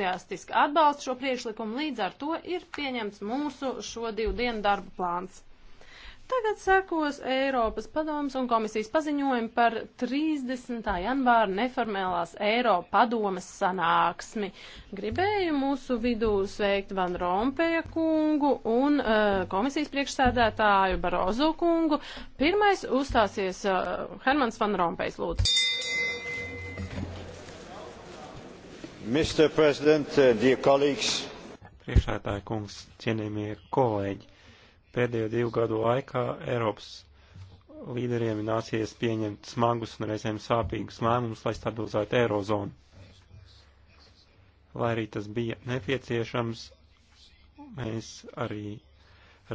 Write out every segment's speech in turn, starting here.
entuziastiski atbalsta šo priekšlikumu, līdz ar to ir pieņemts mūsu šo divu dienu darba plāns. Tagad sekos Eiropas padomas un komisijas paziņojumi par 30. janvāra neformālās Eiropa padomas sanāksmi. Gribēju mūsu vidū sveikt Van Rompēja kungu un uh, komisijas priekšsēdētāju Barozo kungu. Pirmais uzstāsies uh, Hermans Van Rompējs lūdzu. Mr. President, uh, dear colleagues. Priekšētāji kungs, cienījamie kolēģi, pēdējo divu gadu laikā Eiropas līderiem ir nācies pieņemt smagus un reizēm sāpīgus lēmumus, lai stabilizētu eirozonu. Lai arī tas bija nepieciešams, mēs arī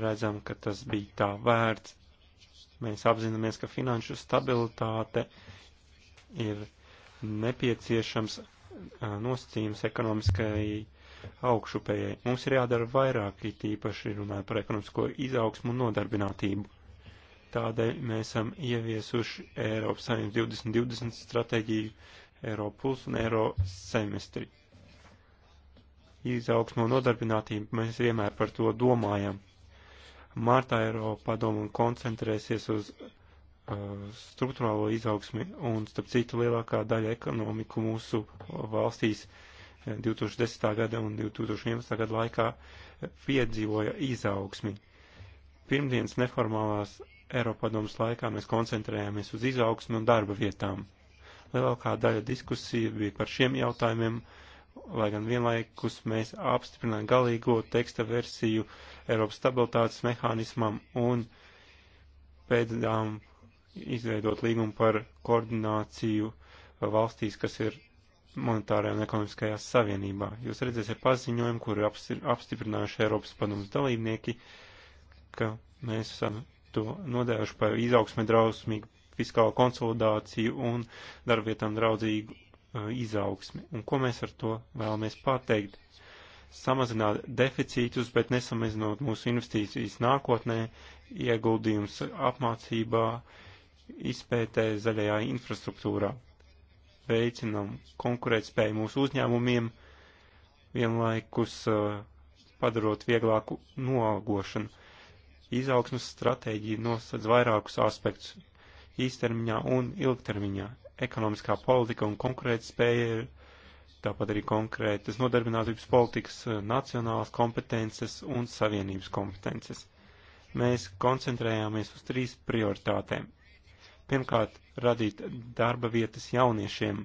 redzam, ka tas bija tā vērts. Mēs apzināmies, ka finanšu stabilitāte ir nepieciešams nosacījums ekonomiskai augšupējai. Mums ir jādara vairāk, it īpaši runājot par ekonomisko izaugsmu un nodarbinātību. Tādēļ mēs esam ieviesuši Eiropas Savienības 2020 stratēģiju, Eiro plus un Eiro semestri. Izaugsmu un nodarbinātību mēs vienmēr par to domājam. Martā Eiropa padomu un koncentrēsies uz Uh, struktūrālo izaugsmi, un starp citu lielākā daļa ekonomiku mūsu valstīs 2010. Uh, gada un 2011. gada laikā uh, piedzīvoja izaugsmi. Pirmdienas neformālās Eiropadomas laikā mēs koncentrējāmies uz izaugsmu un darba vietām. Lielākā daļa diskusija bija par šiem jautājumiem, lai gan vienlaikus mēs apstiprinājām galīgo teksta versiju Eiropas stabilitātes mehānismam un pēdējām izveidot līgumu par koordināciju valstīs, kas ir monetārajā un ekonomiskajā savienībā. Jūs redzēsiet paziņojumu, kuru apstiprinājuši Eiropas padomus dalībnieki, ka mēs esam to nodēvuši par izaugsmē drausmīgu fiskālu konsolidāciju un darbvietām draudzīgu uh, izaugsmi. Un ko mēs ar to vēlamies pateikt? Samazināt deficītus, bet nesamazinot mūsu investīcijas nākotnē, ieguldījums apmācībā, uh, izpētē zaļajā infrastruktūrā, veicinam konkurētspēju mūsu uzņēmumiem, vienlaikus uh, padarot vieglāku noalgošanu. Izaugsmas stratēģija nosadz vairākus aspektus - īstermiņā un ilgtermiņā. Ekonomiskā politika un konkurētspēja ir tāpat arī konkrētas nodarbinātības politikas, uh, nacionālas kompetences un savienības kompetences. Mēs koncentrējāmies uz trīs prioritātēm Pirmkārt, radīt darba vietas jauniešiem.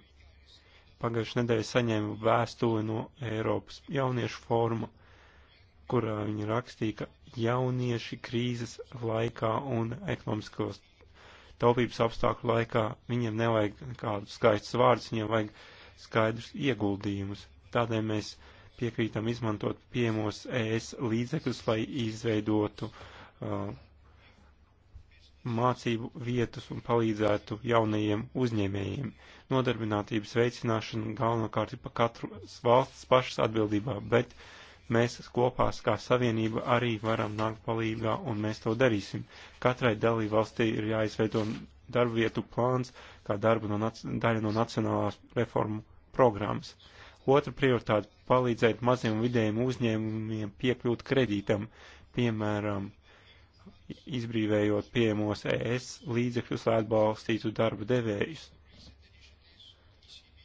Pagājušajā nedēļā saņēmu vēstuli no Eiropas jauniešu fóruma, kurā viņi rakstīja, ka jaunieši krīzes laikā un ekonomiskos taupības apstākļu laikā viņiem nevajag kādu skaistus vārdus, viņiem vajag skaidrus ieguldījumus. Tādēļ mēs piekrītam izmantot piemos ES līdzekļus, lai izveidotu uh, mācību vietas un palīdzētu jaunajiem uzņēmējiem. Nodarbinātības veicināšana galvenokārt ir pa katru valsts pašas atbildībā, bet mēs kopā kā savienība arī varam nākt palīgā un mēs to darīsim. Katrai dalību valstī ir jāizveido darba vietu plāns kā darba no, daļa no nacionālās reformu programmas. Otra prioritāte - palīdzēt maziem un vidējiem uzņēmumiem piekļūt kredītam, piemēram, izbrīvējot pieejamos ES līdzekļus, lai atbalstītu darba devējus.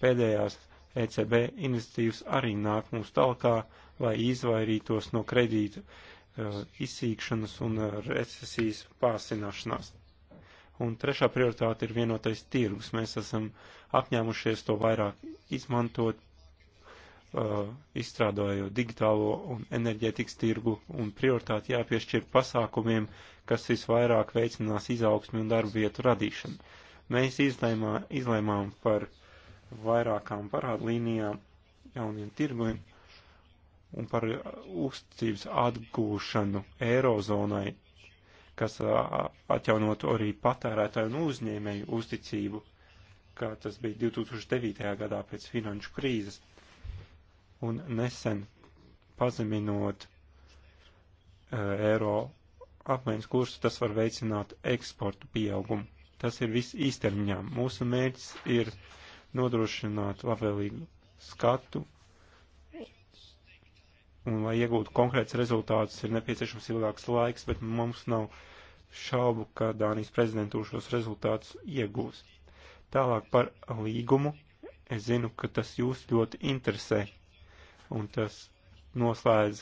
Pēdējās ECB investīvas arī nāk mums talkā, lai izvairītos no kredīta uh, izsīkšanas un uh, recesijas pārsināšanās. Un trešā prioritāte ir vienotais tirgus. Mēs esam apņēmušies to vairāk izmantot, Uh, izstrādāju digitālo un enerģētikas tirgu un prioritāti jāpiešķir pasākumiem, kas visvairāk veicinās izaugsmi un darba vietu radīšanu. Mēs izlēmā, izlēmām par vairākām parādlīnijām, jauniem tirgojumiem un par uzticības atgūšanu Eirozonai, kas uh, atjaunotu arī patērētāju un uzņēmēju uzticību, kā tas bija 2009. gadā pēc finanšu krīzes un nesen pazeminot uh, eiro apmaiņas kursu, tas var veicināt eksportu pieaugumu. Tas ir viss īstermiņā. Mūsu mērķis ir nodrošināt labvēlīgu skatu, un lai iegūtu konkrēts rezultāts, ir nepieciešams ilgāks laiks, bet mums nav šaubu, ka Dānijas prezidentūra šos rezultātus iegūs. Tālāk par līgumu. Es zinu, ka tas jūs ļoti interesē un tas noslēdz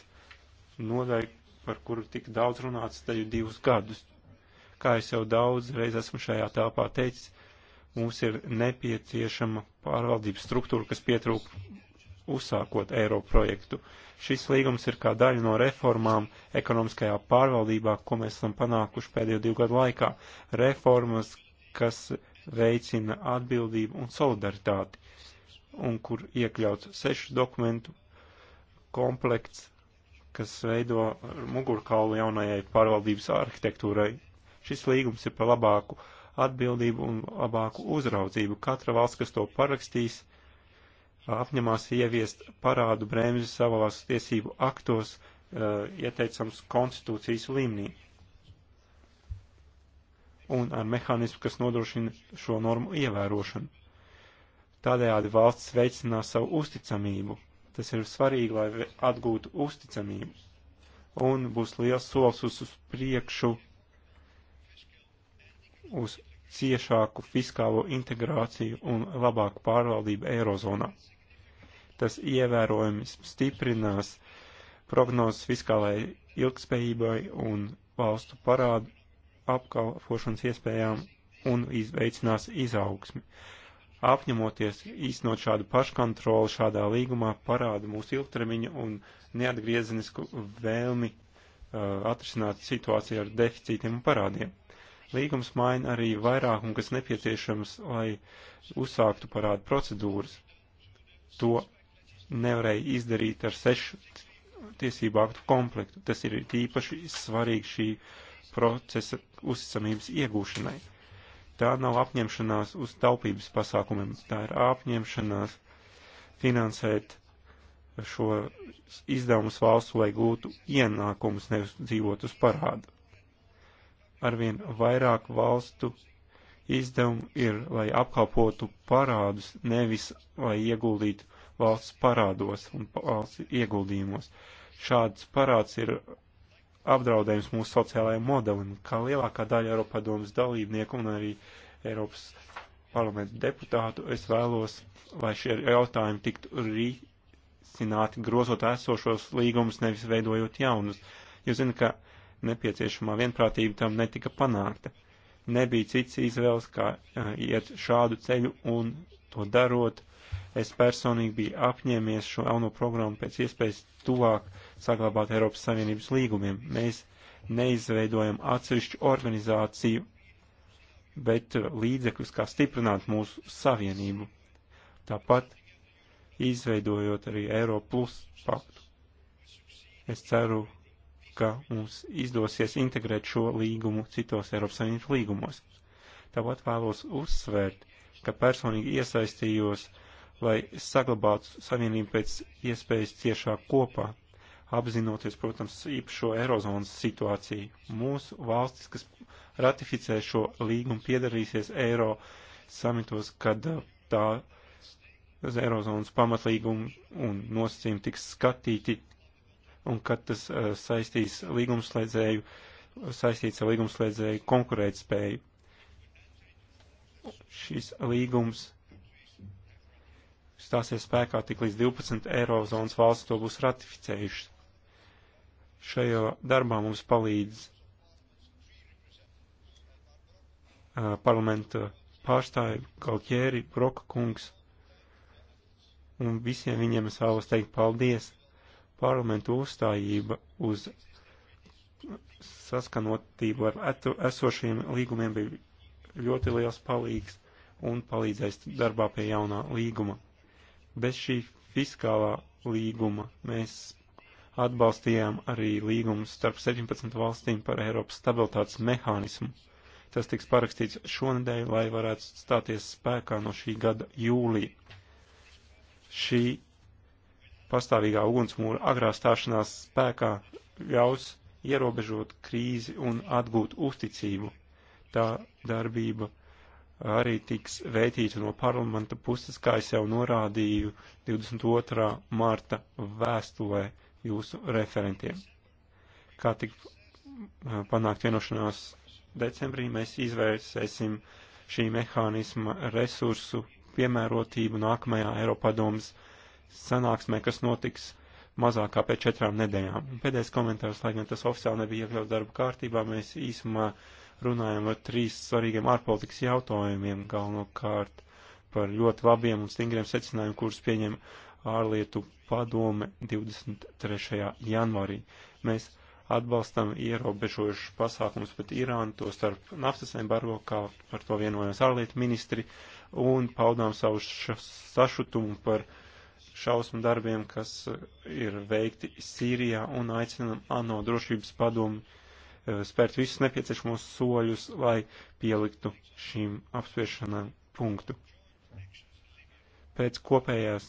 nodeļu, par kuru tik daudz runāts teju divus gadus. Kā es jau daudz reiz esmu šajā telpā teicis, mums ir nepieciešama pārvaldības struktūra, kas pietrūk uzsākot eiro projektu. Šis līgums ir kā daļa no reformām ekonomiskajā pārvaldībā, ko mēs esam panākuši pēdējo divu gadu laikā. Reformas, kas veicina atbildību un solidaritāti, un kur iekļauts sešu dokumentu komplekts, kas veido mugurkaulu jaunajai pārvaldības arhitektūrai. Šis līgums ir par labāku atbildību un labāku uzraudzību. Katra valsts, kas to parakstīs, apņemās ieviest parādu bremzi savās tiesību aktos, eh, ieteicams konstitūcijas līmenī un ar mehānismu, kas nodrošina šo normu ievērošanu. Tādējādi valsts veicinās savu uzticamību Tas ir svarīgi, lai atgūtu uzticamību. Un būs liels solis uz, uz priekšu uz ciešāku fiskālo integrāciju un labāku pārvaldību Eirozonā. Tas ievērojami stiprinās prognozes fiskālai ilgspējībai un valstu parādu apkalpošanas iespējām un izveicinās izaugsmi apņemoties īstenot šādu paškontroli šādā līgumā, parāda mūsu ilgtermiņa un neatgriezenisku vēlmi uh, atrisināt situāciju ar deficītiem un parādiem. Līgums maina arī vairākumu, kas nepieciešams, lai uzsāktu parādu procedūras. To nevarēja izdarīt ar sešu tiesību aktu komplektu. Tas ir tīpaši svarīgi šī procesa uzticamības iegūšanai tā nav apņemšanās uz taupības pasākumiem, tā ir apņemšanās finansēt šo izdevumus valsts, lai gūtu ienākumus, nevis dzīvot uz parādu. Arvien vairāk valstu izdevumu ir, lai apkalpotu parādus, nevis lai ieguldītu valsts parādos un valsts ieguldījumos. Šāds parāds ir apdraudējums mūsu sociālajiem modelim, kā lielākā daļa Eiropadomas dalībnieku un arī Eiropas parlamenta deputātu, es vēlos, lai šie jautājumi tiktu risināti grozot esošos līgumus, nevis veidojot jaunus. Jūs zināt, ka nepieciešamā vienprātība tam netika panākta. Nebija cits izvēles, kā eh, iet šādu ceļu un to darot. Es personīgi biju apņēmies šo jauno programmu pēc iespējas tuvāk uh, saglabāt Eiropas Savienības līgumiem. Mēs neizveidojam atsevišķu organizāciju, bet līdzekļus, kā stiprināt mūsu savienību. Tāpat izveidojot arī Eiro plus paktu. Es ceru, ka mums izdosies integrēt šo līgumu citos Eiropas Savienības līgumos. Tāpat vēlos uzsvērt, ka personīgi iesaistījos, lai saglabātu Savienību pēc iespējas ciešāk kopā apzinoties, protams, īpašo Eirozonas situāciju. Mūsu valstis, kas ratificē šo līgumu, piedarīsies Eiro samitos, kad uh, tā Eirozonas pamatlīguma un nosacījumi tiks skatīti un kad tas uh, saistīs līgumslēdzēju, saistīts ar līgumslēdzēju konkurētspēju. Šis līgums stāsies spēkā tik līdz 12 Eirozonas valsts to būs ratificējušas. Šajā darbā mums palīdz uh, parlamenta pārstāvi Kalķēri, Broka kungs, un visiem viņiem es vēlos teikt paldies. Parlamentu uzstājība uz saskanotību ar etu, esošiem līgumiem bija ļoti liels palīgs un palīdzēs darbā pie jaunā līguma. Bez šī fiskālā līguma mēs atbalstījām arī līgumu starp 17 valstīm par Eiropas stabilitātes mehānismu. Tas tiks parakstīts šonadēļ, lai varētu stāties spēkā no šī gada jūlija. Šī pastāvīgā ugunsmūra agrā stāšanās spēkā ļaus ierobežot krīzi un atgūt uzticību. Tā darbība arī tiks vērtīta no parlamenta puses, kā es jau norādīju 22. marta vēstulē jūsu referentiem. Kā tik panākt vienošanās decembrī, mēs izvērsēsim šī mehānisma resursu piemērotību nākamajā Eiropadomas sanāksmē, kas notiks mazāk kā pēc četrām nedēļām. Un pēdējais komentārs, lai gan tas oficiāli nebija iekļauts darba kārtībā, mēs īsumā runājam par trīs svarīgiem ārpolitikas jautājumiem, galvenokārt par ļoti labiem un stingriem secinājumiem, kurus pieņem ārlietu padome 23. janvarī. Mēs atbalstam ierobežojušus pasākumus pret Irānu, to starp naftas embargo, kā par to vienojās ārlietu ministri, un paudām savu sašutumu par šausmu darbiem, kas ir veikti Sīrijā, un aicinam ANO drošības padomu eh, spērt visus nepieciešamos soļus, lai pieliktu šīm apspiešanām punktu. Pēc kopējās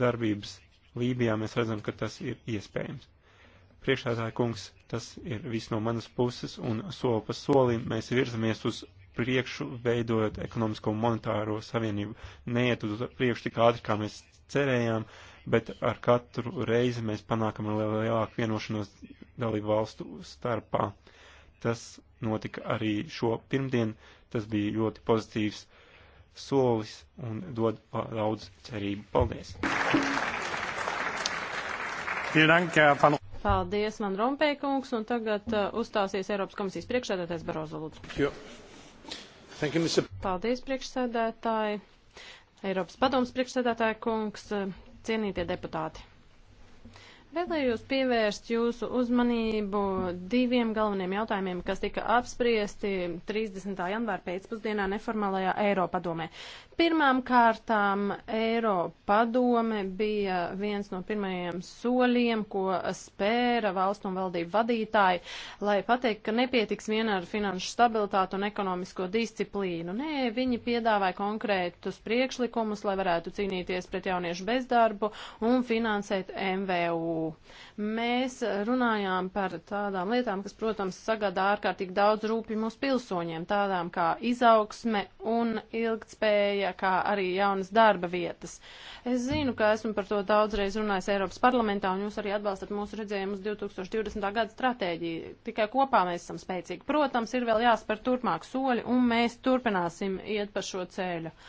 darbības Lībijā, mēs redzam, ka tas ir iespējams. Priekšādāja kungs, tas ir viss no manas puses, un soli pa solim mēs virzamies uz priekšu, veidojot ekonomisko un monetāro savienību. Neiet uz priekšu tik ātri, kā mēs cerējām, bet ar katru reizi mēs panākam lielāku vienošanos dalību valstu starpā. Tas notika arī šo pirmdienu, tas bija ļoti pozitīvs uh, solis un dod daudz cerību. Paldies! Paldies, man Rompēkungs, un tagad uh, uzstāsies Eiropas komisijas priekšsēdētājs Barozo Lūdzu. Paldies, priekšsēdētāji, Eiropas padomas priekšsēdētāja kungs, cienītie deputāti. Vēlējos pievērst jūsu uzmanību diviem galveniem jautājumiem, kas tika apspriesti 30. janvāra pēcpusdienā neformālajā Eiropadomē. Pirmām kārtām Eiro padome bija viens no pirmajiem soļiem, ko spēra valstu un valdību vadītāji, lai pateikt, ka nepietiks vien ar finanšu stabilitātu un ekonomisko disciplīnu. Nē, viņi piedāvāja konkrētus priekšlikumus, lai varētu cīnīties pret jauniešu bezdarbu un finansēt MVU. Mēs runājām par tādām lietām, kas, protams, sagādā ārkārtīgi daudz rūpju mūsu pilsoņiem, tādām kā izaugsme un ilgtspēja Itālijā, kā arī jaunas darba vietas. Es zinu, ka esmu par to daudzreiz runājis Eiropas parlamentā, un jūs arī atbalstat mūsu redzējumus 2020. gada stratēģiju. Tikai kopā mēs esam spēcīgi. Protams, ir vēl jāspēr turpmāk soļi, un mēs turpināsim iet pa šo ceļu. Uh,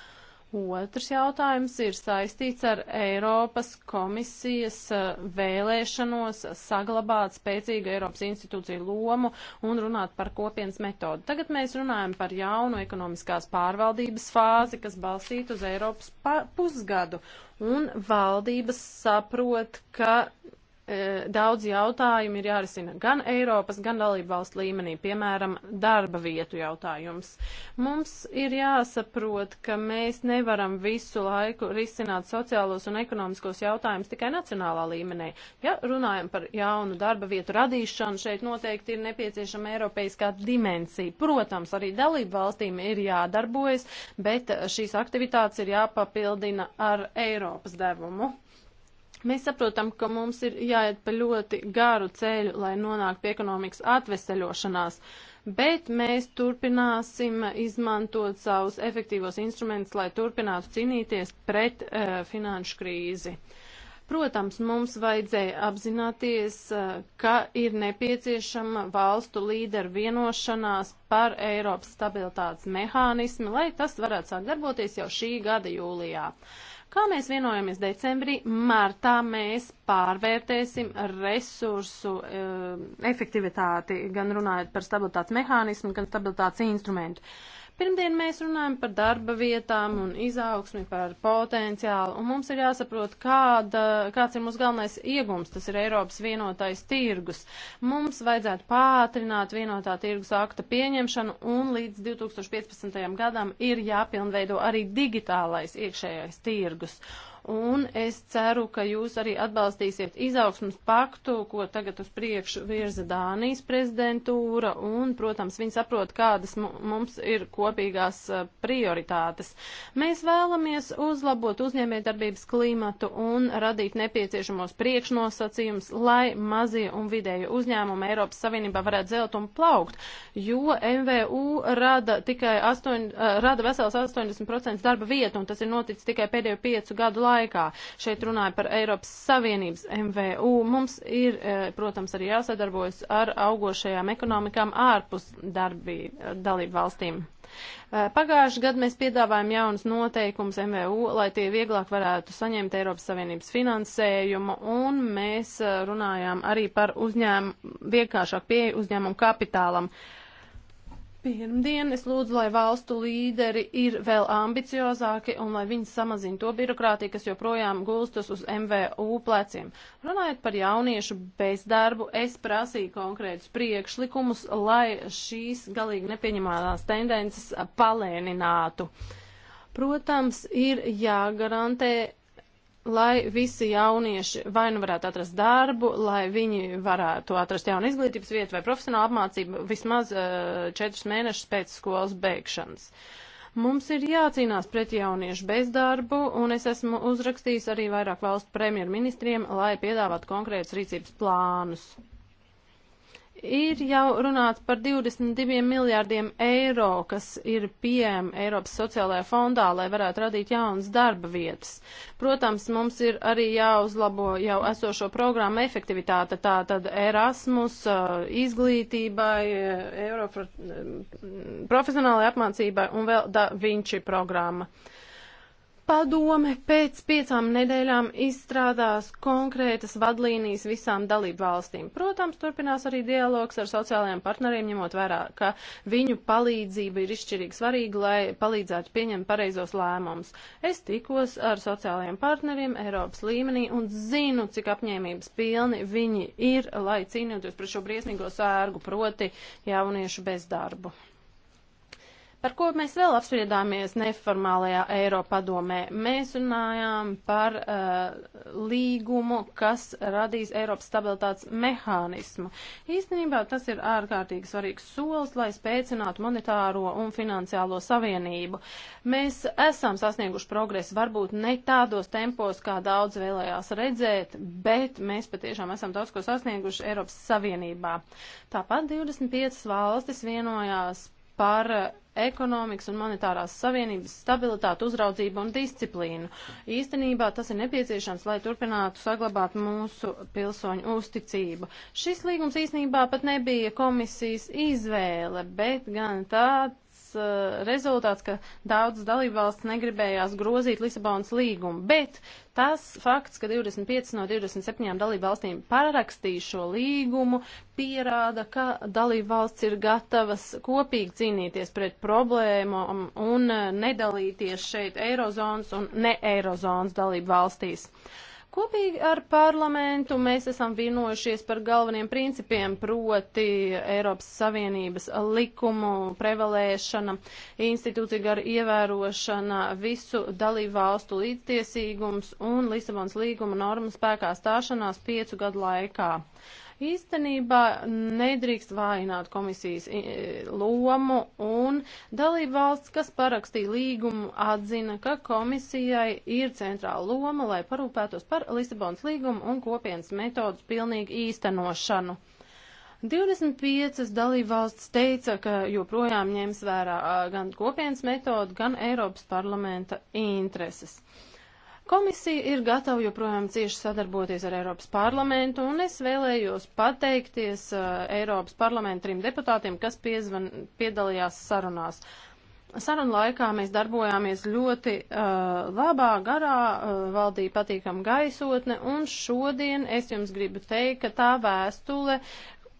Otrs jautājums ir saistīts ar Eiropas komisijas eh, vēlēšanos saglabāt spēcīgu Eiropas institūciju lomu un runāt par kopienas metodu. Tagad mēs runājam par jaunu ekonomiskās pārvaldības fāzi, kas balstīta uz Eiropas pusgadu. Un valdības saprot, ka E, daudz jautājumu ir jārisina gan Eiropas, gan dalību valstu līmenī, piemēram, darba vietu jautājums. Mums ir jāsaprot, ka mēs nevaram visu laiku risināt sociālos un ekonomiskos jautājumus tikai nacionālā līmenī. Ja runājam par jaunu darba vietu radīšanu, šeit noteikti ir nepieciešama eiropeiskā dimensija. Protams, arī dalību valstīm ir jādarbojas, bet šīs aktivitātes ir jāpapildina ar Eiropas devumu. Mēs saprotam, ka mums ir jāiet pa ļoti garu ceļu, lai nonāktu pie ekonomikas atveseļošanās, bet mēs turpināsim izmantot savus efektīvos instrumentus, lai turpinātu cīnīties pret uh, finanšu krīzi. Protams, mums vajadzēja apzināties, eh, ka ir nepieciešama valstu līderu vienošanās par Eiropas stabilitātes mehānismu, lai tas varētu sākt darboties jau šī gada jūlijā. Uh, Kā mēs vienojamies decembrī, martā mēs pārvērtēsim resursu e, efektivitāti, gan runājot par stabilitātes mehānismu, gan stabilitātes instrumentu. E, Pirmdien mēs runājam par darba vietām un izaugsmi, par potenciālu, un mums ir jāsaprot, kāda, kāds ir mūsu galvenais iegums, tas ir Eiropas vienotais tirgus. Mums vajadzētu pātrināt vienotā tirgus akta pieņemšanu, un līdz 2015. gadam ir jāpilnveido arī digitālais iekšējais tirgus un es ceru, ka jūs arī atbalstīsiet izaugsmas paktu, ko tagad uz priekšu virza Dānijas prezidentūra, un, protams, viņi saprot, kādas mums ir kopīgās prioritātes. Mēs vēlamies uzlabot uzņēmējdarbības klimatu un radīt nepieciešamos priekšnosacījumus, lai mazie un vidēji uzņēmumi Eiropas Savienībā varētu zelt un plaukt, jo MVU rada tikai 8, rada vesels 80% darba vietu, un tas ir noticis tikai pēdējo piecu gadu laikā laikā. Šeit runāja par Eiropas Savienības MVU. Mums ir, e, protams, arī jāsadarbojas ar augošajām ekonomikām ārpus darbī, dalību valstīm. E, pagājuši gadu mēs piedāvājam jaunus noteikumus MVU, lai tie vieglāk varētu saņemt Eiropas Savienības finansējumu, un mēs e, runājām arī par uzņēmumu, vienkāršāk pieeju uzņēmumu kapitālam. Uh, Pirmdien es lūdzu, lai valstu līderi ir vēl ambiciozāki un lai viņi samazina to birokrātiju, kas joprojām gulstas uz MVU pleciem. Runājot par jauniešu bezdarbu, es prasīju konkrētus priekšlikumus, lai šīs galīgi nepieņemamās tendences palēninātu. Protams, ir jāgarantē lai visi jaunieši vai nu varētu atrast darbu, lai viņi varētu atrast jaunu izglītības vietu vai profesionālu apmācību vismaz eh, četrus uh, mēnešus pēc skolas beigšanas. Mums ir jācīnās pret jauniešu bezdarbu, un es esmu uzrakstījis arī vairāk valstu premjerministriem, lai piedāvātu konkrētus rīcības plānus. Ir jau runāts par 22 miljārdiem eiro, kas ir pieejami Eiropas sociālajā fondā, lai varētu radīt jaunas darba vietas. Protams, mums ir arī jāuzlabo jau esošo programmu efektivitāte, tā tad Erasmus, uh, izglītībai, uh, Eiro profesionālajai apmācībai un vēl Da Vinci programma. Uh, Padome pēc piecām nedēļām izstrādās konkrētas vadlīnijas visām dalību valstīm. Protams, turpinās arī dialogs ar sociālajiem partneriem, ņemot vērā, ka viņu palīdzība ir izšķirīgi svarīga, lai palīdzētu pieņemt pareizos lēmumus. Es tikos ar sociālajiem partneriem Eiropas līmenī un zinu, cik apņēmības pilni viņi ir, lai cīnītos pret šo briesmīgo sērgu, proti jauniešu bezdarbu. Par ko mēs vēl apspriedāmies neformālajā Eiropadomē? Mēs runājām par uh, līgumu, kas radīs Eiropas stabilitātes mehānismu. Īstenībā tas ir ārkārtīgi svarīgs solis, lai spēcinātu monetāro un finansiālo savienību. Mēs esam sasnieguši progresu, varbūt ne tādos tempos, kā daudz vēlējās redzēt, bet mēs patiešām esam daudz ko sasnieguši Eiropas Savienībā. Tāpat 25 valstis vienojās par eh, ekonomikas un monetārās savienības stabilitāti, uzraudzību un disciplīnu. Īstenībā tas ir nepieciešams, lai turpinātu saglabāt mūsu pilsoņu uzticību. Šis līgums īstenībā pat nebija komisijas izvēle, bet gan tāds Eh, rezultāts, ka daudzas dalībvalsts negribējās grozīt Lisabonas līgumu, bet tas fakts, ka 25 no 27 dalībvalstīm parakstīja šo līgumu, pierāda, ka dalībvalsts ir gatavas kopīgi cīnīties pret problēmām un eh, nedalīties šeit eirozonas un ne eirozonas dalībvalstīs. valstīs. Kopīgi ar parlamentu mēs esam vienojušies par galveniem principiem, proti Eiropas Savienības likumu prevalēšana, institūcija gara ievērošana, visu dalību valstu līdztiesīgums un Lisabons līguma norma spēkā stāšanās piecu gadu laikā. Īstenībā nedrīkst vājināt komisijas lomu un dalību valsts, kas parakstīja līgumu, atzina, ka komisijai ir centrāla loma, lai parūpētos par Lisabonas līgumu un kopienas metodas pilnīgu īstenošanu. 25 dalībvalsts teica, ka joprojām ņems vērā gan kopienas metodu, gan Eiropas parlamenta intereses. Uh, Komisija ir gatava joprojām cieši sadarboties ar Eiropas parlamentu, un es vēlējos pateikties uh, Eiropas parlamentu trim deputātiem, kas piezvan, piedalījās sarunās. Sarunu laikā mēs darbojāmies ļoti uh, labā garā, uh, valdīja patīkama gaisotne, un šodien es jums gribu teikt, ka tā vēstule,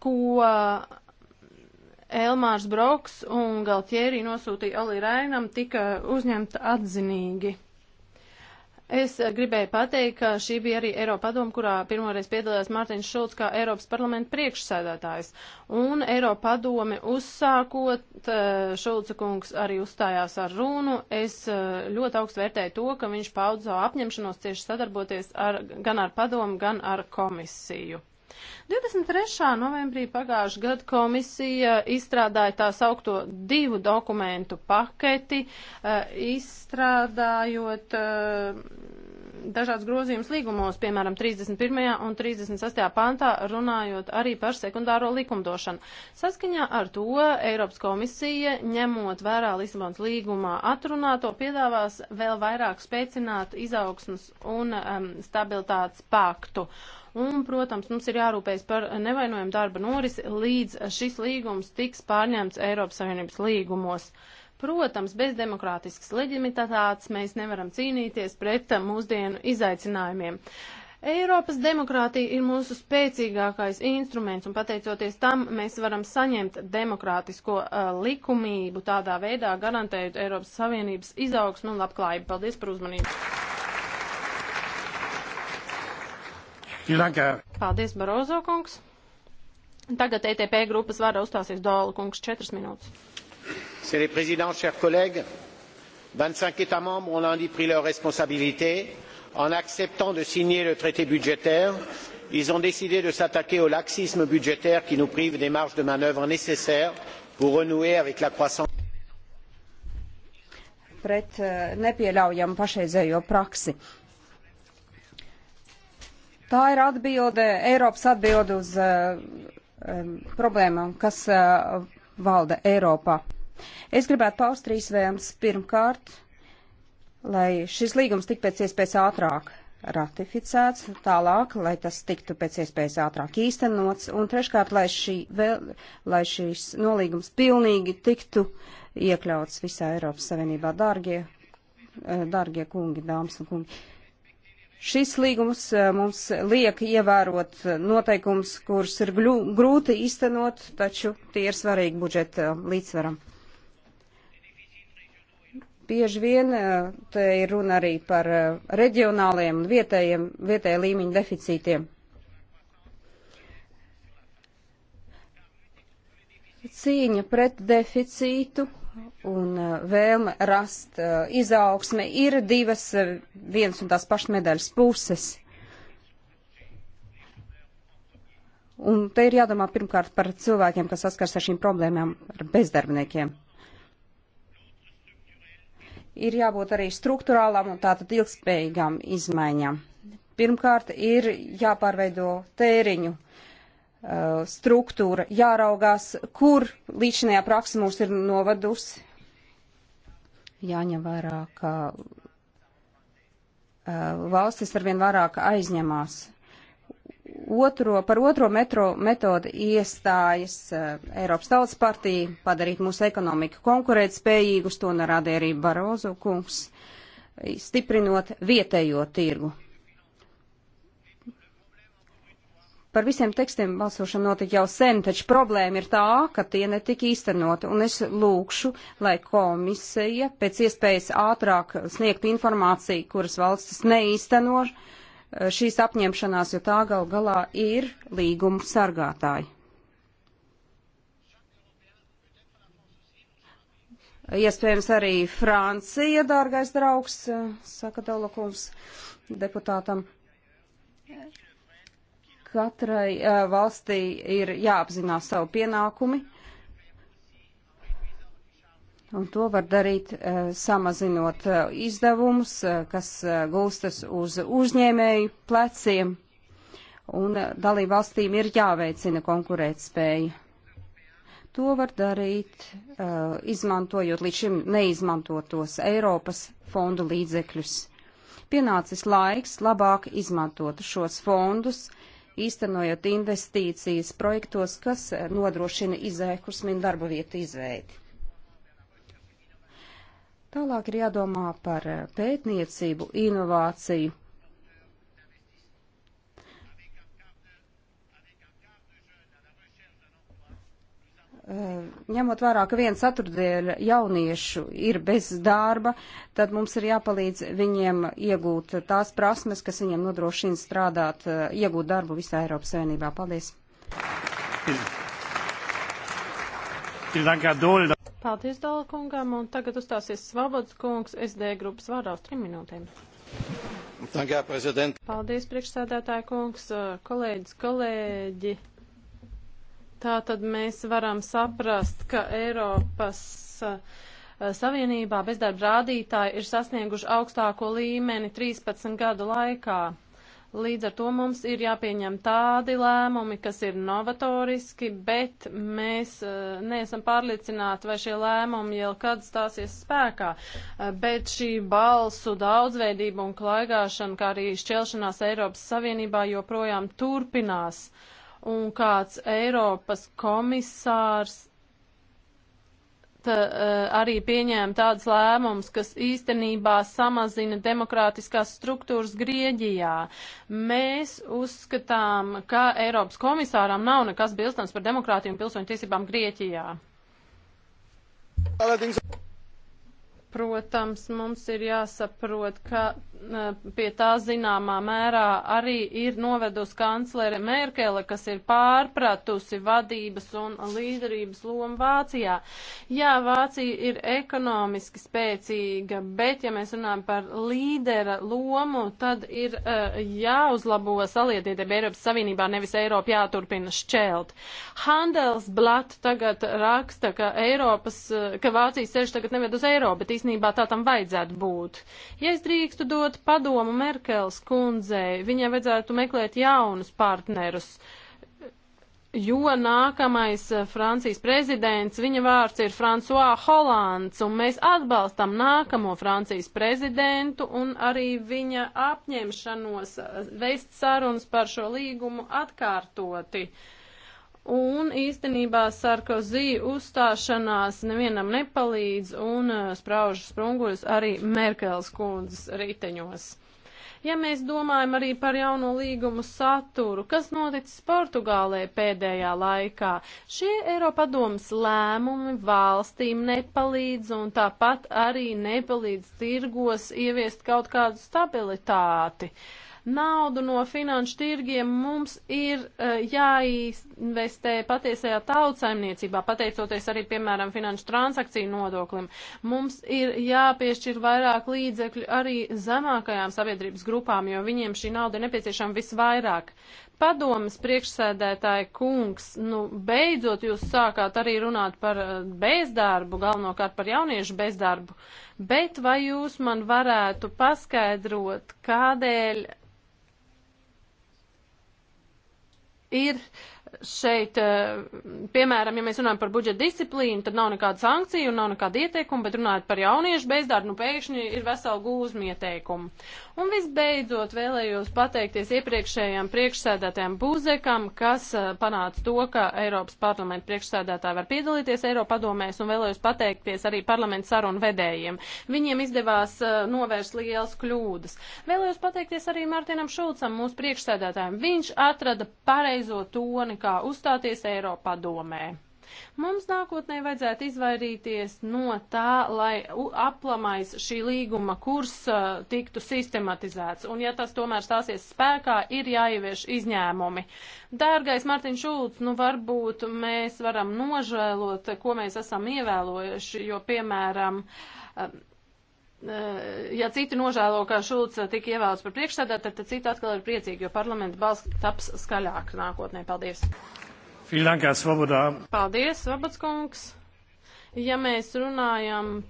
ko uh, Elmārs Broks un Galtieri nosūtīja Olī Rainam, tika uzņemta atzinīgi. Es gribēju pateikt, ka šī bija arī Eiropa padoma, kurā pirmoreiz piedalījās Mārtiņš Šulcs kā Eiropas parlamenta priekšsēdētājs. Un Eiropa padome uzsākot, eh, Šulca kungs arī uzstājās ar runu. Es eh, ļoti augstu vērtēju to, ka viņš paudz savu apņemšanos cieši sadarboties ar, gan ar padomu, gan ar komisiju. 23. novembrī pagājušajā gadā komisija izstrādāja tā saukto divu dokumentu paketi, eh, izstrādājot eh, dažādas grozījumas līgumos, piemēram, 31. un 36. pantā, runājot arī par sekundāro likumdošanu. Saskaņā ar to Eiropas komisija, ņemot vērā Lisabonas līgumā atrunāto, piedāvās vēl vairāk spēcināt izaugsmas un um, stabilitātes paktu. Uh, Un, protams, mums ir jārūpējas par nevainojumu darba norisi, līdz šis līgums tiks pārņemts Eiropas Savienības līgumos. Protams, bez demokrātiskas leģimitātes mēs nevaram cīnīties pret mūsdienu izaicinājumiem. Eiropas demokrātija ir mūsu spēcīgākais instruments, un pateicoties tam, mēs varam saņemt demokrātisko uh, likumību, tādā veidā garantējot Eiropas Savienības izaugsmu un labklājību. Paldies par uzmanību! Paldies, Barozo kungs. Tagad ETP grupas vārdā uzstāsies Dola kungs četras minūtes. Monsieur le Président, chers collègues, 25 États membres ont lundi pris leurs responsabilités. En acceptant de signer le traité budgétaire, ils ont décidé de s'attaquer au laxisme budgétaire qui nous prive des marges de manœuvre nécessaires pour renouer avec la croissance pret euh, nepieļaujamu pašreizējo praksi. Uh, Tā ir atbilde, Eiropas atbilde uz uh, um, problēmām, kas uh, valda Eiropā. Es gribētu paust trīs vēlmes. Pirmkārt, lai šis līgums tik pēc iespējas ātrāk ratificēts, tālāk, lai tas tiktu pēc iespējas ātrāk īstenots, un treškārt, lai, šī vēl, lai šīs nolīgums pilnīgi tiktu iekļauts visā Eiropas Savienībā. Dārgie, eh, dārgie kungi, dāmas un kungi. Šis līgums eh, mums liek ievērot eh, noteikums, kurus ir gļu, grūti īstenot, taču tie ir svarīgi budžeta eh, līdzsvaram. Bieži vien te ir runa arī par reģionāliem un vietējiem, vietēja līmeņa deficītiem. Cīņa pret deficītu un uh, vēlme rast uh, izaugsme ir divas uh, viens un tās pašas medaļas puses. Un te ir jādomā pirmkārt par cilvēkiem, kas saskars ar šīm problēmām, ar bezdarbniekiem. Ir jābūt arī struktūrālām un tātad ilgspējīgām izmaiņām. Pirmkārt, ir jāpārveido tēriņu uh, Uh, struktūra, jāraugās, kur līdzinājā praksa mūs ir novadusi. Jāņem vērā, ka uh, valstis arvien vairāk aizņemās. Otro, par otro metro metodu iestājas uh, Eiropas Tautas partija, padarīt mūsu ekonomiku konkurētspējīgus, to norādīja arī Barozu kungs, stiprinot vietējo tirgu. Par visiem tekstiem balsošana notika jau sen, taču problēma ir tā, ka tie netika īstenoti. Un es lūkšu, lai komisija pēc iespējas ātrāk sniegtu informāciju, kuras valstis neīsteno šīs apņemšanās, jo tā gal galā ir līguma sargātāji. Iespējams arī Francija, dārgais draugs, saka Dalokums deputātam. Katrai uh, valstī ir jāapzinās savu pienākumi, un to var darīt uh, samazinot uh, izdevumus, uh, kas uh, gulstas uz uzņēmēju pleciem, un uh, dalību valstīm ir jāveicina konkurētspēja. To var darīt, uh, izmantojot līdz šim neizmantotos Eiropas fondu līdzekļus. Pienācis laiks labāk izmantot šos fondus, īstenojot investīcijas projektos, kas nodrošina izēkursmin darba vietu izveidi. Tālāk ir jādomā par pētniecību, inovāciju Eh, ņemot vērā, ka viens ceturtdiena jauniešu ir bez darba, tad mums ir jāpalīdz viņiem iegūt tās prasmes, kas viņiem nodrošina strādāt, eh, iegūt darbu visā Eiropas Savienībā. Paldies! Paldies, Dala kungam, un tagad uzstāsies Svabods kungs SD grupas vārdā uz trim minūtēm. Paldies, priekšsēdētāja kungs, kolēģis, kolēģi. kolēģi Tā tad mēs varam saprast, ka Eiropas uh, Savienībā bezdarba rādītāji ir sasnieguši augstāko līmeni 13 gadu laikā. Līdz ar to mums ir jāpieņem tādi lēmumi, kas ir novatoriski, bet mēs uh, neesam pārliecināti, vai šie lēmumi jau kad stāsies spēkā. Uh, bet šī balsu daudzveidība un klaigāšana, kā arī šķelšanās Eiropas Savienībā joprojām turpinās. Uh, un kāds Eiropas komisārs tā, e, arī pieņēma tādas lēmumus, kas īstenībā samazina demokrātiskās struktūras Grieģijā. Mēs uzskatām, ka Eiropas komisāram nav nekas bilstams par demokrātiju un pilsoņu tiesībām Grieķijā. Paldies. Protams, mums ir jāsaprot, ka eh, pie tā zināmā mērā arī ir novedusi kanclere Merkele, kas ir pārpratusi vadības un līderības lomu Vācijā. Jā, Vācija ir ekonomiski spēcīga, bet ja mēs runājam par līdera lomu, tad ir uh, jāuzlabo saliedietība Eiropas Savienībā, nevis Eiropa jāturpina šķelt. Handelsblatt tagad raksta, ka, Eiropas, eh, ka Vācija sēž tagad neved uz Eiropu, bet īsnībā tā tam vajadzētu būt. Ja es drīkstu dot padomu Merkels kundzei, viņai vajadzētu meklēt jaunus partnerus, jo nākamais eh, Francijas prezidents, viņa vārds ir François Hollands, un mēs atbalstam nākamo Francijas prezidentu un arī viņa apņemšanos eh, veist sarunas par šo līgumu atkārtoti. Uh, Un īstenībā Sarkozī uzstāšanās nevienam nepalīdz un uh, spraužu sprunguļus arī Merkels kundzes riteņos. Ja mēs domājam arī par jauno līgumu saturu, kas noticis Portugālē pēdējā laikā, šie Eiropadomas lēmumi valstīm nepalīdz un tāpat arī nepalīdz tirgos ieviest kaut kādu stabilitāti. Uh, naudu no finanšu tirgiem mums ir uh, jāinvestē patiesajā tautsaimniecībā, pateicoties arī, piemēram, finanšu transakciju nodoklim. Mums ir jāpiešķir vairāk līdzekļu arī zemākajām sabiedrības grupām, jo viņiem šī nauda ir nepieciešama visvairāk padomas priekšsēdētāja kungs, nu, beidzot jūs sākāt arī runāt par eh, bezdarbu, galvenokārt par jauniešu bezdarbu, bet vai jūs man varētu paskaidrot, kādēļ ir šeit, eh, piemēram, ja mēs runājam par budžeta disciplīnu, tad nav nekāda sankcija un nav nekāda ieteikuma, bet runājot par jauniešu bezdarbu, nu pēkšņi ir vesela gūzma ieteikumu. Un visbeidzot vēlējos pateikties iepriekšējām priekšsēdētājām Būzekam, kas eh, panāca to, ka Eiropas parlamenta priekšsēdētāji var piedalīties Eiropadomēs un vēlējos pateikties arī parlamenta sarunu vedējiem. Viņiem izdevās eh, novērst lielas kļūdas. Vēlējos pateikties arī Mārtiņam Šulcam, mūsu priekšsēdētājiem. Viņš atrada pareizo toni, nekā uzstāties Eiropā domē. Mums nākotnē vajadzētu izvairīties no tā, lai aplamais šī līguma kurs uh, tiktu sistematizēts, un ja tas tomēr stāsies spēkā, ir jāievieš izņēmumi. Dārgais Martin Šulc, nu varbūt mēs varam nožēlot, ko mēs esam ievēlojuši, jo, piemēram, uh, Eh, ja citi nožēlo, ka Šulcs tika ievēlēts par priekšsēdētāju, tad citi atkal ir priecīgi, jo parlamenta balss taps skaļāk nākotnē. Paldies! Dank, Svobodā. Paldies, Svobodskungs! Ja mēs runājam.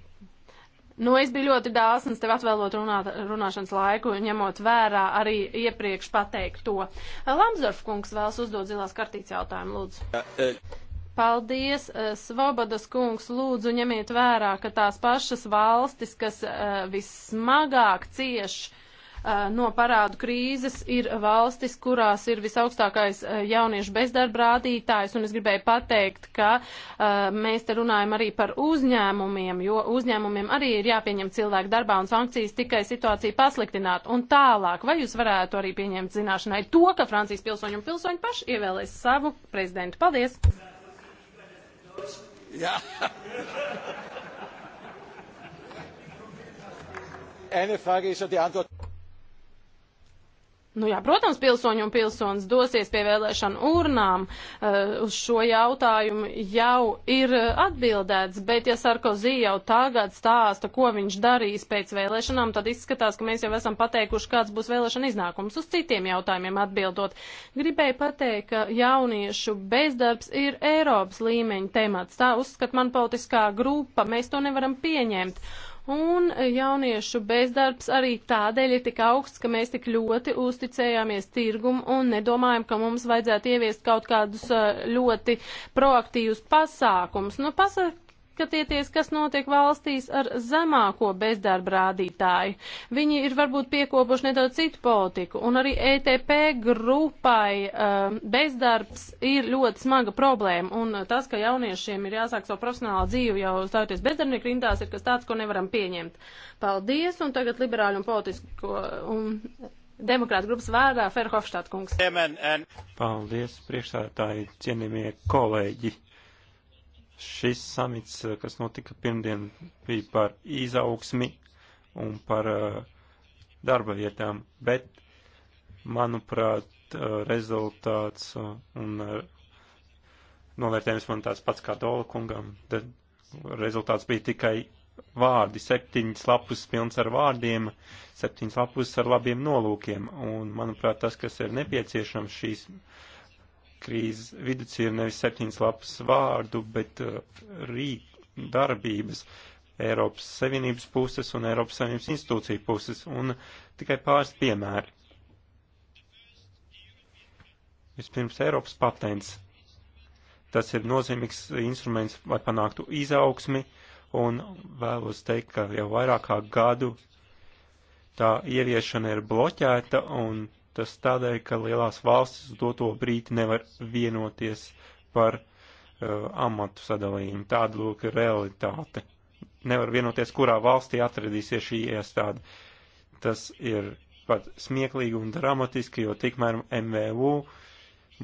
Nu, es biju ļoti dāsns tev atvēlot runāt, runāšanas laiku, ņemot vērā arī iepriekš pateikto. Lamsdorf kungs vēlas uzdot zilās kartītes jautājumu, lūdzu. Ja, e Paldies, eh, Svobodas kungs, lūdzu ņemiet vērā, ka tās pašas valstis, kas eh, vissmagāk cieš eh, no parādu krīzes, ir valstis, kurās ir visaugstākais jauniešu bezdarba rādītājs, un es gribēju pateikt, ka mēs te runājam arī par uzņēmumiem, jo uzņēmumiem arī ir jāpieņem cilvēku darbā un sankcijas tikai situāciju pasliktināt. Un tālāk, vai jūs varētu arī pieņemt zināšanai to, ka Francijas pilsoņu un pilsoņu paši ievēlēs savu prezidentu? Paldies! Ja. Eine Frage ist ja die Antwort. Nu jā, protams, pilsoņi un pilsonis dosies pie vēlēšanu urnām. Uh, uz šo jautājumu jau ir eh, atbildēts, bet ja Sarkozī jau tagad stāsta, ko viņš darīs pēc vēlēšanām, tad izskatās, ka mēs jau esam pateikuši, kāds būs vēlēšana iznākums. Uz citiem jautājumiem atbildot, gribēju pateikt, ka jauniešu bezdarbs ir Eiropas līmeņa temats. Tā uzskat man politiskā grupa, mēs to nevaram pieņemt. Un jauniešu bezdarbs arī tādēļ ir tik augsts, ka mēs tik ļoti uzticējāmies tirgumu un nedomājam, ka mums vajadzētu ieviest kaut kādus eh, ļoti proaktīvus pasākumus. Nu, pasak paskatieties, kas notiek valstīs ar zemāko bezdarba rādītāju. Viņi ir varbūt piekopuši nedaudz citu politiku, un arī ETP grupai um, bezdarbs ir ļoti smaga problēma, un tas, ka jauniešiem ir jāsāk savu profesionālo dzīvi jau stājoties bezdarbnieku rindās, ir kas tāds, ko nevaram pieņemt. Paldies, un tagad liberāļu un politisko. Un, Demokrāta grupas vārdā Ferhofštāt kungs. Paldies, priekšsādātāji, cienījamie kolēģi. Šis samits, eh, kas notika pirmdien, bija par izaugsmi un par eh, darba vietām, bet, manuprāt, eh, rezultāts un novērtējums man tāds pats kā Dola kungam. Tad rezultāts bija tikai vārdi, septiņas lapus pilns ar vārdiem, septiņas lapus ar labiem nolūkiem. Un, manuprāt, tas, kas ir nepieciešams šīs krīzes vidus ir nevis septiņas lapas vārdu, bet uh, rīt darbības Eiropas Savienības puses un Eiropas Savienības institūciju puses, un tikai pāris piemēri. Vispirms Eiropas patents. Tas ir nozīmīgs instruments, lai panāktu izaugsmi, un vēlos teikt, ka jau vairāk kā gadu tā ieviešana ir bloķēta, un Tas tādēļ, ka lielās valstis uz doto brīdi nevar vienoties par uh, amatu sadalījumu. Tāda lūk ir realitāte. Nevar vienoties, kurā valstī atradīsies šī iestāde. Tas ir pat smieklīgi un dramatiski, jo tikmēr MVU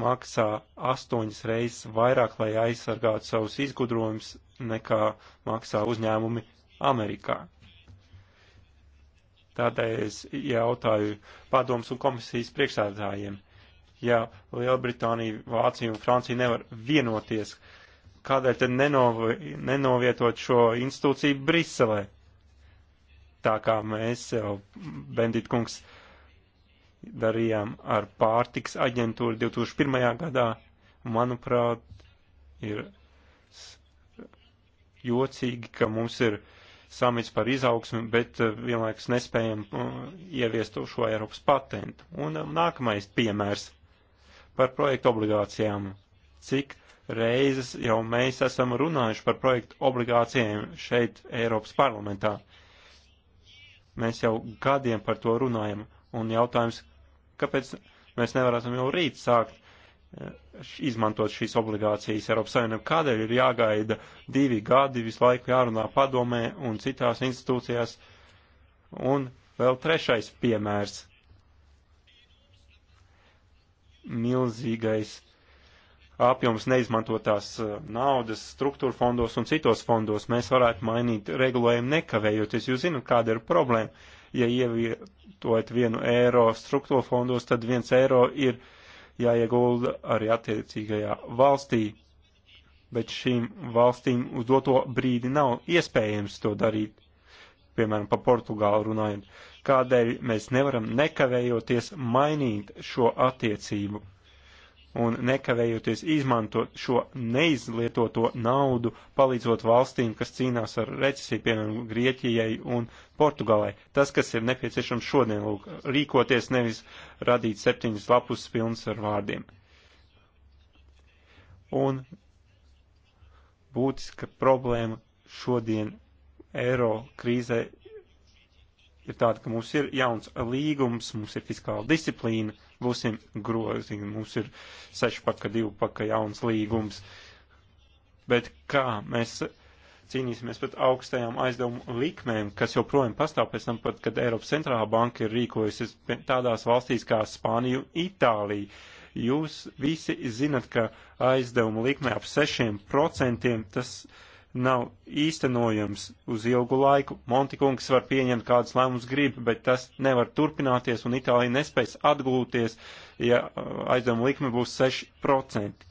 maksā astoņas reizes vairāk, lai aizsargātu savus izgudrojumus, nekā maksā uzņēmumi Amerikā. Tādēļ es jautāju padomus un komisijas priekšsēdājiem, ja Lielbritānija, Vācija un Francija nevar vienoties, kādēļ tad nenovi, nenovietot šo institūciju Briselē? Tā kā mēs jau, Bendit kungs, darījām ar pārtiks aģentūru 2001. gadā, manuprāt, ir jocīgi, ka mums ir uh, samits par izaugsmi, bet eh, vienlaikus nespējam eh, ieviest šo Eiropas patentu. Un eh, nākamais piemērs par projektu obligācijām. Cik reizes jau mēs esam runājuši par projektu obligācijām šeit Eiropas parlamentā? Mēs jau gadiem par to runājam, un jautājums, kāpēc mēs nevaram jau rīt sākt izmantot šīs obligācijas Eiropas Savienību. Kādēļ ir jāgaida divi gadi, visu laiku jārunā padomē un citās institūcijās? Un vēl trešais piemērs. Milzīgais apjoms neizmantotās eh, naudas struktūra fondos un citos fondos. Mēs varētu mainīt regulējumu nekavējoties. Jūs zinat, kāda ir problēma. Ja ievietojat vienu eiro struktūra fondos, tad viens eiro ir uh, jāiegulda arī attiecīgajā valstī, bet šīm valstīm uz doto brīdi nav iespējams to darīt, piemēram, pa Portugālu runājot. Kādēļ mēs nevaram nekavējoties mainīt šo attiecību? un nekavējoties izmantot šo neizlietoto naudu, palīdzot valstīm, kas cīnās ar recesiju, piemēram, Grieķijai un Portugālai. Tas, kas ir nepieciešams šodien, lūk, rīkoties, nevis radīt septiņas lapus pilnas ar vārdiem. Un būtiska problēma šodien eiro krīzē ir tāda, ka mums ir jauns līgums, mums ir fiskāla disciplīna būsim grozīgi. Mums ir sešpaka, divpaka jauns līgums. Bet kā mēs cīnīsimies pret augstajām aizdevumu likmēm, kas joprojām pastāv pēc tam, pat, kad Eiropas centrālā banka ir rīkojusies tādās valstīs kā Spānija un Itālija. Jūs visi zinat, ka aizdevumu likmē ap 6% tas ir nav īstenojams uz ilgu laiku. Montikungs var pieņemt kādus lēmumus grib, bet tas nevar turpināties un Itālija nespēs atgūties, ja uh, aizdevuma likme būs 6%.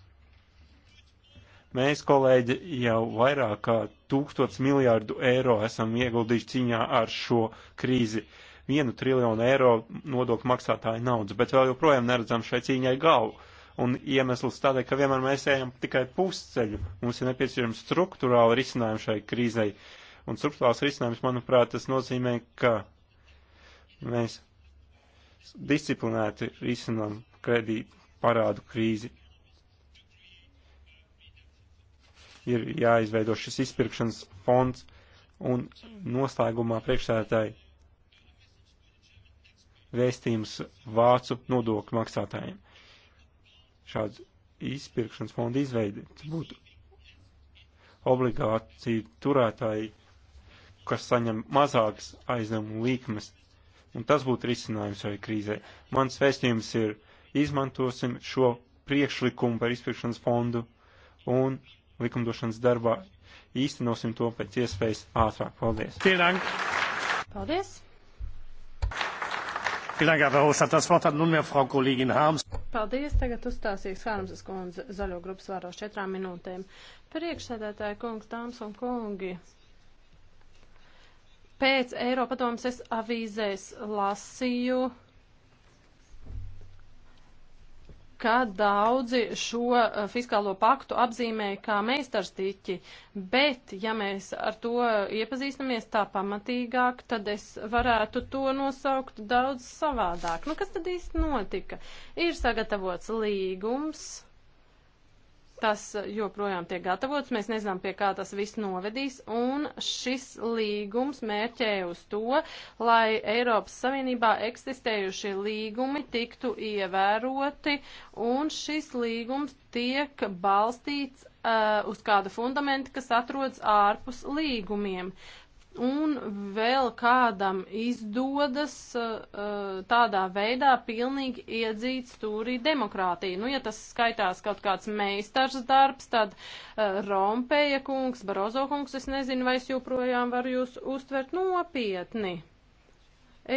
Mēs, kolēģi, jau vairāk kā tūkstots miljārdu eiro esam ieguldījuši cīņā ar šo krīzi. Vienu triljonu eiro nodokļu maksātāju naudas, bet vēl joprojām neredzam šai cīņai galvu. Uh, un iemesls tādēļ, ka vienmēr mēs ejam tikai pusceļu. Mums ir nepieciešams struktūrāli risinājumi šai krīzei. Un struktūrāls risinājums, manuprāt, tas nozīmē, ka mēs disciplinēti risinām kredītu parādu krīzi. Ir jāizveido šis izpirkšanas fonds un noslēgumā priekšsētāji vēstījums vācu nodokļu maksātājiem šāds izpirkšanas fonda izveidi. Tas būtu obligāciju turētāji, kas saņem mazākas aizdevumu līkmes, un tas būtu risinājums šai krīzē. Mans vēstījums ir, izmantosim šo priekšlikumu par izpirkšanas fondu un likumdošanas darbā īstenosim to pēc iespējas ātrāk. Paldies! Paldies! Paldies, tagad uzstāsies Hārmsas kundze zaļo grupas vārdos četrām minūtēm. Priekšsēdētāji kungs, dāmas un kungi, pēc Eiropadomas es avīzēs lasīju ka daudzi šo eh, fiskālo paktu apzīmē kā meistarstiķi, bet ja mēs ar to iepazīstamies tā pamatīgāk, tad es varētu to nosaukt daudz savādāk. Nu, kas tad īsti notika? Ir sagatavots līgums Tas eh, joprojām tiek gatavots, mēs nezinām, pie kā tas viss novedīs, un šis līgums mērķē uz to, lai Eiropas Savienībā eksistējušie līgumi tiktu ievēroti, un šis līgums tiek balstīts uh, uz kādu fundamentu, kas atrodas ārpus līgumiem un vēl kādam izdodas uh, uh, tādā veidā pilnīgi iedzīt stūrī demokrātiju. Nu, ja tas skaitās kaut kāds meistars darbs, tad uh, Rompeja kungs, Barozo kungs, es nezinu, vai es joprojām varu jūs uztvert nopietni.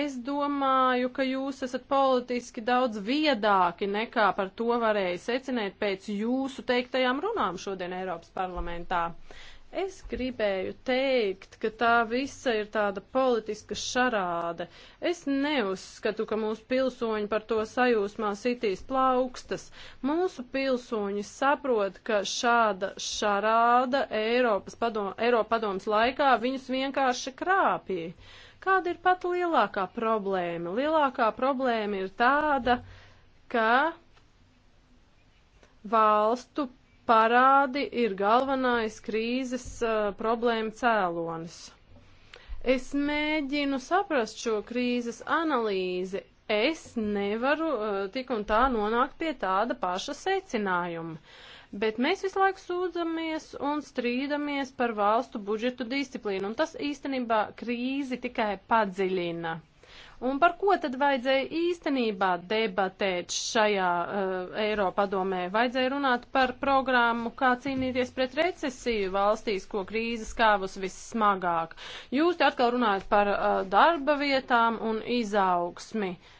Es domāju, ka jūs esat politiski daudz viedāki nekā par to varēja secināt pēc jūsu teiktajām runām šodien Eiropas parlamentā. Uh, Es gribēju teikt, ka tā visa ir tāda politiska šarāde. Es neuzskatu, ka mūsu pilsoņi par to sajūsmā sitīs plaukstas. Mūsu pilsoņi saprot, ka šāda šarāda Eiropas padom, Eiropa padomas laikā viņus vienkārši krāpīja. Kāda ir pat lielākā problēma? Lielākā problēma ir tāda, ka valstu parādi ir galvenais krīzes uh, problēma cēlonis. Es mēģinu saprast šo krīzes analīzi. Es nevaru uh, tik un tā nonākt pie tāda paša secinājuma. Bet mēs visu laiku sūdzamies un strīdamies par valstu budžetu disciplīnu, un tas īstenībā krīzi tikai padziļina. Un par ko tad vajadzēja īstenībā debatēt šajā uh, Eiropadomē? Vajadzēja runāt par programmu, kā cīnīties pret recesiju valstīs, ko krīze skāvus vissmagāk. Jūs te atkal runājat par uh, darba vietām un izaugsmi. Uh,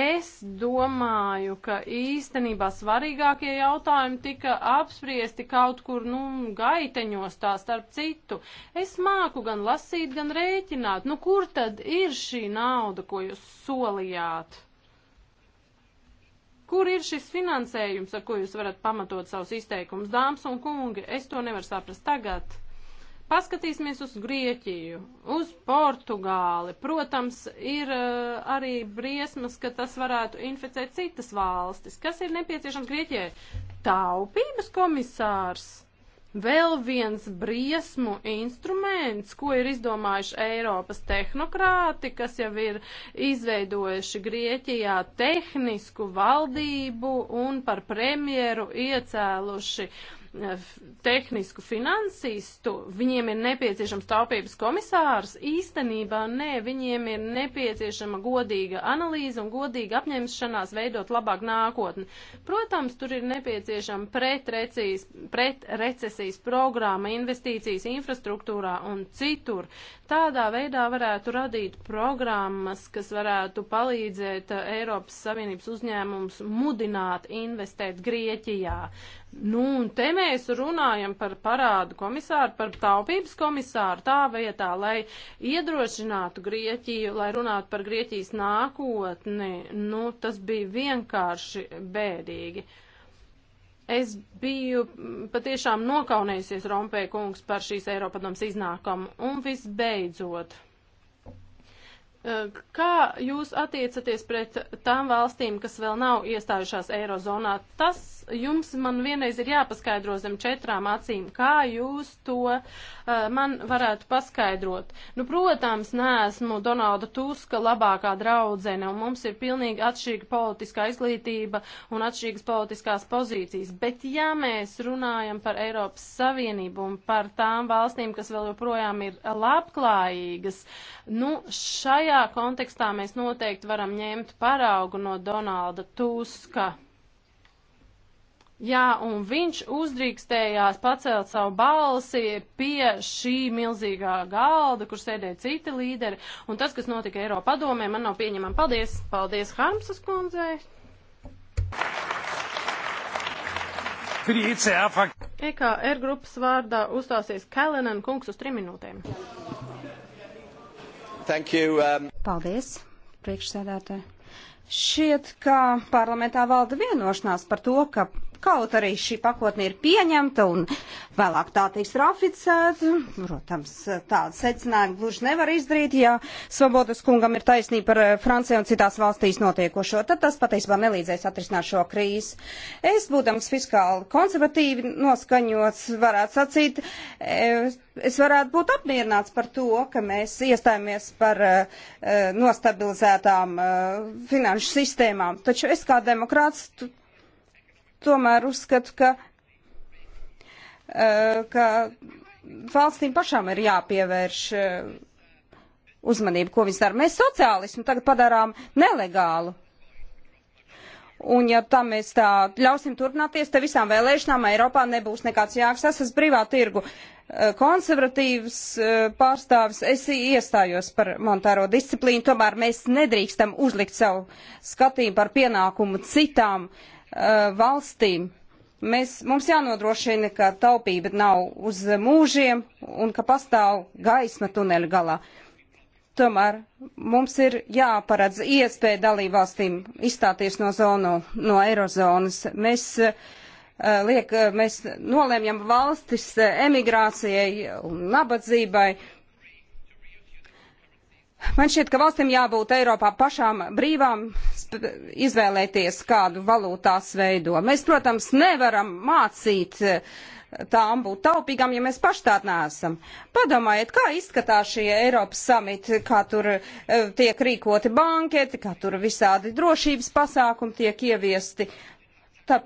Es domāju, ka īstenībā svarīgākie jautājumi tika apspriesti kaut kur, nu, gaiteņos tā starp citu. Es māku gan lasīt, gan rēķināt. Nu, kur tad ir šī nauda, ko jūs solījāt? Kur ir šis finansējums, ar ko jūs varat pamatot savus izteikumus, dāmas un kungi? Es to nevaru saprast tagad. Paskatīsimies uz Grieķiju, uz Portugāli. Protams, ir uh, arī briesmas, ka tas varētu inficēt citas valstis. Kas ir nepieciešams Grieķijai? Taupības komisārs. Vēl viens briesmu instruments, ko ir izdomājuši Eiropas tehnokrāti, kas jau ir izveidojuši Grieķijā tehnisku valdību un par premjeru iecēluši uh, tehnisku finansistu, viņiem ir nepieciešams taupības komisārs. Īstenībā nē, viņiem ir nepieciešama godīga analīze un godīga apņemšanās veidot labāk nākotni. Protams, tur ir nepieciešama pretrecesijas, pretrecesijas programma, investīcijas infrastruktūrā un citur. Tādā veidā varētu radīt programmas, kas varētu palīdzēt Eiropas Savienības uzņēmums mudināt investēt Grieķijā. Nu, un te mēs runājam par parādu komisāru, par taupības komisāru tā vietā, lai iedrošinātu Grieķiju, lai runātu par Grieķijas nākotni. Nu, tas bija vienkārši bēdīgi. Es biju patiešām nokaunējusies Rompē kungs par šīs Eiropadoms iznākumu. Un visbeidzot. Eh, kā jūs attiecaties pret tām valstīm, kas vēl nav iestājušās Eirozonā? Tas jums man vienreiz ir jāpaskaidro zem četrām acīm, kā jūs to uh, man varētu paskaidrot. Nu, protams, neesmu Donalda Tuska labākā draudzene, un mums ir pilnīgi atšķirīga politiskā izglītība un atšķirīgas politiskās pozīcijas, bet ja mēs runājam par Eiropas Savienību un par tām valstīm, kas vēl joprojām ir labklājīgas, nu, šajā kontekstā mēs noteikti varam ņemt paraugu no Donalda Tuska. Jā, un viņš uzdrīkstējās pacelt savu balsi pie šī milzīgā galda, kur sēdēja citi līderi. Un tas, kas notika Eiropa padomē, man nav pieņemama. Paldies! Paldies Harmsas kundzei! EKR e e grupas vārdā uzstāsies Kalenen kungs uz trim minūtēm. Thank you, um... Paldies, priekšsēdētāji. Šķiet, ka parlamentā valda vienošanās par to, ka Kaut arī šī pakotne ir pieņemta un vēlāk tā tiks raficēta, protams, tādu secinājumu gluži nevar izdarīt, ja Svobodas kungam ir taisnība par eh, Franciju un citās valstīs notiekošo, tad tas patiesībā nelīdzēs atrisināt šo krīzi. Es, būdams fiskāli konservatīvi noskaņots, varētu sacīt, eh, es varētu būt apmierināts par to, ka mēs iestājāmies par uh, nostabilizētām uh, finanšu sistēmām. Taču es kā demokrāts tomēr uzskatu, ka, e, ka valstīm pašām ir jāpievērš e, uzmanību, ko viņas dara. Mēs sociālismu tagad padarām nelegālu. Un ja tam mēs tā ļausim turpināties, te visām vēlēšanām Eiropā nebūs nekāds jāks. Es esmu brīvā tirgu e, konservatīvs pārstāvis, es iestājos par monetāro disciplīnu, tomēr mēs nedrīkstam uzlikt savu skatījumu par pienākumu citām uh, Uh, valstīm. Mēs, mums jānodrošina, ka taupība nav uz mūžiem un ka pastāv gaisma tuneļa galā. Tomēr mums ir jāparedz iespēja dalībvalstīm izstāties no zonu, no eirozonas. Mēs, uh, liek, mēs nolēmjam valstis emigrācijai un nabadzībai. Uh, Man šķiet, ka valstīm jābūt Eiropā pašām brīvām izvēlēties, kādu valūtu tās veido. Mēs, protams, nevaram mācīt eh, tām būt taupīgām, ja mēs paši tādi neesam. Padomājiet, kā izskatās šie Eiropas samiti, kā tur eh, tiek rīkoti banketi, kā tur visādi drošības pasākumi tiek ieviesti. Tā,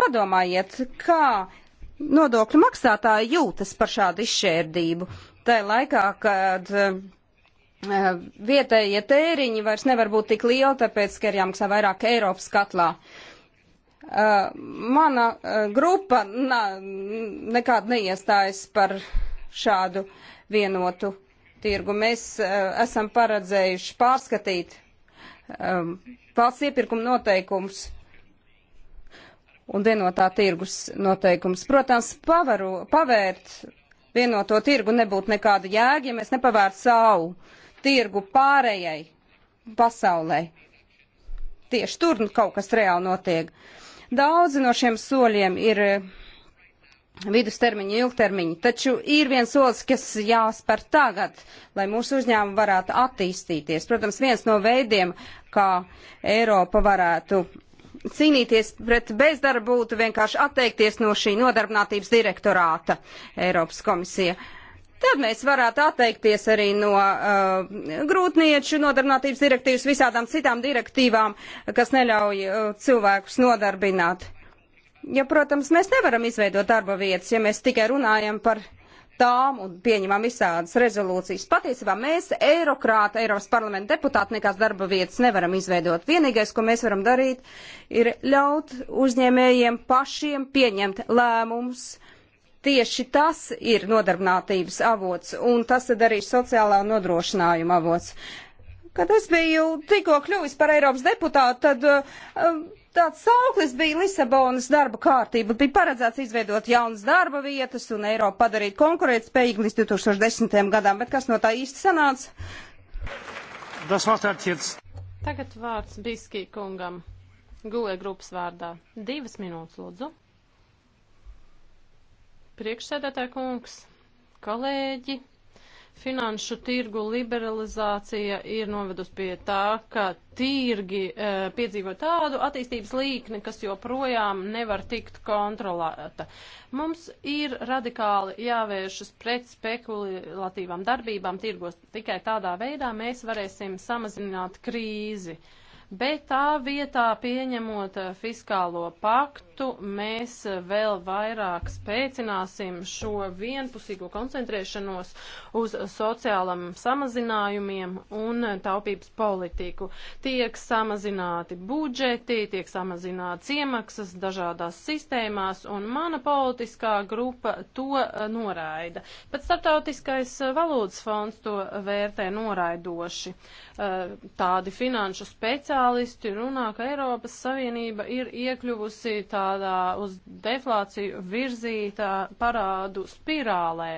padomājiet, kā nodokļu maksātāji jūtas par šādu izšķērdību. Tā laikā, kad uh, Eh, vietējie tēriņi vairs nevar būt tik lieli, tāpēc, ka ir jāmaksā vairāk Eiropas katlā. Uh, mana uh, grupa na, nekād neiestājas par šādu vienotu tirgu. Mēs uh, esam paredzējuši pārskatīt um, valsts iepirkuma noteikums un vienotā tirgus noteikums. Protams, pavaru, pavērt vienoto tirgu nebūtu nekāda jēga, ja mēs nepavērtu savu uh, tirgu pārējai pasaulē. Tieši tur nu kaut kas reāli notiek. Daudzi no šiem soļiem ir eh, vidustermiņa, ilgtermiņa, taču ir viens solis, kas jāspēr tagad, lai mūsu uzņēmumi varētu attīstīties. Protams, viens no veidiem, kā Eiropa varētu cīnīties pret bezdarbu, būtu vienkārši atteikties no šī nodarbinātības direktorāta Eiropas komisija. Uh, Tad mēs varētu atteikties arī no uh, grūtnieču nodarbinātības direktīvas, visādām citām direktīvām, kas neļauj uh, cilvēkus nodarbināt. Ja, protams, mēs nevaram izveidot darba vietas, ja mēs tikai runājam par tām un pieņemam visādas rezolūcijas. Patiesībā mēs, eirokrāti, Eiropas parlamenta deputāti, nekās darba vietas nevaram izveidot. Vienīgais, ko mēs varam darīt, ir ļaut uzņēmējiem pašiem pieņemt lēmumus, uh, Tieši tas ir nodarbinātības avots, un tas ir arī sociālā nodrošinājuma avots. Kad es biju tikko kļuvis par Eiropas deputātu, tad uh, tāds sauklis bija Lisabonas darba kārtība. Bija paredzēts izveidot jaunas darba vietas un Eiropu padarīt konkurētspējīgu līdz 2010. gadam, bet kas no tā īsti sanāca? Tas vārds Tagad vārds Biskī kungam. Gulē grupas vārdā. Divas minūtes, lūdzu. Priekšsēdētāja kungs, kolēģi, finanšu tirgu liberalizācija ir novedusi pie tā, ka tirgi e, piedzīvo tādu attīstības līkni, kas joprojām nevar tikt kontrolēta. Mums ir radikāli jāvēršas pret spekulatīvām darbībām tirgos. Tikai tādā veidā mēs varēsim samazināt krīzi. E, bet tā vietā pieņemot eh, fiskālo paktu, mēs eh, vēl vairāk spēcināsim šo vienpusīgo koncentrēšanos uz sociālam samazinājumiem un eh, taupības politiku. Tiek samazināti budžeti, tiek samazināts iemaksas dažādās sistēmās, un mana politiskā grupa to noraida. Pat starptautiskais valūtas fonds to vērtē noraidoši. Tādi finanšu speciāli reālisti runā, ka Eiropas Savienība ir iekļuvusi tādā uz deflāciju virzītā parādu spirālē.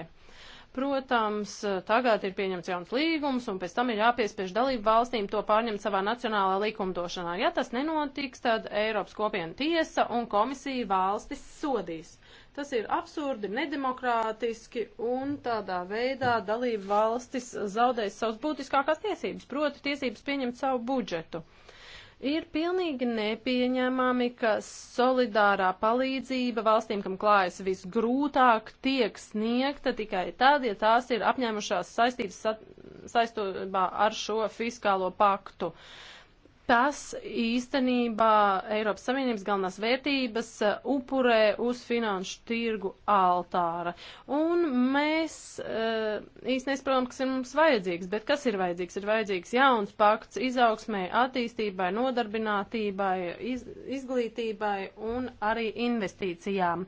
Protams, tagad ir pieņemts jauns līgums, un pēc tam ir jāpiespiež dalību valstīm to pārņemt savā nacionālā likumdošanā. Ja tas nenotiks, tad Eiropas kopiena tiesa un komisija valstis sodīs. Tas ir absurdi, nedemokrātiski un tādā veidā dalību valstis zaudēs savas būtiskākās tiesības, proti tiesības pieņemt savu budžetu. Ir pilnīgi nepieņemami, ka solidārā palīdzība valstīm, kam klājas visgrūtāk, tiek sniegta tikai tad, ja tās ir apņēmušās saistības saistībā ar šo fiskālo paktu. Uh, tas īstenībā Eiropas Savienības galvenās vērtības uh, upurē uz finanšu tirgu altāra. Un mēs uh, īstenībā nesaprotam, kas ir mums vajadzīgs, bet kas ir vajadzīgs? Ir vajadzīgs jauns pakts izaugsmē, attīstībai, nodarbinātībai, iz, izglītībai un arī investīcijām.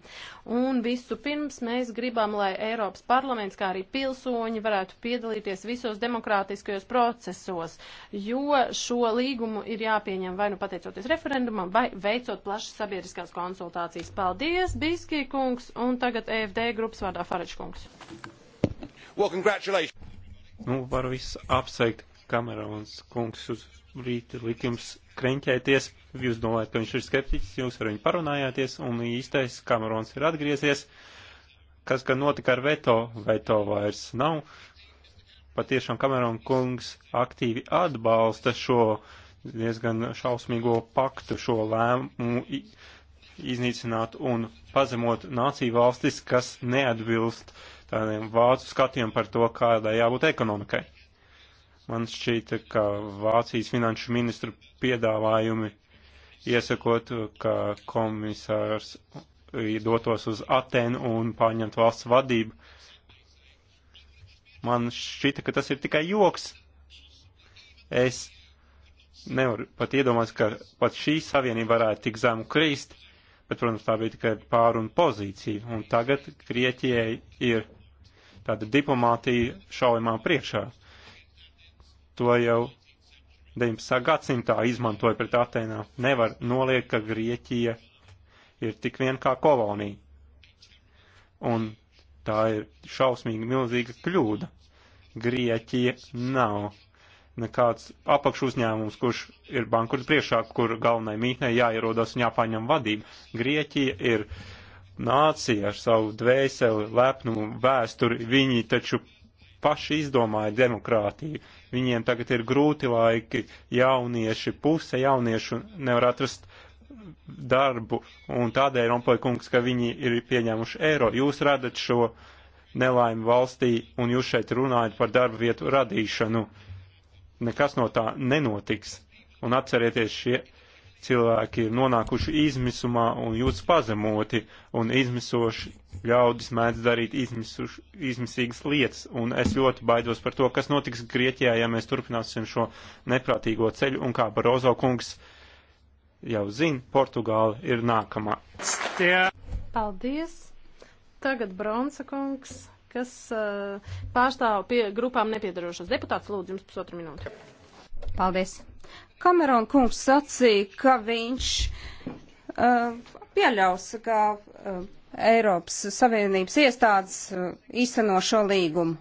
Un visu pirms mēs gribam, lai Eiropas parlaments, kā arī pilsoņi varētu piedalīties visos demokrātiskajos procesos, jo šo līgumu ir jāpieņem vai nu pateicoties referendumam, vai veicot plašas sabiedriskās konsultācijas. Paldies, Bīskī kungs, un tagad EFD grupas vārdā Farač kungs. Well, congratulations! Nu, varu visus apsveikt Kamerons kungs uz rīta likums kreņķēties. Jūs domājat, ka viņš ir skeptiķis, jūs ar viņu parunājāties, un īstais Kamerons ir atgriezies. Kas gan notika ar veto? Veto vairs nav patiešām Kamerona kungs aktīvi atbalsta šo diezgan šausmīgo paktu šo lēmumu iznīcināt un pazemot nāciju valstis, kas neatbilst tādiem vācu skatiem par to, kādai jābūt ekonomikai. Man šķīta, ka Vācijas finanšu ministru piedāvājumi iesakot, ka komisārs dotos uz Atenu un pārņemt valsts vadību. Man šķita, ka tas ir tikai joks. Es nevar pat iedomāties, ka pat šī savienība varētu tik zemu krīst, bet, protams, tā bija tikai pārunu pozīcija. Un tagad Grieķijai ir tāda diplomātija šaujamā priekšā. To jau 19. gadsimtā izmantoja pret Atenā. Nevar noliekt, ka Grieķija ir tik vien kā kolonija. Un tā ir šausmīgi milzīga kļūda. Grieķija nav nekāds apakš uzņēmums, kurš ir bankuras priekšā, kur galvenai mītnei jāierodas un jāpaņem vadība. Grieķija ir nācija ar savu dvēseli, lepnumu, vēsturi. Viņi taču paši izdomāja demokrātiju. Viņiem tagad ir grūti laiki, jaunieši, puse jauniešu nevar atrast darbu, un tādēļ, Rompoja kungs, ka viņi ir pieņēmuši eiro. Jūs redzat šo nelaimi valstī, un jūs šeit runājat par darba vietu radīšanu. Uh, nekas no tā nenotiks. Un atcerieties, šie cilvēki ir nonākuši izmisumā un jūtas pazemoti, un izmisoši ļaudis mēdz darīt izmisuši, izmisīgas lietas, un es ļoti baidos par to, kas notiks Grieķijā, ja mēs turpināsim šo neprātīgo ceļu, un kā Barozo kungs jau zina, Portugāla ir nākamā. Paldies! Tagad Bronsa kungs kas uh, pārstāv pie grupām nepiedarošos deputāts. Lūdzu, jums pusotru minūti. Paldies. Kamerona kungs sacīja, ka viņš uh, pieļaus, ka uh, Eiropas Savienības iestādes uh, īsteno šo līgumu.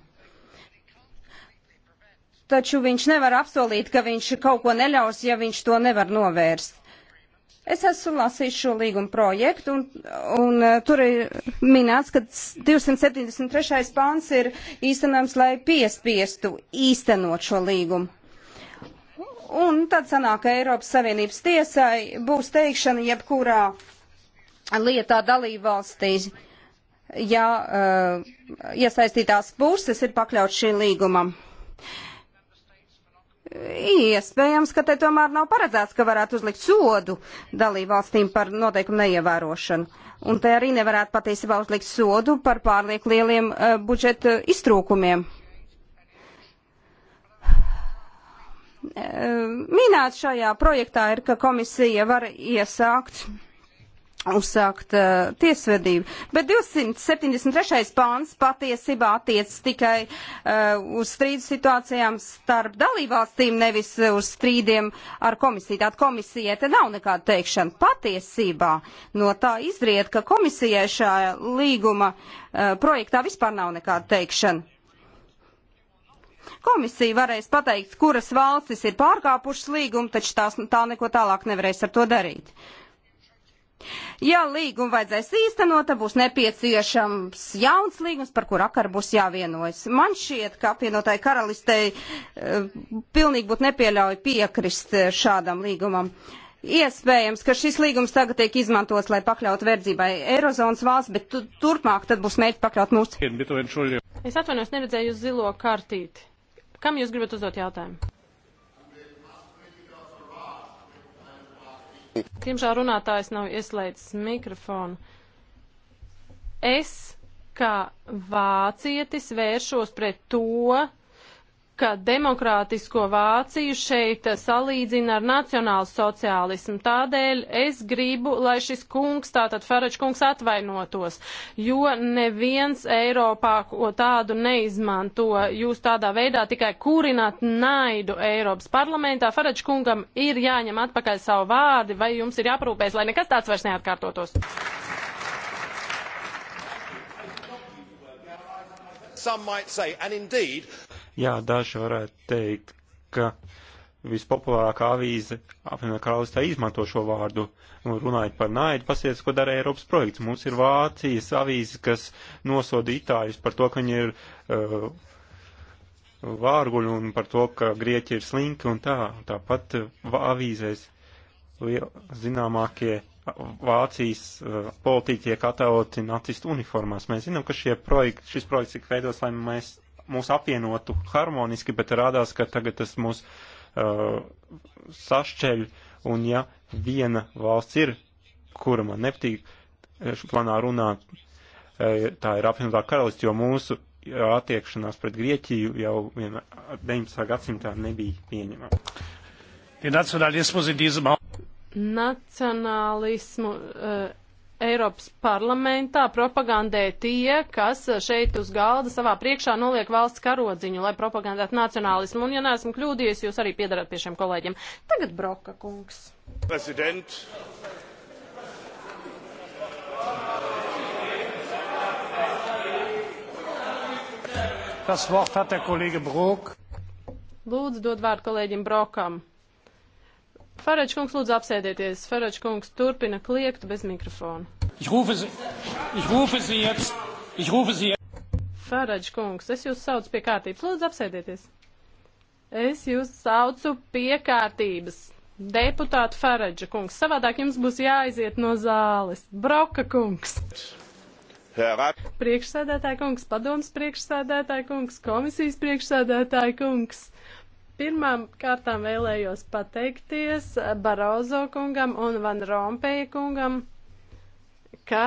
Taču viņš nevar apsolīt, ka viņš kaut ko neļaus, ja viņš to nevar novērst. Es esmu lasījis šo līgumu projektu, un, un eh, tur ir minēts, ka 273. pāns ir īstenojams, lai piespiestu īstenot šo līgumu. Un tad sanāk, ka Eiropas Savienības tiesai būs teikšana jebkurā lietā dalībvalstīs, ja uh, iesaistītās puses ir pakļauts šī līgumam. Uh, Iespējams, ka te tomēr nav paredzēts, ka varētu uzlikt sodu dalībvalstīm par noteikumu neievērošanu. Un te arī nevarētu patiesībā uzlikt sodu par pārlieku lieliem uh, budžeta iztrūkumiem. Uh, minēts šajā projektā ir, ka komisija var iesākt uh, uzsākt uh, tiesvedību. Bet 273. pāns patiesībā attiec tikai uh, uz strīdu situācijām starp dalībvalstīm, nevis uz strīdiem ar komisiju. Tātad komisijai te nav nekāda teikšana. Patiesībā no tā izriet, ka komisijai šajā līguma uh, projektā vispār nav nekāda teikšana. Komisija varēs pateikt, kuras valstis ir pārkāpušas līgumu, taču tās, tā neko tālāk nevarēs ar to darīt. Uh, Ja līgumu vajadzēs īstenot, tad būs nepieciešams jauns līgums, par kur akar būs jāvienojas. Man šķiet, ka apvienotāji karalistei uh, pilnīgi būtu nepieļauj piekrist eh, šādam līgumam. Iespējams, ka šis līgums tagad tiek izmantots, lai pakļautu verdzībai Eirozonas valsts, bet tu, turpmāk tad būs mērķi pakļaut mūsu. Es atvainojos, neredzēju uz zilo kartīti. Kam jūs gribat uzdot jautājumu? Diemžēl runātājs nav ieslēdzis mikrofonu. Es, kā vācietis, vēršos pret to, ka demokrātisko Vāciju šeit salīdzina ar nacionālu sociālismu. Tādēļ es gribu, lai šis kungs, tātad Farač kungs, atvainotos, jo neviens Eiropā ko tādu neizmanto. Jūs tādā veidā tikai kurināt naidu Eiropas parlamentā. Farač kungam ir jāņem atpakaļ savu vārdi, vai jums ir jāprūpēs, lai nekas tāds vairs neatkārtotos. Some might say, and indeed, Jā, daži varētu teikt, ka vispopulārākā avīze apvienotā karalistē izmanto šo vārdu. Un runājot par naidu, pasies, ko dara Eiropas projekts. Mums ir Vācijas avīze, kas nosoda itāļus par to, ka viņi ir uh, vārguļi un par to, ka grieķi ir slinki un tā. Tāpat uh, avīzēs liel, zināmākie uh, Vācijas uh, politiķi tiek attēloti nacistu uniformās. Mēs zinām, ka projekti, šis projekts ir veidots, lai mēs mūs apvienotu harmoniski, bet rādās, ka tagad tas mūs uh, sašķeļ, un ja viena valsts ir, kura man nepatīk, planā eh, runāt, eh, tā ir apvienotā karalists, jo mūsu attiekšanās pret Grieķiju jau 19. gadsimtā nebija pieņemama. Nacionālismu eh, Eiropas parlamentā propagandē tie, kas šeit uz galda savā priekšā noliek valsts karodziņu, lai propagandētu nacionālismu. Un, ja neesmu kļūdījies, jūs arī piedarat pie šiem kolēģiem. Tagad Broka kungs. President. Das Wort hat der Kollege Brok. Lūdzu, dod vārdu kolēģim Brokam. Farage kungs, lūdzu apsēdieties. Farage kungs turpina kliegt bez mikrofona. Farage kungs, es jūs saucu pie kārtības. Lūdzu apsēdieties. Es jūs saucu pie kārtības. Deputāta Faradža kungs, savādāk jums būs jāaiziet no zāles. Broka kungs. Priekšsēdētāja kungs, padoms priekšsēdētāja kungs, komisijas priekšsēdētāja kungs. Pirmām kārtām vēlējos pateikties Barozo kungam un Van Rompēja kungam, ka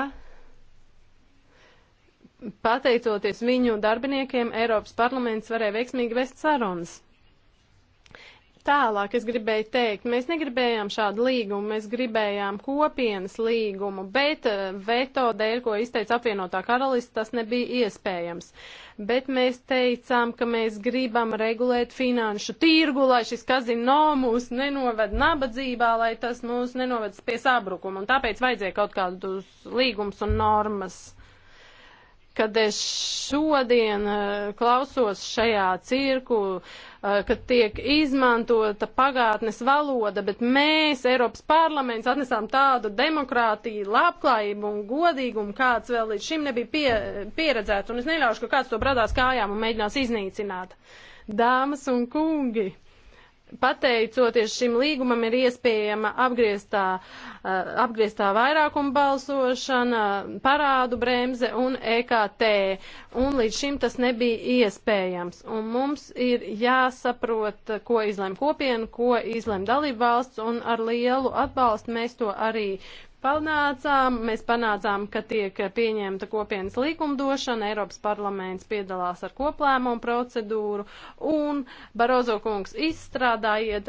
pateicoties viņu darbiniekiem, Eiropas parlaments varēja veiksmīgi vest sarunas. Tālāk es gribēju teikt, mēs negribējām šādu līgumu, mēs gribējām kopienas līgumu, bet eh, veto dēļ, ko izteica apvienotā karalista, tas nebija iespējams. Bet mēs teicām, ka mēs gribam regulēt finanšu tirgu, lai šis kazino mūs nenoved nabadzībā, lai tas mūs nenoved pie sabrukuma. Un tāpēc vajadzēja kaut kādus līgumus un normas kad es šodien eh, klausos šajā cirku, uh, Eh, ka tiek izmantota pagātnes valoda, bet mēs, Eiropas parlaments, atnesām tādu demokrātiju, labklājību un godīgumu, kāds vēl līdz šim nebija pie, pieredzēts, un es neļaušu, ka kāds to bradās kājām un mēģinās iznīcināt. Dāmas un kungi! pateicoties šim līgumam, ir iespējama apgrieztā Eh, apgrieztā vairākuma balsošana, parādu bremze un EKT. Un līdz šim tas nebija iespējams. Un mums ir jāsaprot, ko izlem kopiena, ko izlem dalību valsts, un ar lielu atbalstu mēs to arī panācām. Mēs panācām, ka tiek pieņemta kopienas likumdošana, Eiropas parlaments piedalās ar koplēmumu procedūru un Barozo kungs izstrādājiet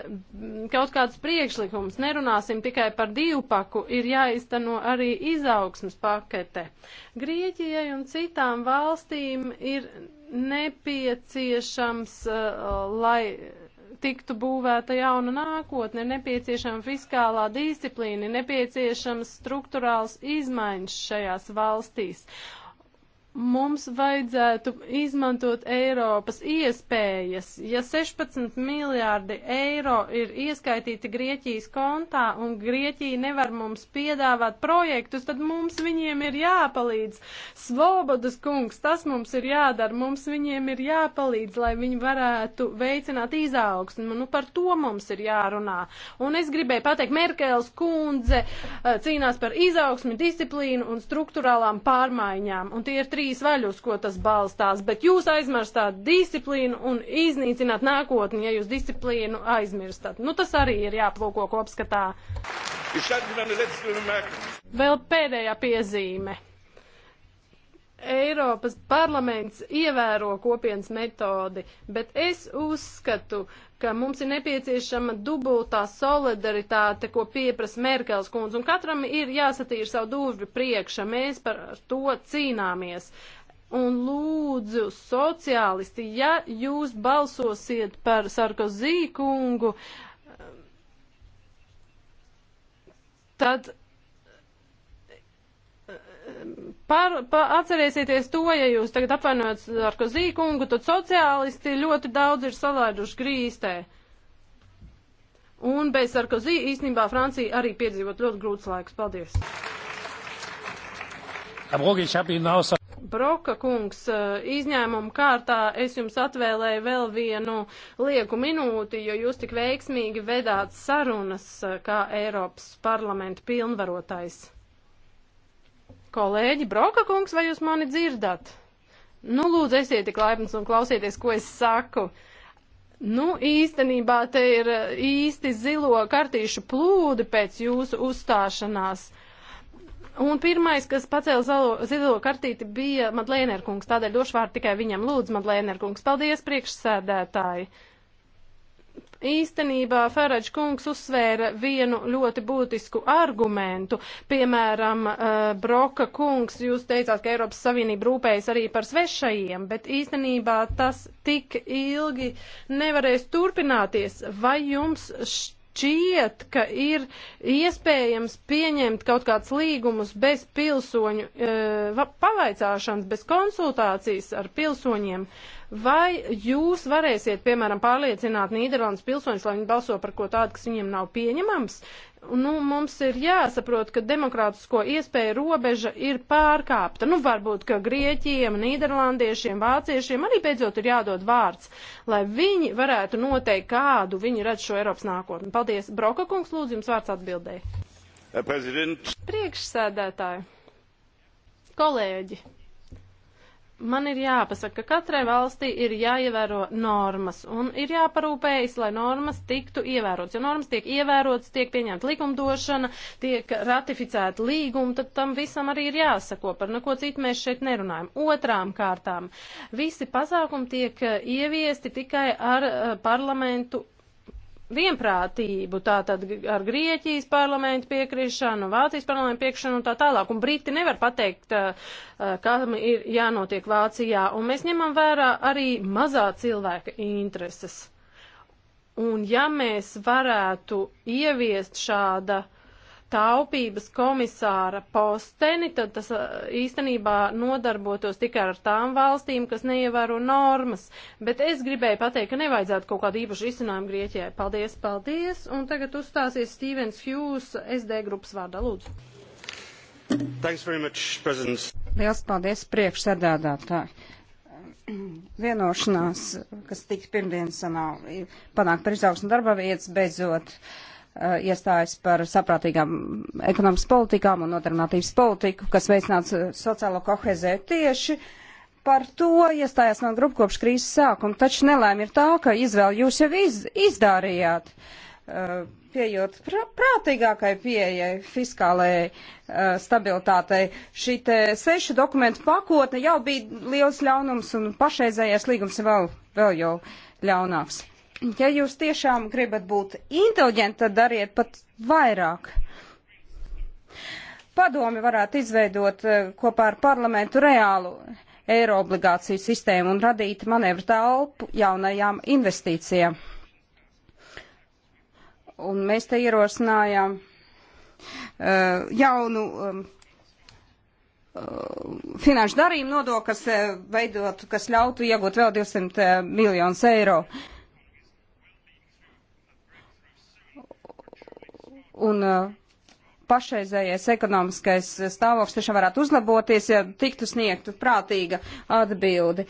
kaut kādus priekšlikumus. Nerunāsim tikai par divu tupaku, ir jāizteno arī izaugsmas pakete. Grieķijai un citām valstīm ir nepieciešams, uh, lai tiktu būvēta jauna nākotne, ir nepieciešama fiskālā disciplīna, ir nepieciešams struktūrāls izmaiņas šajās valstīs. Mums vajadzētu izmantot Eiropas iespējas. Ja 16 miljārdi eiro ir ieskaitīti Grieķijas kontā un Grieķija nevar mums piedāvāt projektus, tad mums viņiem ir jāpalīdz. Svobodas kungs, tas mums ir jādara, mums viņiem ir jāpalīdz, lai viņi varētu veicināt izaugsmu. Nu, par to mums ir jārunā. Un es gribēju pateikt, Merkels kundze eh, cīnās par izaugsmu, disciplīnu un struktūrālām pārmaiņām. Un tie ir trīs trīs vaļus, ko tas balstās, bet jūs aizmirstāt disciplīnu un iznīcināt nākotni, ja jūs disciplīnu aizmirstat. Nu, tas arī ir jāplūko kopskatā. Vēl pēdējā piezīme. Eiropas parlaments ievēro kopienas metodi, bet es uzskatu, ka mums ir nepieciešama dubultā solidaritāte, ko pieprasa Merkels kundze, un katram ir jāsatīra savu dūvi priekšā, mēs par to cīnāmies. Un lūdzu, sociālisti, ja jūs balsosiet par Sarkozī kungu, tad par, par, atcerēsieties to, ja jūs tagad apvainojat ar ko zīkungu, tad sociālisti ļoti daudz ir salaiduši grīstē. Un bez Sarkozī īstenībā Francija arī piedzīvot ļoti grūts laiks. Paldies! Broka kungs, eh, izņēmuma kārtā es jums atvēlēju vēl vienu lieku minūti, jo jūs tik veiksmīgi vedāt sarunas eh, kā Eiropas parlamenta pilnvarotais. Kolēģi, Broka kungs, vai jūs mani dzirdat? Nu, lūdzu, esiet tik laipns un klausieties, ko es saku. Nu, īstenībā te ir eh, īsti zilo kartīšu plūdi pēc jūsu uzstāšanās. Un pirmais, kas pacēla zilo, zilo kartīti, bija Madlēnerkungs, tādēļ došu vārdu tikai viņam. Lūdzu, Madlēnerkungs, paldies priekšsēdētāji! Uh, īstenībā Farage kungs uzsvēra vienu ļoti būtisku argumentu. Piemēram, uh, Broka kungs, jūs teicāt, ka Eiropas Savienība rūpējas arī par svešajiem, bet īstenībā tas tik ilgi nevarēs turpināties. Vai jums šķiet, ka ir iespējams pieņemt kaut kādus līgumus bez pilsoņu uh, pavaicāšanas, bez konsultācijas ar pilsoņiem? Uh, Vai jūs varēsiet, piemēram, pārliecināt Nīderlandes pilsoņus, lai viņi balso par ko tādu, kas viņiem nav pieņemams? Nu, mums ir jāsaprot, ka demokrātisko iespēju robeža ir pārkāpta. Nu, varbūt, ka grieķiem, nīderlandiešiem, vāciešiem arī beidzot ir jādod vārds, lai viņi varētu noteikt, kādu viņi redz šo Eiropas nākotni. Paldies. Broka kungs, lūdzu, jums vārds atbildēja. Prezident. Priekšsēdētāji, kolēģi man ir jāpasaka, ka katrai valstī ir jāievēro normas un ir jāparūpējas, lai normas tiktu ievērotas. Ja normas tiek ievērotas, tiek pieņemta likumdošana, tiek ratificēta līguma, tad tam visam arī ir jāsako. Par neko citu mēs šeit nerunājam. Otrām kārtām visi pasākumi tiek ieviesti tikai ar eh, parlamentu vienprātību, tātad ar Grieķijas parlamentu piekrišanu, Vācijas parlamentu piekrišanu un tā tālāk. Un Briti nevar pateikt, eh, eh, kam ir jānotiek Vācijā. Un mēs ņemam vērā arī mazā cilvēka intereses. Un ja mēs varētu ieviest šāda uh, taupības komisāra posteni, tad tas īstenībā nodarbotos tikai ar tām valstīm, kas neievēro normas. Bet es gribēju pateikt, ka nevajadzētu kaut kādu īpašu izcinājumu Grieķijai. Paldies, paldies! Un tagad uzstāsies Stevens Hughes, SD grupas vārdā. Lūdzu! Much, President. Liels paldies priekšsēdētātāji! Vienošanās, kas tika pirmdien sanā, panākt par izaugsmu darba vietas, beidzot. Uh, Eh, iestājas par saprātīgām ekonomikas politikām un nodarbinātības politiku, kas veicinātu sociālo kohezē tieši. Par to iestājās man grupa kopš krīzes sākuma, taču nelēma ir tā, ka izvēli jūs jau iz, izdarījāt, eh, pieejot pr prātīgākai pieejai, fiskālajai eh, stabilitātei. Šī sešu dokumentu pakotne jau bija liels ļaunums un pašreizējais līgums vēl, vēl jau ļaunāks ja jūs tiešām gribat būt inteliģenti, tad dariet pat vairāk. Padomi varētu izveidot eh, kopā ar parlamentu reālu eiro obligāciju sistēmu un radīt manevru telpu jaunajām investīcijām. Un mēs te ierosinājām uh, jaunu um, eh, finanšu darījumu nodokli, kas, uh, veidot, kas ļautu iegūt vēl 200 uh, miljonus eiro. Uh, Un uh, pašreizējais ekonomiskais stāvoklis tiešām varētu uzlaboties, ja tiktu sniegtu prātīga atbildi.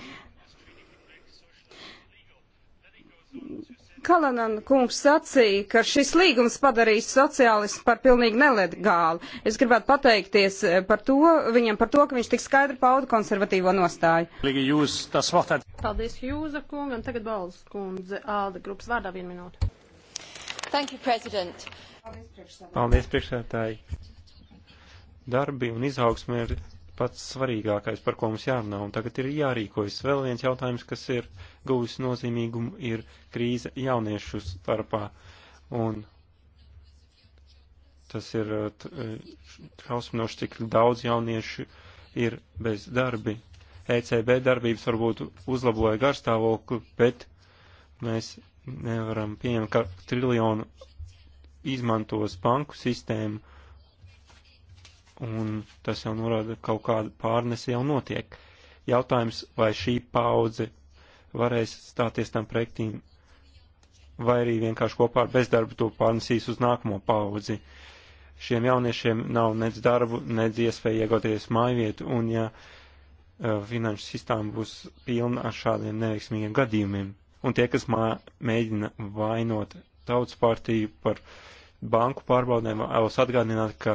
Kalanan kungs sacīja, ka šis līgums padarīs sociālistus par pilnīgi nelegālu. Es gribētu pateikties par to, viņam par to, ka viņš tik skaidri pauda konservatīvo nostāju. Jūs, vārtāt... Paldies Jūza kungam, tagad Balzas kundze, Alda grupas vārdā vienu minūtu. Thank you, President. Uh, Paldies, priekšsēdētāji. Paldies, priekšsēdētāji. Darbi un izaugsme ir pats svarīgākais, par ko mums jārunā, un tagad ir jārīkojas. Vēl viens jautājums, kas ir guvis nozīmīgumu, ir krīze jauniešu starpā. Un tas ir uh, uh, šausminoši, cik daudz jauniešu ir bez darbi. ECB darbības varbūt uzlaboja garstāvokli, bet mēs nevaram pieņemt, ka triljonu izmantos banku sistēmu, un tas jau norāda, ka kaut kāda pārnese jau notiek. Jautājums, vai šī paudze varēs stāties tam projektīm, vai arī vienkārši kopā ar bezdarbu to pārnesīs uz nākamo paudzi. Šiem jauniešiem nav nec darbu, nec iespēja iegūties mājvietu, un ja uh, finanšu sistēma būs pilna ar šādiem neveiksmīgiem gadījumiem, un tie, kas mā, mēģina vainot tautas partiju par uh, banku pārbaudēm vēlos atgādināt, ka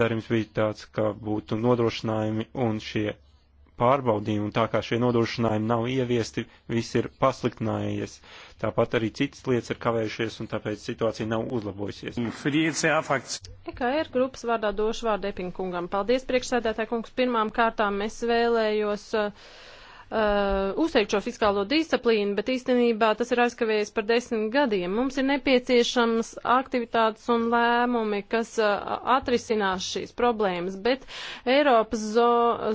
darījums bija tāds, ka būtu nodrošinājumi un šie pārbaudījumi, un tā kā šie nodrošinājumi nav ieviesti, viss ir pasliktinājies. Tāpat arī citas lietas ir kavējušies, un tāpēc situācija nav uzlabojusies. EKR grupas vārdā došu vārdu Epinkungam. Paldies, priekšsēdētāj kungs. Pirmām kārtām es vēlējos. Uh, uh, uzteikt šo fiskālo disciplīnu, bet īstenībā tas ir aizkavējies par desmit gadiem. Mums ir nepieciešams aktivitātes un lēmumi, kas uh, atrisinās šīs problēmas, bet Eiropas zo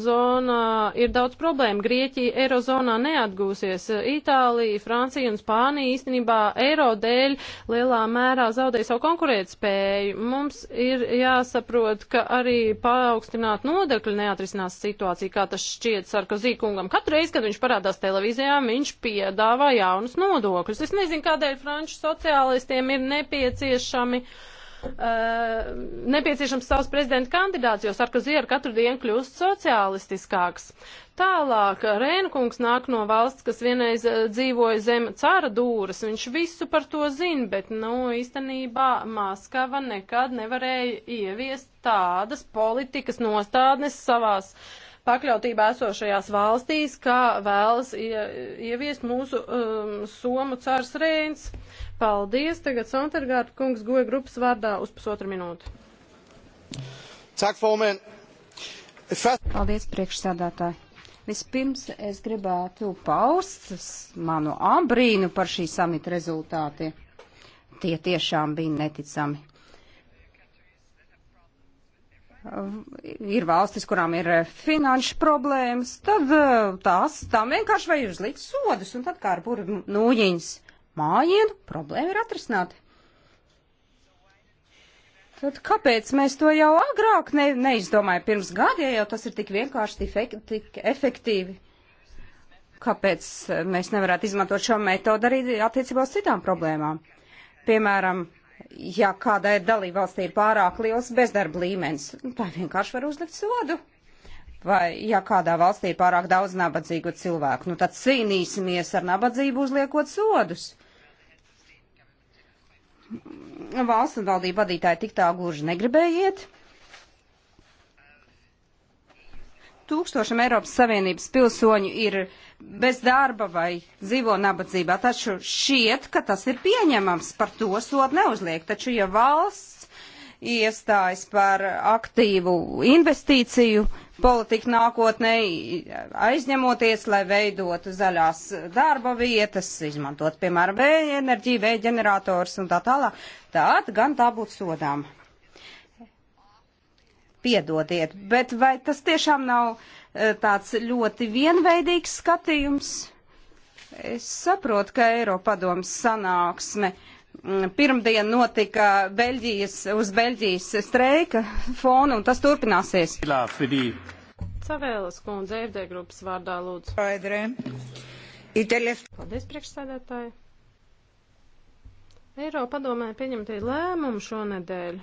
zonā ir daudz problēmu. Grieķija Eirozonā neatgūsies. Itālija, Francija un Spānija īstenībā Eiro dēļ lielā mērā zaudēja savu konkurētspēju. Mums ir jāsaprot, ka arī paaugstināt nodokļi neatrisinās situāciju, kā tas šķiet Sarkozī kungam. Katru reizi, kad viņš parādās televīzijā, viņš piedāvā jaunus nodokļus. Es nezinu, kādēļ franču sociālistiem ir nepieciešami. Uh, nepieciešams savs prezidenta kandidāts, jo Sarkozy ar katru dienu kļūst sociālistiskāks. Tālāk Rēnkungs nāk no valsts, kas vienreiz eh, dzīvoja zem cara dūras, viņš visu par to zina, bet, nu, īstenībā Maskava nekad nevarēja ieviest tādas politikas nostādnes savās uh, pakļautībā esošajās valstīs, kā vēlas ieviest mūsu um, Somu cārs Reins. Paldies! Tagad Santergārta kungs goja grupas vārdā uz pusotru minūtu. Tak, formen. Paldies, priekšsēdētāji! Vispirms es gribētu paust manu ambrīnu par šī samita rezultātiem. Tie tiešām bija neticami ir valstis, kurām ir eh, finanšu problēmas, tad eh, tās tām vienkārši vajag uzlikt sodus, un tad kā ar burbu nūjiņas mājienu problēma ir atrisināta. Tad kāpēc mēs to jau agrāk ne, neizdomājam pirms gadiem, ja jau tas ir tik vienkārši, tik efektīvi? Kāpēc eh, mēs nevarētu izmantot šo metodu arī attiecībā uz citām problēmām? Piemēram, ja kādai dalībvalstī ir pārāk liels bezdarba līmenis, tā vienkārši var uzlikt sodu. Vai, ja kādā valstī ir pārāk daudz nabadzīgu cilvēku, nu tad cīnīsimies ar nabadzību uzliekot sodus. Valsts un valdība vadītāji tik tā gluži negribējiet. tūkstošiem Eiropas Savienības pilsoņu ir bez darba vai dzīvo nabadzībā, taču šiet, ka tas ir pieņemams, par to sodu neuzliek. Taču, ja valsts iestājas par aktīvu investīciju politiku nākotnē, aizņemoties, lai veidotu zaļās darba vietas, izmantot, piemēram, vēja enerģiju, vēja ģenerators un tā tālāk, tad gan tā būtu sodāma. Piedodiet, bet vai tas tiešām nav eh, tāds ļoti vienveidīgs skatījums? Es saprotu, ka Eiropadomas sanāksme mm, pirmdien notika Beļģijas, uz Beļģijas streika fona, un tas turpināsies. Cavēlas kundze, FD grupas vārdā lūdzu. Paldies, priekšsēdētāji. Eiropadomē pieņemtie lēmumi šonedēļ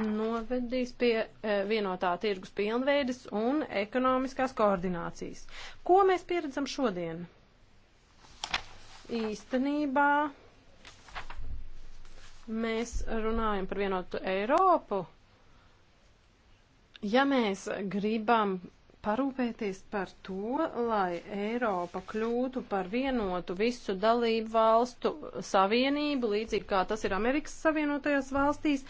novedīs pie eh, vienotā tirgus pilnveides un ekonomiskās koordinācijas. Ko mēs pieredzam šodien? Īstenībā mēs runājam par vienotu Eiropu. Ja mēs gribam parūpēties par to, lai Eiropa kļūtu par vienotu visu dalību valstu savienību, līdzīgi kā tas ir Amerikas Savienotajās valstīs,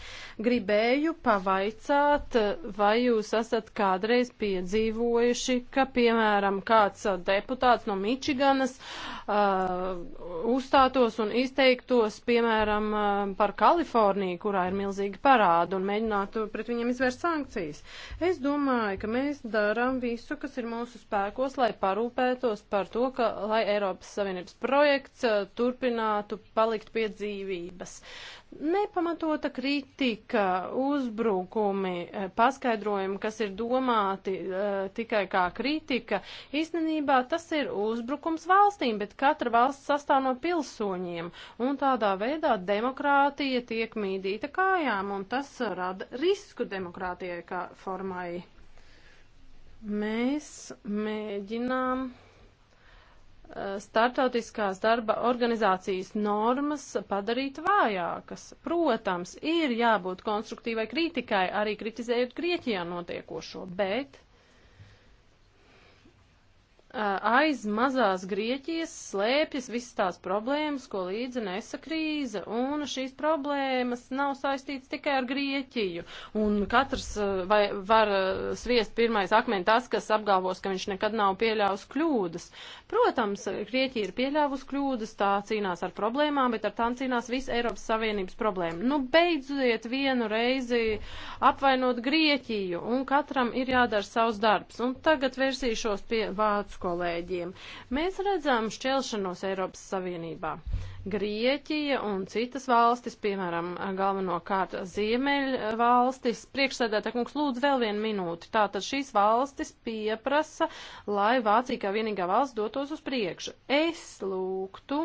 gribēju pavaicāt, vai jūs esat kādreiz piedzīvojuši, ka, piemēram, kāds deputāts no Mičiganas uh, uzstātos un izteiktos, piemēram, uh, par Kaliforniju, kurā ir milzīgi parādi, un mēģinātu pret viņiem izvērst sankcijas. Es domāju, ka mēs darām visu, kas ir mūsu spēkos, lai parūpētos par to, ka, lai Eiropas Savienības projekts eh, turpinātu palikt pie dzīvības. Nepamatota kritika, uzbrukumi, eh, paskaidrojumi, kas ir domāti eh, tikai kā kritika, īstenībā tas ir uzbrukums valstīm, bet katra valsts sastāv no pilsoņiem, un tādā veidā demokrātija tiek mīdīta kājām, un tas rada risku demokrātijai kā formai. Mēs mēģinām eh, startautiskās darba organizācijas normas padarīt vājākas. Protams, ir jābūt konstruktīvai kritikai, arī kritizējot Grieķijā notiekošo, bet aiz mazās Grieķijas slēpjas visas tās problēmas, ko līdzi nesa krīze, un šīs problēmas nav saistītas tikai ar Grieķiju, un katrs vai, var sviest pirmais akmeni tas, kas apgalvos, ka viņš nekad nav pieļāvis kļūdas. Protams, Grieķija ir pieļāvusi kļūdas, tā cīnās ar problēmām, bet ar tām cīnās visa Eiropas Savienības problēma. Nu, beidziet vienu reizi apvainot Grieķiju, un katram ir jādara savs darbs. Un tagad versīšos pie vācu kolēģiem. Mēs redzam šķelšanos Eiropas Savienībā. Grieķija un citas valstis, piemēram, galvenokārt Ziemeļa valstis. Priekšsēdētā kungs lūdzu vēl vienu minūti. Tātad šīs valstis pieprasa, lai Vācija kā vienīgā valsts dotos uz priekšu. Es lūgtu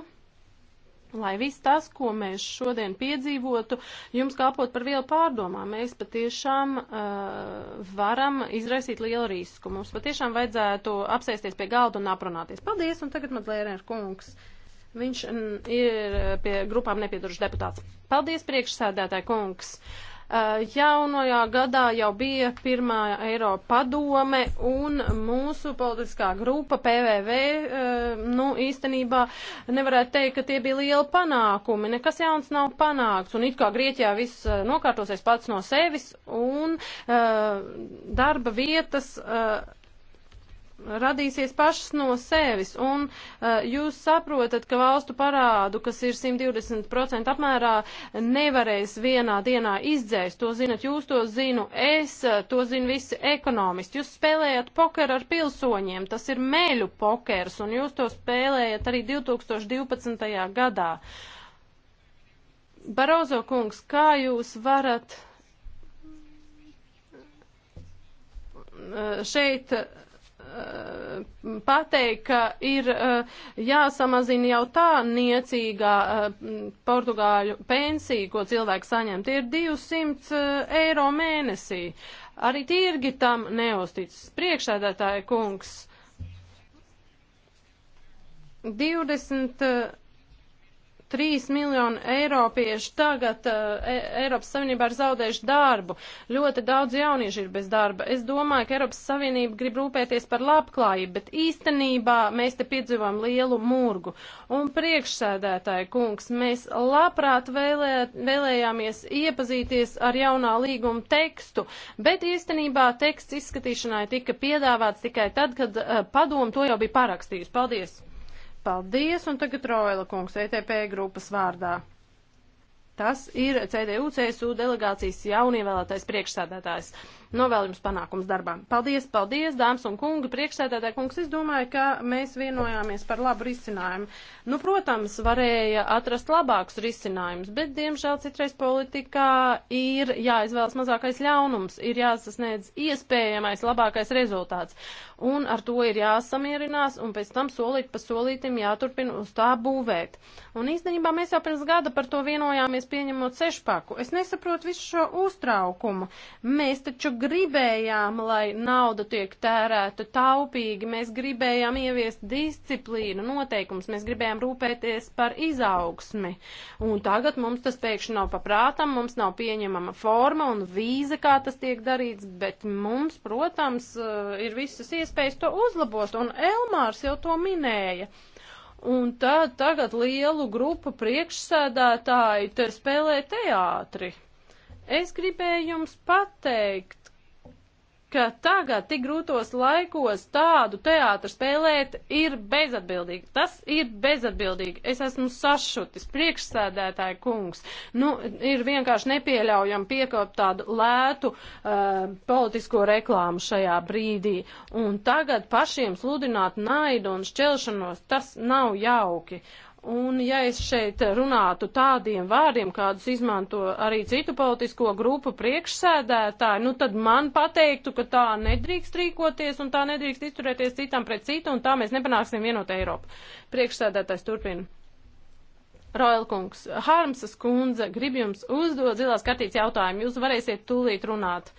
lai viss tas, ko mēs šodien piedzīvotu, jums kāpot par vielu pārdomām. Mēs patiešām uh, varam izraisīt lielu risku. Mums patiešām vajadzētu apsēsties pie galda un aprunāties. Paldies, un tagad mazlērēns kungs. Viņš ir pie grupām nepiedarušs deputāts. Paldies, priekšsēdētāji kungs. Uh, Eh, jaunajā gadā jau bija pirmā Eiropa padome un mūsu politiskā grupa PVV, eh, nu, īstenībā nevarētu teikt, ka tie bija lieli panākumi. Nekas jauns nav panākts un it kā Grieķijā viss eh, nokārtosies pats no sevis un darba vietas radīsies pašas no sevis, un uh, jūs saprotat, ka valstu parādu, kas ir 120% apmērā, nevarēs vienā dienā izdzēst. To zinat jūs, to zinu es, to zinu visi ekonomisti. Jūs spēlējat pokeru ar pilsoņiem, tas ir meļu pokers, un jūs to spēlējat arī 2012. gadā. Barozo kungs, kā jūs varat eh, šeit Eh, pateikt, ka ir eh, jāsamazina jau tā niecīgā eh, portugāļu pensija, ko cilvēki saņem. Tie ir 200 eiro mēnesī. Arī tirgi tam neusticas. Priekšsēdētāja kungs 20. 3 miljoni eiropiešu tagad uh, Eiropas Savienībā ir zaudējuši darbu. Ļoti daudz jaunieši ir bez darba. Es domāju, ka Eiropas Savienība grib rūpēties par labklājību, bet īstenībā mēs te piedzīvojam lielu murgu. Un priekšsēdētāji kungs, mēs labprāt vēlē, vēlējāmies iepazīties ar jaunā līguma tekstu, bet īstenībā teksts izskatīšanai tika piedāvāts tikai tad, kad uh, padomu to jau bija parakstījusi. Paldies! Paldies, un tagad Roila kungs ETP grupas vārdā. Tas ir CDU-CSU delegācijas jaunievēlētais priekšsādātājs. Novēl jums panākums darbā. Paldies, paldies, dāmas un kungi, priekšsēdētāji kungs. Es domāju, ka mēs vienojāmies par labu risinājumu. Nu, protams, varēja atrast labākus risinājumus, bet, diemžēl, citreiz politikā ir jāizvēlas mazākais ļaunums, ir jāsasniedz iespējamais labākais rezultāts. Un ar to ir jāsamierinās, un pēc tam solīt pa solītim jāturpina uz tā būvēt. Un īstenībā mēs jau pirms gada par to vienojāmies pieņemot sešpaku. Es nesaprotu visu šo uztraukumu. Mēs taču gribējām, lai nauda tiek tērēta taupīgi, mēs gribējām ieviest disciplīnu, noteikums, mēs gribējām rūpēties par izaugsmi. Un tagad mums tas pēkšņi nav paprātam, mums nav pieņemama forma un vīza, kā tas tiek darīts, bet mums, protams, eh, ir visas iespējas to uzlabot, un Elmārs jau to minēja. Un tad tagad lielu grupu priekšsēdētāji te spēlē teātri. Es gribēju jums pateikt, ka tagad tik grūtos laikos tādu teātru spēlēt ir bezatbildīgi. Tas ir bezatbildīgi. Es esmu sašutis, priekšsēdētāji kungs. Nu, ir vienkārši nepieļaujami piekāpt tādu lētu uh, politisko reklāmu šajā brīdī. Un tagad pašiem sludināt naidu un šķelšanos, tas nav jauki. Uh, Un ja es šeit runātu tādiem vārdiem, kādus izmanto arī citu politisko grupu priekšsēdētāji, nu tad man pateiktu, ka tā nedrīkst rīkoties un tā nedrīkst izturēties citam pret citu un tā mēs nepanāksim vienotu Eiropu. Priekšsēdētājs turpina. Roilkungs, Harmsas kundze grib jums uzdot zilās kartītes jautājumu. Jūs varēsiet tūlīt runāt.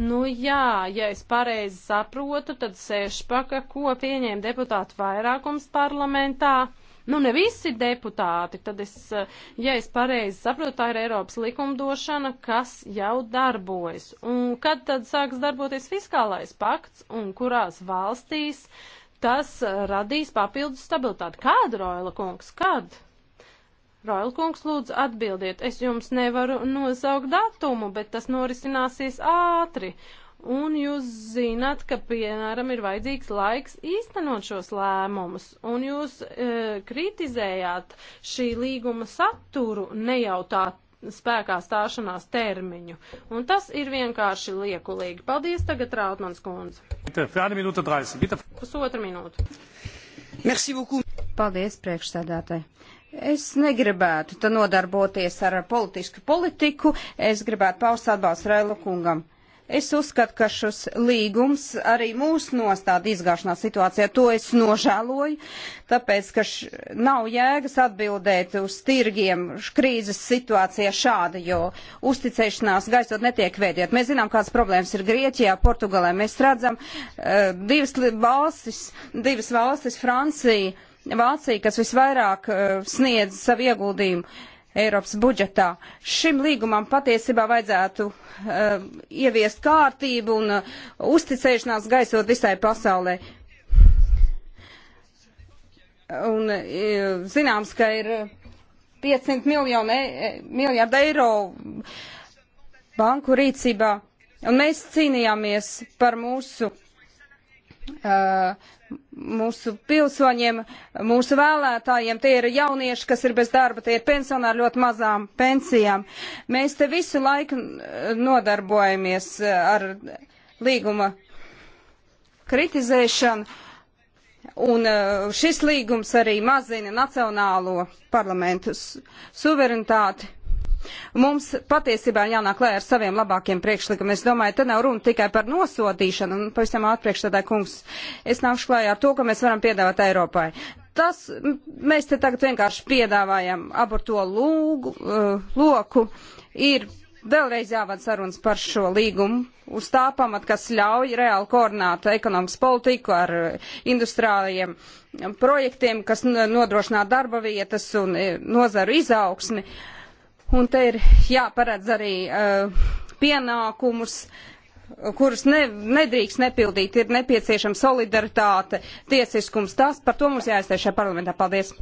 Nu jā, ja es pareizi saprotu, tad sešpaka, ko pieņēma deputātu vairākums parlamentā Nu, ne visi deputāti, tad es, eh, ja es pareizi saprotu, tā ir Eiropas likumdošana, kas jau darbojas. Un kad tad sāks darboties fiskālais pakts un kurās valstīs tas eh, radīs papildus stabilitāti? Kāda, Roila kungs, kad? Railkungs, lūdzu atbildiet, es jums nevaru nosaukt datumu, bet tas norisināsies ātri un jūs zināt, ka, piemēram, ir vajadzīgs laiks īstenot šos lēmumus, un jūs e, kritizējāt šī līguma saturu ne jau tā spēkā stāšanās termiņu, un tas ir vienkārši liekulīgi. Paldies tagad, Rautmans kundze. Pusotra minūte. Merci beaucoup. Paldies, priekšsēdētāji. Es negribētu te nodarboties ar politisku politiku, es gribētu paust atbalstu Railu kungam. Es uzskatu, ka šis līgums arī mūs nostāda izgāšanās situācijā. To es nožēloju, tāpēc, ka š, nav jēgas atbildēt uz tirgiem krīzes situācijā šādi, jo uzticēšanās gaisot netiek vēdiet. Mēs zinām, kādas problēmas ir Grieķijā, Portugalē. Mēs redzam uh, divas valstis, divas valstis Francija, Vācija, kas visvairāk uh, sniedz savu ieguldījumu. Uh, Eiropas budžetā. Šim līgumam patiesībā vajadzētu uh, ieviest kārtību un uh, uzticēšanās gaisot visai pasaulē. Un uh, zināms, ka ir 500 miljonu, e, e miljardu eiro banku rīcībā. Un mēs cīnījāmies par mūsu Uh, mūsu pilsoņiem, mūsu vēlētājiem. Tie ir jaunieši, kas ir bez darba, tie ir pensionāri ļoti mazām pensijām. Mēs te visu laiku uh, nodarbojamies uh, ar līguma kritizēšanu, un šis līgums arī mazina nacionālo parlamentu suverenitāti. Mums patiesībā jānāk klē ar saviem labākiem priekšlikumiem. Es domāju, te nav runa tikai par nosodīšanu, un nu, pavisam ātpriekš tādā kungs, es nākšu klājā ar to, ko mēs varam piedāvāt Eiropai. Tas mēs te tagad vienkārši piedāvājam aborto lūgu, eh, loku. Ir vēlreiz jāvada sarunas par šo līgumu uz tā pamat, kas ļauj reāli koordinēt ekonomikas politiku ar eh, industriālajiem eh, projektiem, kas nodrošinā darba vietas un nozaru izaugsmi. Uh, Un te ir jāparedz arī uh, pienākumus kurus ne, nedrīkst nepildīt, ir nepieciešama solidaritāte, tiesiskums. Tas par to mums jāizstāj šajā parlamentā. Paldies.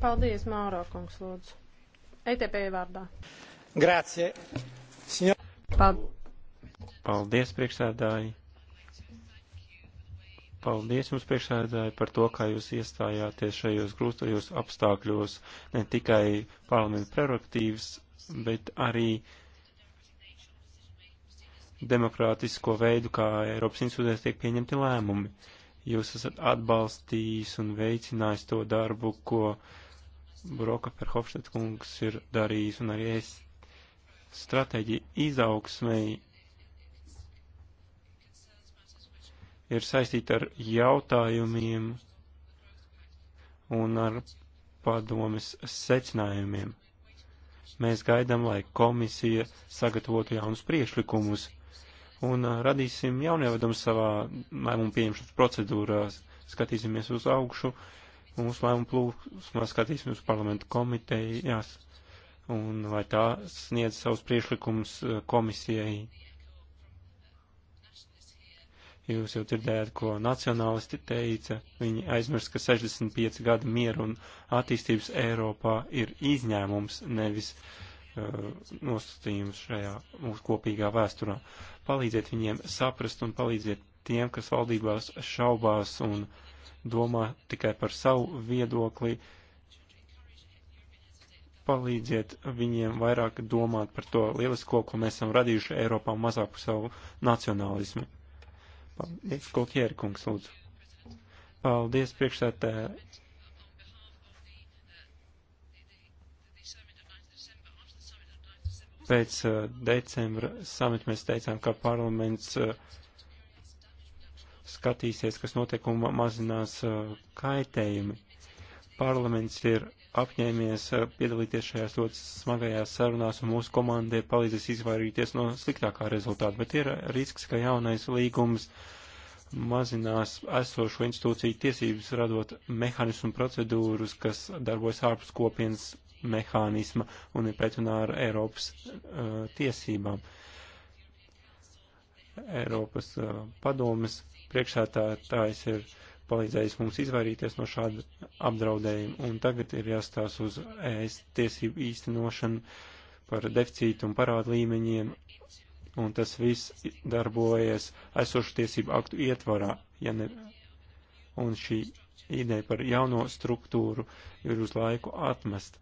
Paldies, Mauro kungs, lūdzu. ETP vārdā. Grācie. Signor... Paldies, priekšsēdāji. Paldies jums priekšsēdētāji par to, kā jūs iestājāties šajos grūtajos apstākļos ne tikai parlamentu prerogatīvas, bet arī demokrātisko veidu, kā Eiropas institūcijās tiek pieņemti lēmumi. Jūs esat atbalstījis un veicinājis to darbu, ko Broka Perhofštet kungs ir darījis, un arī es stratēģija izaugsmēji ir saistīta ar jautājumiem un ar padomis secinājumiem. Mēs gaidām, lai komisija sagatavotu jaunus priešlikumus un radīsim jaunievedumus savā lēmumu pieņemšanas procedūrās, skatīsimies uz augšu, mūsu lēmumu plūsmā skatīsimies uz parlamentu komitejās un lai tā sniedz savus priešlikumus komisijai Jūs jau dzirdējāt, ko nacionālisti teica. Viņi aizmirst, ka 65 gadu mieru un attīstības Eiropā ir izņēmums, nevis uh, nostatījums šajā mūsu kopīgā vēsturā. Palīdziet viņiem saprast un palīdziet tiem, kas valdībās šaubās un domā tikai par savu viedokli. Palīdziet viņiem vairāk domāt par to lielisko, ko mēs esam radījuši Eiropā, mazāk par savu nacionālismu. Paldies, Kultjēri kungs, lūdzu. Paldies, priekšsētāji. Pēc uh, decembra samita mēs teicām, ka parlaments uh, skatīsies, kas notiekuma mazinās uh, kaitējumi. Parlaments ir apņēmies eh, piedalīties šajās ļoti smagajās sarunās, un mūsu komandai palīdzēs izvairīties no sliktākā rezultāta. Bet ir risks, ka jaunais līgums mazinās esošo institūciju tiesības, radot mehānismu procedūrus, kas darbojas ārpus kopienas mehānisma un ir pretrunā ar Eiropas uh, tiesībām. Eiropas uh, padomes priekšētājs ir uh, palīdzējis mums izvairīties no šāda apdraudējuma, un tagad ir jāstās uz ES tiesību īstenošanu par deficītu un parādu līmeņiem, un tas viss darbojas esošu tiesību aktu ietvarā, ja ne, un šī ideja par jauno struktūru ir uz laiku atmest.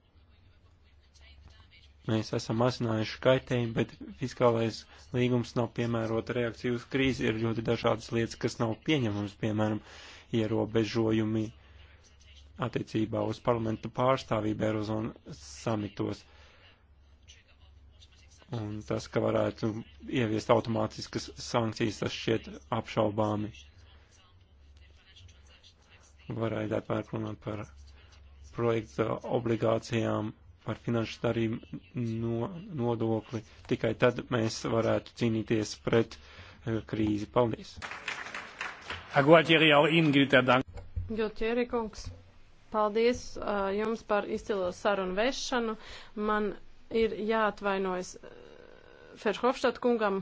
Mēs esam mazinājuši kaitējumu, bet fiskālais līgums nav piemērota reakcija uz krīzi. Ir ļoti dažādas lietas, kas nav pieņemams, piemēram, uh, ierobežojumi attiecībā uz parlamentu pārstāvību Eirozonas samitos. Un tas, ka varētu ieviest automātiskas sankcijas, tas šķiet apšaubāmi. Varētu atvērt runāt par projekta obligācijām, par finanšu darījumu no, nodokli. Tikai tad mēs varētu cīnīties pret eh, krīzi. Paldies! Herr Gualtieri, auch Ihnen gilt der Dank. Gualtieri, kungs, paldies uh, jums par izcilo sarunu vešanu. Man ir jāatvainojas uh, Ferhofstadt kungam.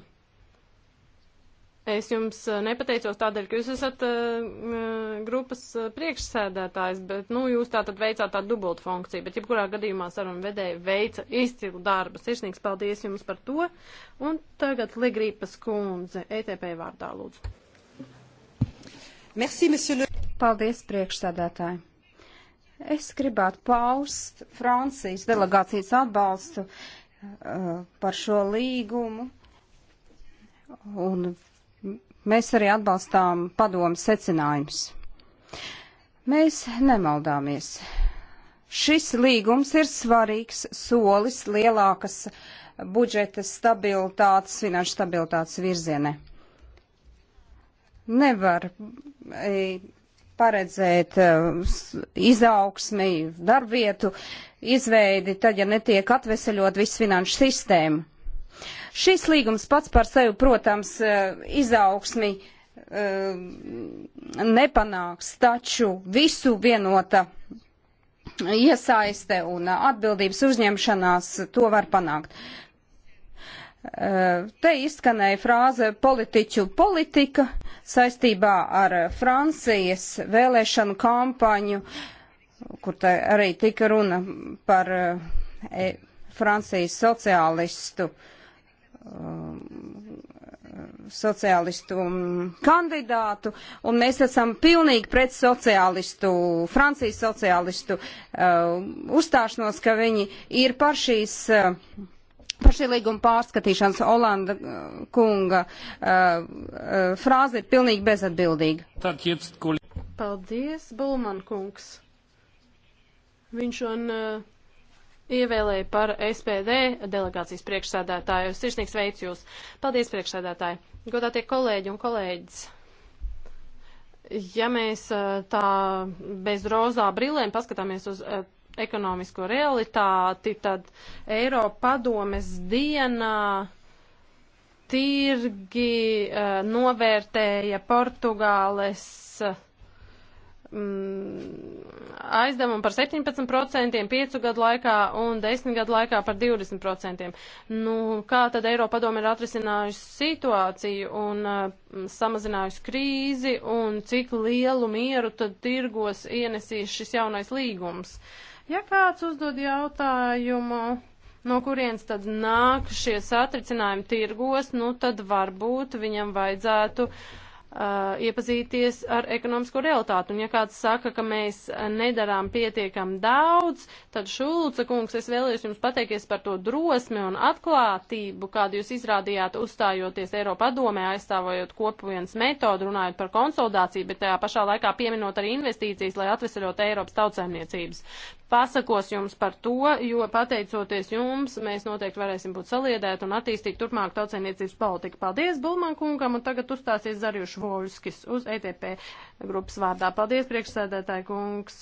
Es jums uh, nepateicos tādēļ, ka jūs esat uh, uh grupas priekšsēdētājs, bet, nu, jūs tā tad veicāt tādu dubultu funkciju, bet jebkurā gadījumā sarunu vedēja veica izcilu darbu. Sirsnīgs paldies jums par to. Un tagad Ligripas kundze, ETP vārdā lūdzu. Merci, le... Paldies, priekšsādātāji. Es gribētu paust Francijas delegācijas atbalstu uh, par šo līgumu. Un mēs arī atbalstām padomu secinājumus. Mēs nemaldāmies. Šis līgums ir svarīgs solis lielākas budžeta stabilitātes, finanšu stabilitātes virzienē nevar paredzēt izaugsmi, darbvietu izveidi, tad, ja netiek atveseļot viss finanšu sistēma. Šis līgums pats par sevi, protams, izaugsmi nepanāks, taču visu vienota iesaiste un atbildības uzņemšanās to var panākt. Eh, te izskanēja frāze politiķu politika saistībā ar Francijas vēlēšanu kampaņu, kur te arī tika runa par eh, e, Francijas sociālistu, eh, sociālistu kandidātu, un mēs esam pilnīgi pret sociālistu, Francijas sociālistu uzstāšanos, ka viņi ir par šīs Par šī līguma pārskatīšanas Olanda uh, kunga uh, uh, frāze ir pilnīgi bezatbildīga. Paldies, Bulman kungs. Viņš un uh, ievēlēja par SPD delegācijas priekšsēdētāju. Sirsnīgs veids jūs. Paldies, priekšsēdētāji. Godātie kolēģi un kolēģis. Ja mēs uh, tā bez rozā brillēm paskatāmies uz uh, ekonomisko realitāti, tad Eiropa padomes dienā tirgi uh, novērtēja Portugāles uh, aizdevumu par 17%, 5 gadu laikā un 10 gadu laikā par 20%. Nu, kā tad Eiropa doma ir atrisinājusi situāciju un uh, samazinājusi krīzi un cik lielu mieru tad tirgos ienesīs šis jaunais līgums? Uh, Ja kāds uzdod jautājumu, no kurienes tad nāk šie satricinājumi tirgos, nu tad varbūt viņam vajadzētu uh, iepazīties ar ekonomisko realitāti. Un ja kāds saka, ka mēs nedarām pietiekam daudz, tad Šulca kungs, es vēlējos jums pateikties par to drosmi un atklātību, kādu jūs izrādījāt uzstājoties Eiropa padomē, aizstāvojot kopienas metodu, runājot par konsolidāciju, bet tajā pašā laikā pieminot arī investīcijas, lai atvesaļot Eiropas tautsēmniecības pasakos jums par to, jo pateicoties jums, mēs noteikti varēsim būt saliedēti un attīstīt turpmāk tautsēniecības politiku. Paldies Bulman kungam un tagad uzstāsies Zarjuš Voļskis uz ETP grupas vārdā. Paldies, priekšsēdētāji kungs!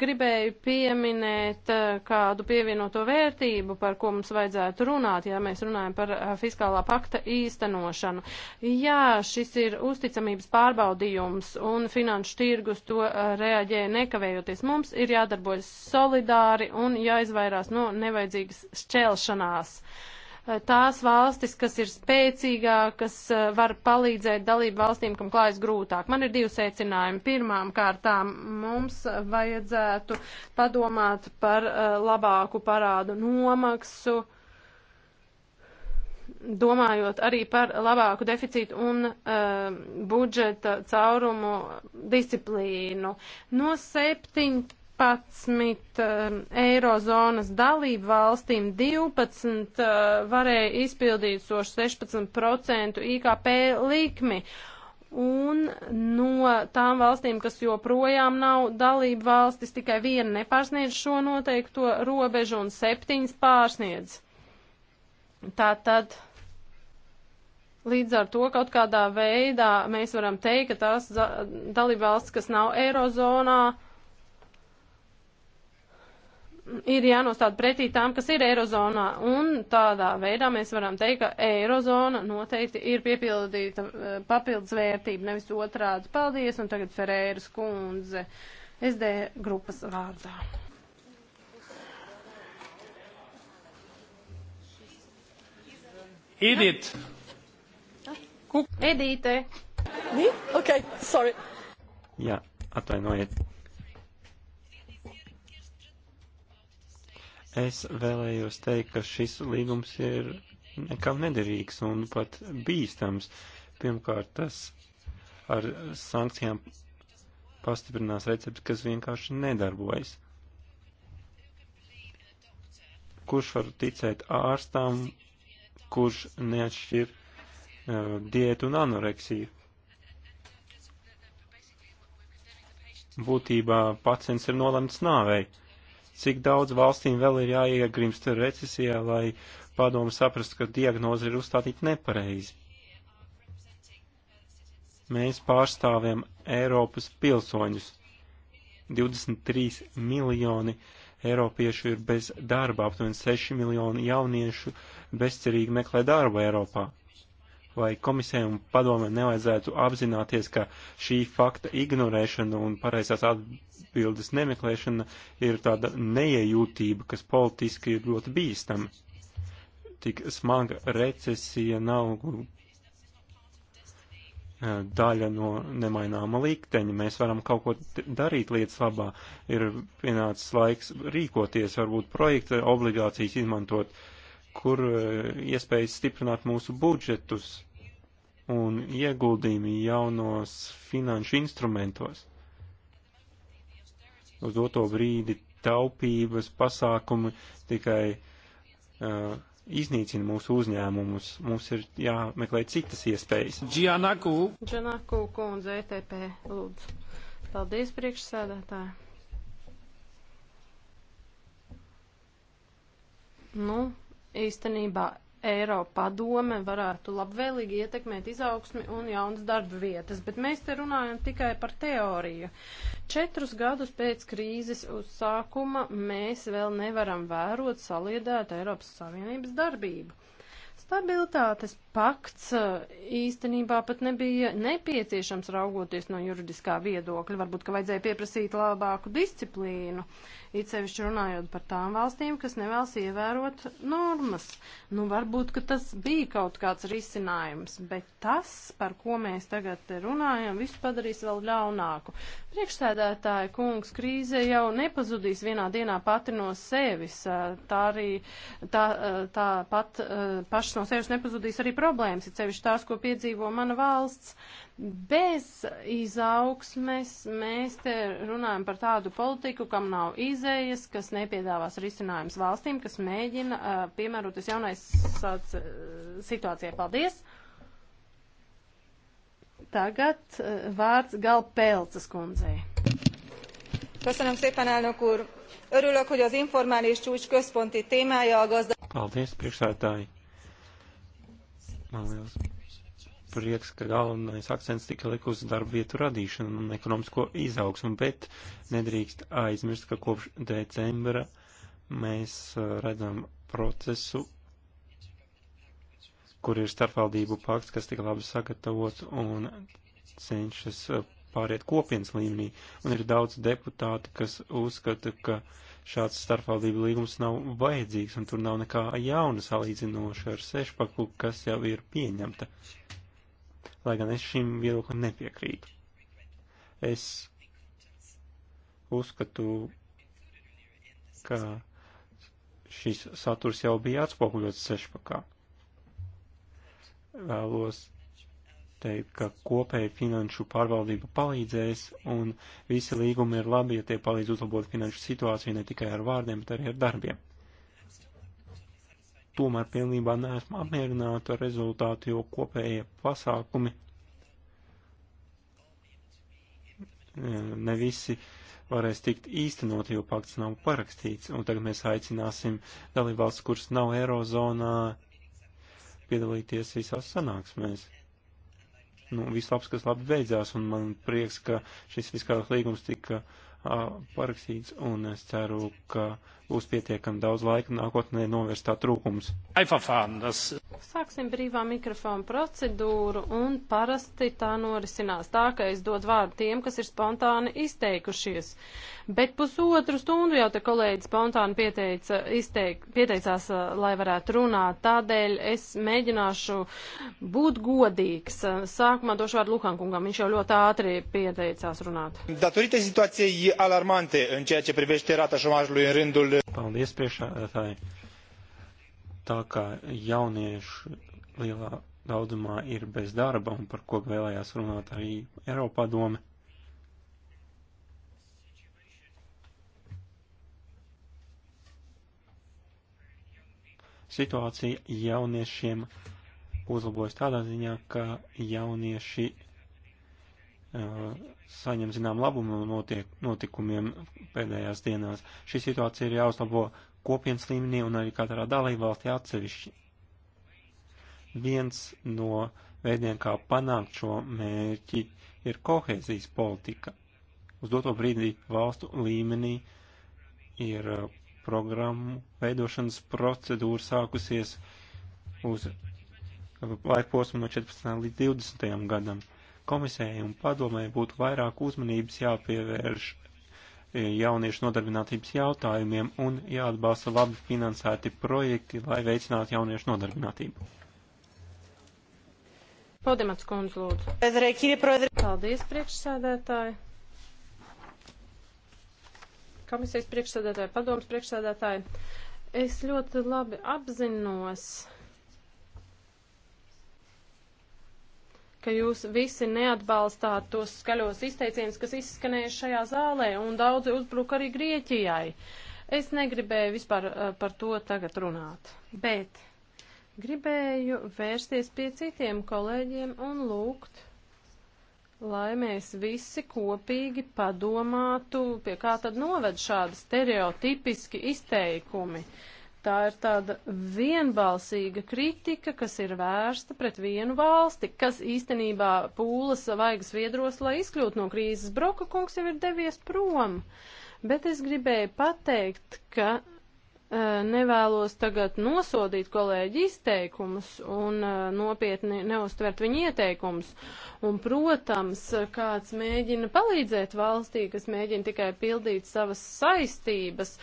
gribēju pieminēt eh, kādu pievienoto vērtību, par ko mums vajadzētu runāt, ja mēs runājam par eh, fiskālā pakta īstenošanu. Jā, šis ir uzticamības pārbaudījums un finanšu tirgus to eh, reaģē nekavējoties. Mums ir jādarbojas solidāri un jāizvairās no nevajadzīgas šķelšanās. Uh, Eh, tās valstis, kas ir spēcīgākas, eh, var palīdzēt dalību valstīm, kam klājas grūtāk. Man ir divi secinājumi. Pirmām kārtām mums vajadzētu padomāt par eh, labāku parādu nomaksu, domājot arī par labāku deficītu un uh, budžeta caurumu disciplīnu. No 7 11 um, eirozonas dalību valstīm 12 uh, varēja izpildīt sošu 16% IKP likmi. Un no tām valstīm, kas joprojām nav dalību valstis, tikai viena nepārsniedz šo noteikto robežu un septiņas pārsniedz. Tātad Līdz ar to kaut kādā veidā mēs varam teikt, ka tās dalībvalstis, kas nav Eirozonā, ir jānostāda pretī tām, kas ir Eirozonā, un tādā veidā mēs varam teikt, ka Eirozona noteikti ir piepildīta eh, papildus vērtība, nevis otrādi. Paldies, un tagad Ferēras kundze SD grupas vārdā. Edit. Edīte. Ni? Ok, sorry. Jā, atvainojiet. Es vēlējos teikt, ka šis līgums ir nekam nederīgs un pat bīstams. Pirmkārt, tas ar sankcijām pastiprinās recepti, kas vienkārši nedarbojas. Kurš var ticēt ārstam, kurš neatšķir uh, diētu un anoreksiju? Būtībā pacients ir nolemts nāvei. Uh, cik daudz valstīm vēl ir jāiegrimst recesijā, lai padomu saprastu, ka diagnoze ir uzstādīta nepareizi. Mēs pārstāvjam Eiropas pilsoņus. 23 miljoni Eiropiešu ir bez darba, aptuveni 6 miljoni jauniešu bezcerīgi meklē darbu Eiropā vai komisijai un padomē nevajadzētu apzināties, ka šī fakta ignorēšana un pareizās atbildes nemeklēšana ir tāda neiejūtība, kas politiski ir ļoti bīstama. Tik smaga recesija nav eh, daļa no nemaināma likteņa. Mēs varam kaut ko darīt lietas labā. Ir pienācis laiks rīkoties, varbūt projekta obligācijas izmantot uh, kur eh, iespējas stiprināt mūsu budžetus un ieguldījumi jaunos finanšu instrumentos. Uz doto brīdi taupības pasākumi tikai uh, iznīcina mūsu uzņēmumus. Mums ir jāmeklē citas iespējas. Džanaku. Džanaku kundze, ETP, lūdzu. Paldies, priekšsēdētāji. Nu, īstenībā Eiropa padome varētu labvēlīgi ietekmēt izaugsmi un jaunas darba vietas, bet mēs te runājam tikai par teoriju. Četrus gadus pēc krīzes uzsākuma mēs vēl nevaram vērot saliedēt Eiropas Savienības darbību. Stabilitātes pakts eh, īstenībā pat nebija nepieciešams raugoties no juridiskā viedokļa. Varbūt, ka vajadzēja pieprasīt labāku disciplīnu, it sevišķi runājot par tām valstīm, kas nevēlas ievērot normas. Nu, varbūt, ka tas bija kaut kāds risinājums, bet tas, par ko mēs tagad runājam, visu padarīs vēl ļaunāku. Priekšsēdētāja kungs krīze jau nepazudīs vienā dienā pati no sevis. Eh, tā arī, tā, eh, tā pat pašas no sevis nepazudīs arī problēma problēmas, ir cevišķi tās, ko piedzīvo mana valsts. Bez izaugsmes mēs te runājam par tādu politiku, kam nav izējas, kas nepiedāvās risinājums valstīm, kas mēģina uh, piemēroties jaunais sāc, uh, situācijai. Paldies! Tagad uh, vārds Galpēlces kundzei. Köszönöm szépen, elnök úr! Örülök, hogy az informális csúcs központi témája a gazdaság. Paldies, priekšsētāji! Man liels prieks, ka galvenais akcents tika lik uz darba vietu radīšanu un ekonomisko izaugsmu, bet nedrīkst aizmirst, ka kopš decembra mēs uh, redzam procesu, kur ir starpvaldību pakts, kas tika labi sagatavots un cenšas uh, pāriet kopienas līmenī. Un ir daudz deputāti, kas uzskata, ka uh, šāds starpvaldību līgums nav vajadzīgs, un tur nav nekā jauna salīdzinoša ar sešpaku, kas jau ir pieņemta. Lai gan es šim viedoklim nepiekrītu. Es uzskatu, ka šis saturs jau bija atspoguļots sešpakā. Vēlos teikt, ka kopēja finanšu pārvaldība palīdzēs un visi līgumi ir labi, ja tie palīdz uzlabot finanšu situāciju ne tikai ar vārdiem, bet arī ar darbiem. Tomēr pilnībā neesmu apmierināta ar rezultātu, jo kopējie pasākumi ne visi varēs tikt īstenot, jo pakts nav parakstīts. Un tagad mēs aicināsim dalībvalsts, kuras nav Eirozonā, piedalīties visās sanāksmēs nu, viss labs, kas labi beidzās, un man prieks, ka šis fiskālais līgums tika a, parakstīts, un es ceru, ka būs pietiekami daudz laika nākotnē novērst tā trūkums. Sāksim brīvā mikrofona procedūru un parasti tā norisinās tā, ka es dod vārdu tiem, kas ir spontāni izteikušies. Bet pusotru stundu jau te kolēģi spontāni pieteica, izteik, pieteicās, lai varētu runāt. Tādēļ es mēģināšu būt godīgs. Sākumā došu vārdu Luhankungam, viņš jau ļoti ātri pieteicās runāt. Datorite situācijai alarmante în ceea ce privește rata șomajului în rândul Paldies, priekšādātāji. Tā kā jaunieši lielā daudzumā ir bez darba un par ko vēlējās runāt arī Eiropā doma. Situācija jauniešiem uzlabojas tādā ziņā, ka jaunieši Uh, saņem zinām labumu no notiek, notikumiem pēdējās dienās. Šī situācija ir jāuzlabo kopienas līmenī un arī katrā dalībvalstī atsevišķi. Viens no veidiem, kā panākt šo mērķi, ir kohēzijas politika. Uz doto brīdi valstu līmenī ir uh, programmu veidošanas procedūra sākusies uz laikposmu no 14. līdz 20. gadam Komisējai un padomēji būtu vairāk uzmanības jāpievērš e, jauniešu nodarbinātības jautājumiem un jāatbalsta labi finansēti projekti, lai veicinātu jauniešu nodarbinātību. Paldemats kundze, lūdzu. Paldies, priekšsēdētāji. Komisijas priekšsēdētāji, padomas priekšsēdētāji. Es ļoti labi apzinos, ka jūs visi neatbalstāt tos skaļos izteicienus, kas izskanēja šajā zālē, un daudzi uzbruk arī Grieķijai. Es negribēju vispār eh, par to tagad runāt, bet gribēju vērsties pie citiem kolēģiem un lūgt, lai mēs visi kopīgi padomātu, pie kā tad noved šādi stereotipiski izteikumi. Uh, Tā ir tāda vienbalsīga kritika, kas ir vērsta pret vienu valsti, kas īstenībā pūles vaigas viedros, lai izkļūtu no krīzes. Broka kungs jau ir devies prom. Bet es gribēju pateikt, ka Eh, nevēlos tagad nosodīt kolēģi izteikumus un eh, nopietni neuztvert viņu ieteikumus. Un, protams, kāds mēģina palīdzēt valstī, kas mēģina tikai pildīt savas saistības,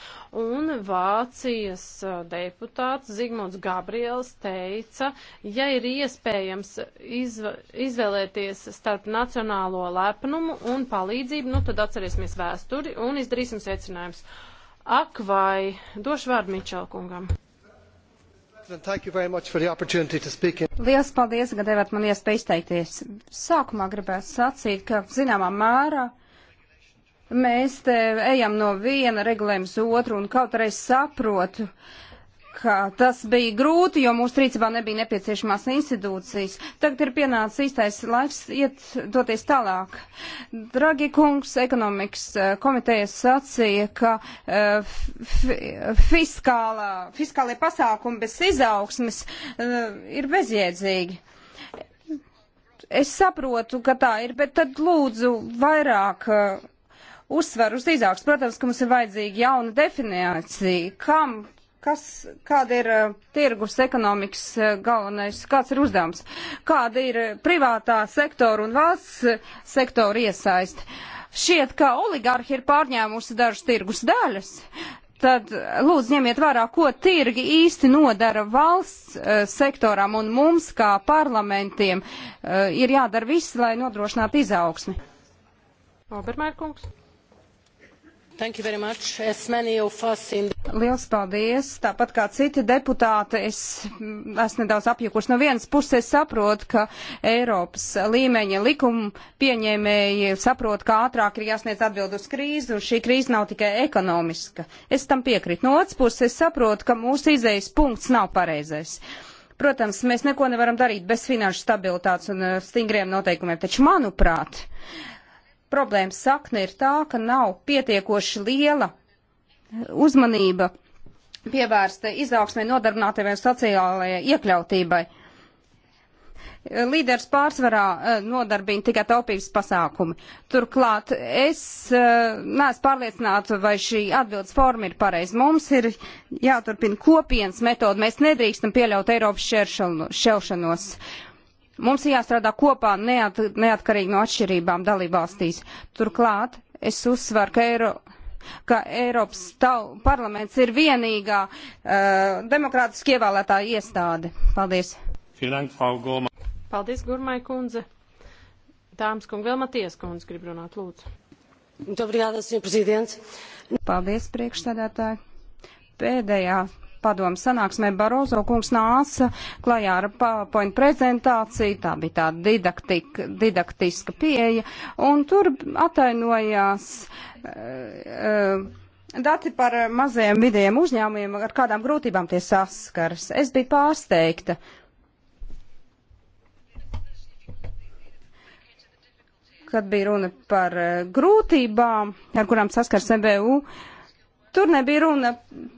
un Vācijas eh, deputāts Zigmunds Gabriels teica, ja ir iespējams izv izvēlēties starp nacionālo lepnumu un palīdzību, nu tad atcerēsimies vēsturi un izdarīsim secinājumus. Ak vai došu vārdu Mičela kungam. Lielas paldies, ka devāt man iespēju izteikties. Sākumā gribētu sacīt, ka zināmā mērā mēs te ejam no viena regulējuma uz otru un kaut reiz saprotu, uh, ka tas bija grūti, jo mūsu rīcībā nebija nepieciešamās institūcijas. Tagad ir pienācis īstais laiks iet doties tālāk. Dragi kungs, ekonomikas eh, komitejas sacīja, ka eh, fiskālā, fiskālie pasākumi bez izaugsmes eh, ir bezjēdzīgi es saprotu, ka tā ir, bet tad lūdzu vairāk uh, uzsvaru uz izaugs. Protams, ka mums ir vajadzīga jauna definīcija, kam Kas, kāda ir uh, tirgus ekonomikas uh, galvenais, kāds ir uzdevums? Kāda ir privātā sektora un valsts uh, sektora iesaisti? Šiet, ka oligarhi ir pārņēmusi dažas tirgus daļas, tad lūdzu ņemiet vērā, ko tirgi īsti nodara valsts uh, sektoram un mums kā parlamentiem uh, ir jādara viss, lai nodrošinātu izaugsmi. Obermērkungs. Liels paldies! Tāpat kā citi deputāti, es esmu nedaudz apjukuši. No vienas puses es saprotu, ka Eiropas līmeņa likuma pieņēmēji saprot, ka ātrāk ir jāsniedz atbild uz krīzi, un šī krīze nav tikai ekonomiska. Es tam piekrītu. No otras puses es saprotu, ka mūsu izējas punkts nav pareizais. Protams, mēs neko nevaram darīt bez finanšu stabilitātes un uh, stingriem noteikumiem, taču manuprāt, uh, problēmas sakne ir tā, ka nav pietiekoši liela uzmanība pievērsta izaugsmē nodarbinātiem sociālajai iekļautībai. Līderis pārsvarā eh, nodarbina tikai taupības pasākumi. Turklāt es eh, neesmu pārliecināta, vai šī atbildes forma ir pareiza. Mums ir jāturpina kopienas metoda. Mēs nedrīkstam pieļaut Eiropas šelšanos. Šeršano, Mums jāstrādā kopā neat, neatkarīgi no atšķirībām dalībvalstīs. Turklāt es uzsvaru, ka, Eiro, ka Eiropas tau, parlaments ir vienīgā uh, demokrātiski ievēlētā iestāde. Paldies. Paldies, Gurmai kundze. Dāmas kungi, vēl Maties kundze grib runāt, lūdzu. Obrigada, Paldies, priekšsēdētāji. Pēdējā padomu sanāksmē Barozo kungs nāca klajā ar PowerPoint prezentāciju, tā bija tāda didaktik, didaktiska pieeja, un tur atainojās uh, dati par mazajiem vidējiem uzņēmumiem, ar kādām grūtībām tie saskars. Es biju pārsteigta. Kad bija runa par eh, grūtībām, ar kurām saskars MBU, uh, Tur nebija runa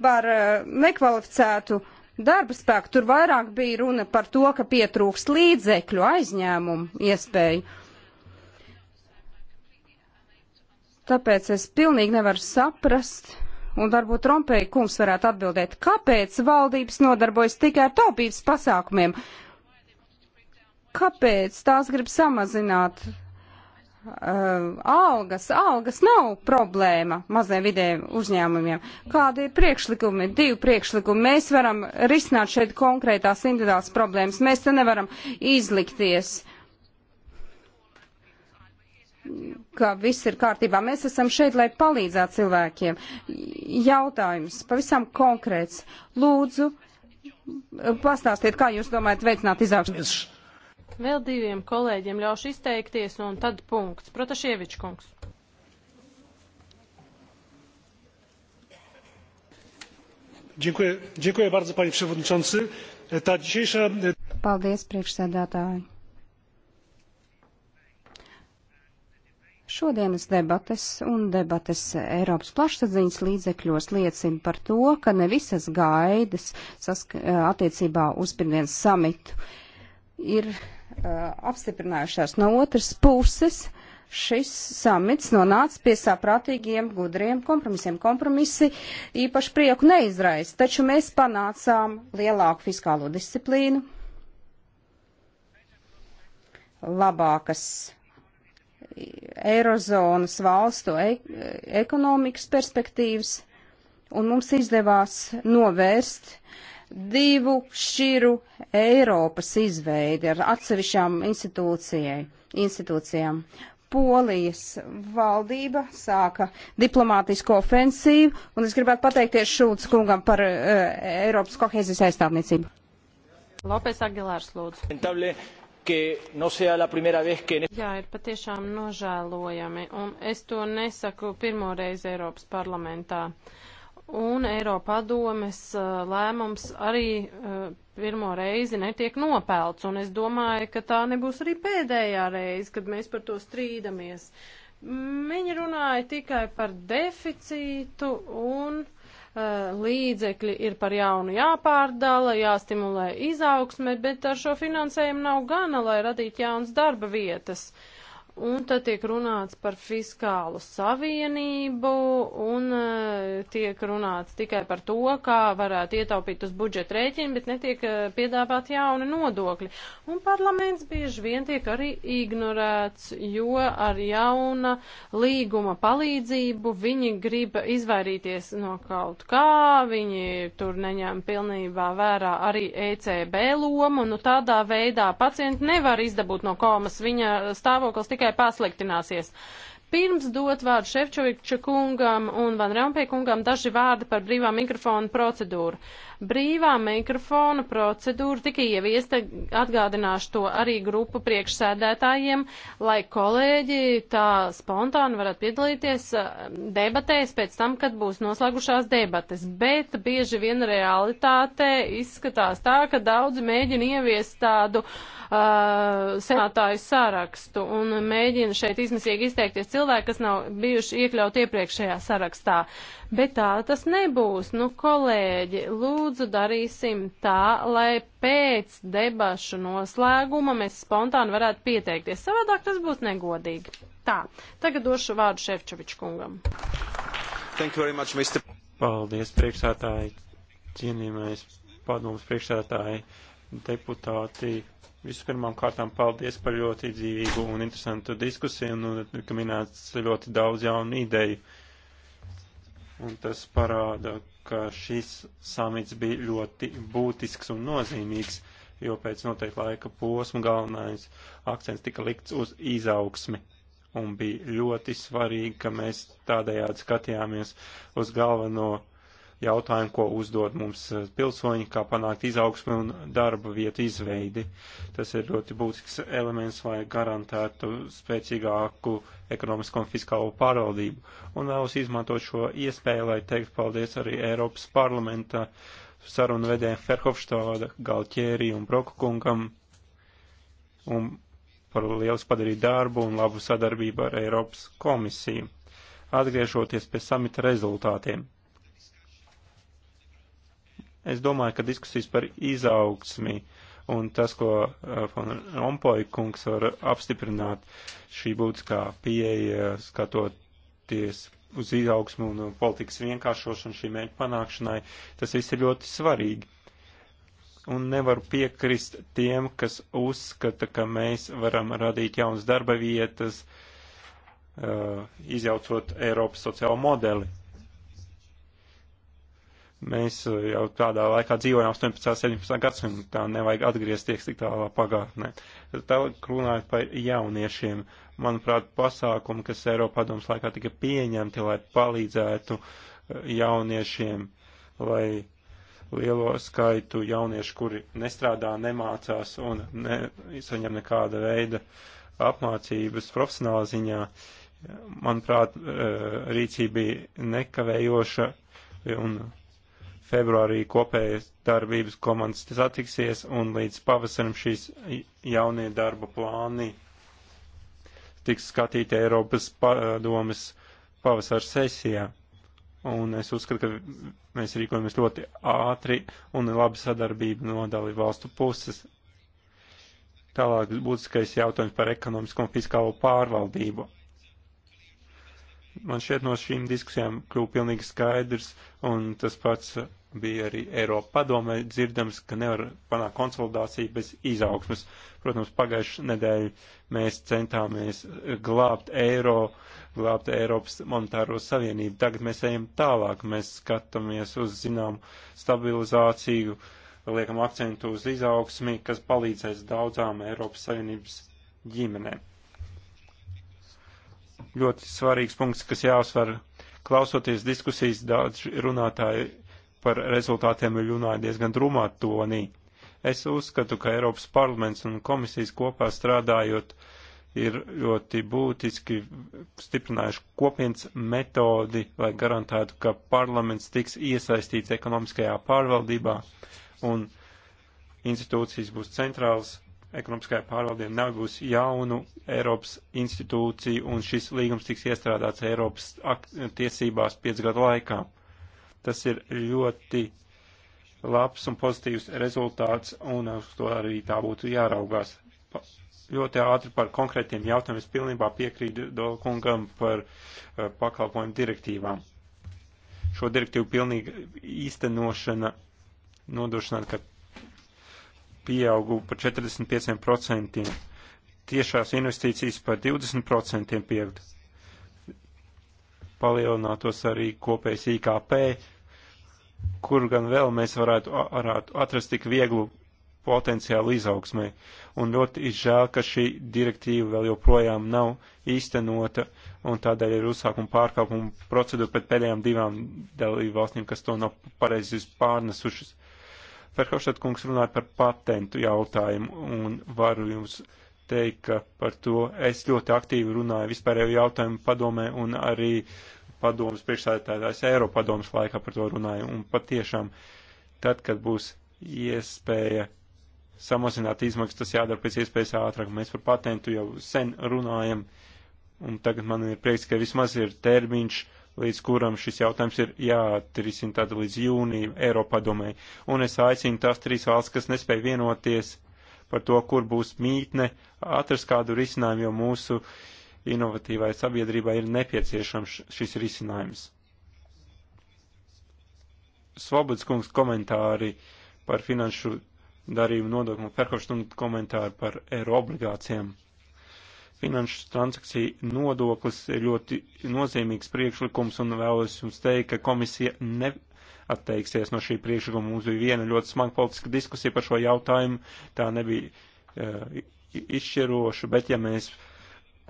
par eh, nekvalificētu darba spēku, tur vairāk bija runa par to, ka pietrūks līdzekļu aizņēmumu iespēju. Tāpēc es pilnīgi nevaru saprast, un varbūt Trompeja kungs varētu atbildēt, kāpēc valdības nodarbojas tikai ar taupības pasākumiem? Kāpēc tās grib samazināt Uh, algas, algas nav problēma maziem vidējiem uzņēmumiem. Kādi ir priekšlikumi? Divi priekšlikumi. Mēs varam risināt šeit konkrētās individuālas problēmas. Mēs te nevaram izlikties, ka viss ir kārtībā. Mēs esam šeit, lai palīdzētu cilvēkiem. Jautājums pavisam konkrēts. Lūdzu, pastāstiet, kā jūs domājat veicināt izaugsmu. Vēl diviem kolēģiem ļaušu izteikties, un tad punkts. Protašievičs kungs. Dziękuję, dziękuję bardzo, panie przewodniczący. Ta dzisiejsza... E, Paldies, priekšsēdētāji. Šodienas debates un debates Eiropas plašsaziņas līdzekļos liecina par to, ka ne visas gaidas e, attiecībā uz pirmdienas samitu ir Uh, apstiprinājušās. No otras puses, šis samits nonāca pie saprātīgiem, gudriem kompromisiem. Kompromisi īpaši prieku neizraisa, taču mēs panācām lielāku fiskālo disciplīnu, labākas Eirozonas valstu e ekonomikas perspektīvas, un mums izdevās novērst uh, divu šķiru Eiropas izveidi ar atsevišķām institūcijām. Polijas valdība sāka diplomātisko ofensīvu, un es gribētu pateikties Šulc kungam par uh, Eiropas kohēzijas aizstāvniecību. Lopes Agilārs lūdzu. No vez, que... Jā, ir patiešām nožēlojami, un es to nesaku pirmoreiz Eiropas parlamentā. Uh, un Eiropadomes uh, lēmums arī uh, pirmo reizi netiek nopelts, un es domāju, ka tā nebūs arī pēdējā reize, kad mēs par to strīdamies. Viņi runāja tikai par deficītu un uh, līdzekļi ir par jaunu jāpārdala, jāstimulē izaugsme, bet ar šo finansējumu nav gana, lai radītu jaunas darba vietas. Uh, Un tad tiek runāts par fiskālu savienību un eh, tiek runāts tikai par to, kā varētu ietaupīt uz budžeta rēķinu, bet netiek eh, piedāvāt jauni nodokļi. Un parlaments bieži vien tiek arī ignorēts, jo ar jauna līguma palīdzību viņi grib izvairīties no kaut kā, viņi tur neņem pilnībā vērā arī ECB lomu, un nu, tādā veidā pacienti nevar izdabūt no komas, viņa stāvoklis tikai tikai pasliktināsies. Pirms dot vārdu Šefčoviča kungam un Van Rempē kungam daži vārdi par brīvā mikrofona procedūru. Brīvā mikrofona procedūra tika ieviesta, atgādināšu to arī grupu priekšsēdētājiem, lai kolēģi tā spontāni varētu piedalīties eh, debatēs pēc tam, kad būs noslēgušās debates. Bet bieži vien realitātē izskatās tā, ka daudzi mēģina ieviest tādu uh, senātāju sārakstu un mēģina šeit izmisīgi izteikties cilvēki, kas nav bijuši iekļauti iepriekšējā sarakstā. Bet tā tas nebūs. Nu, kolēģi, lūdzu lūdzu darīsim tā, lai pēc debašu noslēguma mēs spontāni varētu pieteikties. Savādāk tas būs negodīgi. Tā, tagad došu vārdu Šefčoviču kungam. Much, Mr. Paldies, priekšsētāji, cienījamais padomus priekšsētāji, deputāti. Vispirmām kārtām paldies par ļoti dzīvīgu un interesantu diskusiju, un, ka minēts ļoti daudz jaunu ideju un tas parāda, ka šis samits bija ļoti būtisks un nozīmīgs, jo pēc noteikta laika posma galvenais akcents tika likts uz izaugsmi. Un bija ļoti svarīgi, ka mēs tādējādi skatījāmies uz galveno jautājumu, ko uzdod mums eh, pilsoņi, kā panākt izaugsmi un darba vietu izveidi. Tas ir ļoti būtisks elements, lai garantētu spēcīgāku ekonomisko un fiskālo pārvaldību. Un vēlos izmantot šo iespēju, lai teikt paldies arī Eiropas parlamenta sarunu vedējiem Ferhofštāda, Galķērī un Brokukungam un par lielisku padarīt darbu un labu sadarbību ar Eiropas komisiju. Atgriežoties pie samita rezultātiem Es domāju, ka diskusijas par izaugsmi un tas, ko von uh, Rompoja kungs var apstiprināt, šī būtiskā pieeja skatoties uz izaugsmu un politikas vienkāršošanu šī mērķa panākšanai, tas viss ir ļoti svarīgi. Un nevaru piekrist tiem, kas uzskata, ka mēs varam radīt jaunas darba vietas, uh, izjaucot Eiropas sociālo modeli Mēs uh, jau tādā laikā dzīvojam 18. un 17. gadsimtā, nevajag atgriezties tik tālā pagātnē. Tālāk runājot par jauniešiem, manuprāt, pasākumi, kas Eiropa padoms laikā tika pieņemti, lai palīdzētu uh, jauniešiem, lai lielo skaitu jauniešu, kuri nestrādā, nemācās un nesaņem nekāda veida apmācības profesionāla ziņā, manuprāt, uh, rīcība bija nekavējoša un Februārī kopējas darbības komandas satiksies un līdz pavasarim šīs jaunie darba plāni tiks skatīti Eiropas padomes pavasara sesijā. Un es uzskatu, ka mēs rīkojamies ļoti ātri un labi sadarbība no dalību valstu puses. Tālāk būtiskais jautājums par ekonomisko un fiskālo pārvaldību. Man šķiet no šīm diskusijām kļūst pilnīgi skaidrs, un tas pats bija arī Eiropa padomē dzirdams, ka nevar panākt konsolidāciju bez izaugsmas. Protams, pagājušajā nedēļā mēs centāmies glābt eiro, glābt Eiropas monetāro savienību. Tagad mēs ejam tālāk, mēs skatāmies uz, zinām, stabilizāciju, liekam akcentu uz izaugsmi, kas palīdzēs daudzām Eiropas Savienības ģimenēm ļoti svarīgs punkts, kas jāuzsver. Klausoties diskusijas, daudz runātāji par rezultātiem ir runāja diezgan drumā tonī. Es uzskatu, ka Eiropas parlaments un komisijas kopā strādājot ir ļoti būtiski stiprinājuši kopienas metodi, lai garantētu, ka parlaments tiks iesaistīts ekonomiskajā pārvaldībā un institūcijas būs centrāls ekonomiskajai pārvaldībai nebūs jaunu Eiropas institūciju un šis līgums tiks iestrādāts Eiropas tiesībās piecu gadu laikā. Tas ir ļoti labs un pozitīvs rezultāts un uz to arī tā būtu jāraugās. Pa, ļoti ātri par konkrētiem jautājumiem es pilnībā piekrītu Dolkungam par uh, pakalpojumu direktīvām. Šo direktīvu pilnīga īstenošana nodrošināt, ka pieaugu par 45%, tiešās investīcijas par 20% pieaug. Palielinātos arī kopējs IKP, kur gan vēl mēs varētu, varētu atrast tik vieglu potenciālu izaugsmē. Un ļoti žēl, ka šī direktīva vēl joprojām nav īstenota, un tādēļ ir uzsākuma pārkāpuma procedūra pret pēdējām divām dalību valstīm, kas to nav pareizi pārnesušas. Ferhofstadt kungs runāja par patentu jautājumu un varu jums teikt, ka par to es ļoti aktīvi runāju vispārējo jautājumu padomē un arī padomas priekšsēdētājs Eiropadomas laikā par to runāju. Un patiešām tad, kad būs iespēja samazināt izmaksas, tas jādara pēc iespējas ātrāk. Mēs par patentu jau sen runājam un tagad man ir prieks, ka vismaz ir termiņš līdz kuram šis jautājums ir jāatrisina tāda līdz jūnijam Eiropadomē. Un es aicinu tās trīs valsts, kas nespēja vienoties par to, kur būs mītne, atrast kādu risinājumu, jo mūsu inovatīvai sabiedrībai ir nepieciešams šis risinājums. Svobods kungs komentāri par finanšu darījumu nodokumu, Ferhofstundu komentāri par eiro obligācijām finanšu transakciju nodoklis ir ļoti nozīmīgs priekšlikums un vēlos jums teikt, ka komisija neatteiksies no šī priekšlikuma. Mums bija viena ļoti smaga politiska diskusija par šo jautājumu, tā nebija uh, izšķiroša, bet ja mēs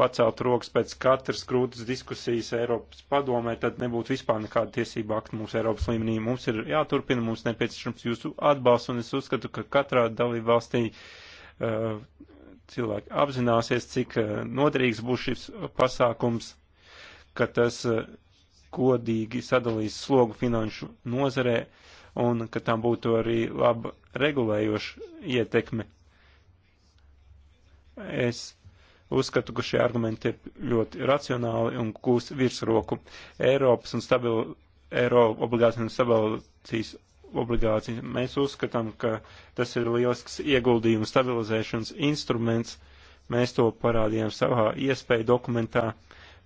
pacelt rokas pēc katras krūtas diskusijas Eiropas padomē, tad nebūtu vispār nekāda tiesība akta mūsu Eiropas līmenī. Mums ir jāturpina, mums nepieciešams jūsu atbalsts, un es uzskatu, ka katrā dalība valstī uh, cilvēki apzināsies, cik eh, noderīgs būs šis pasākums, ka tas kodīgi eh, sadalīs slogu finanšu nozarē un ka tam būtu arī laba regulējoša ietekme. Es uzskatu, ka šie argumenti ir ļoti racionāli un kūs virsroku. Eiropas un stabilu, Eiro obligāciju un stabilizācijas obligācijas. Mēs uzskatām, ka tas ir lielisks ieguldījumu stabilizēšanas instruments. Mēs to parādījām savā iespēju dokumentā.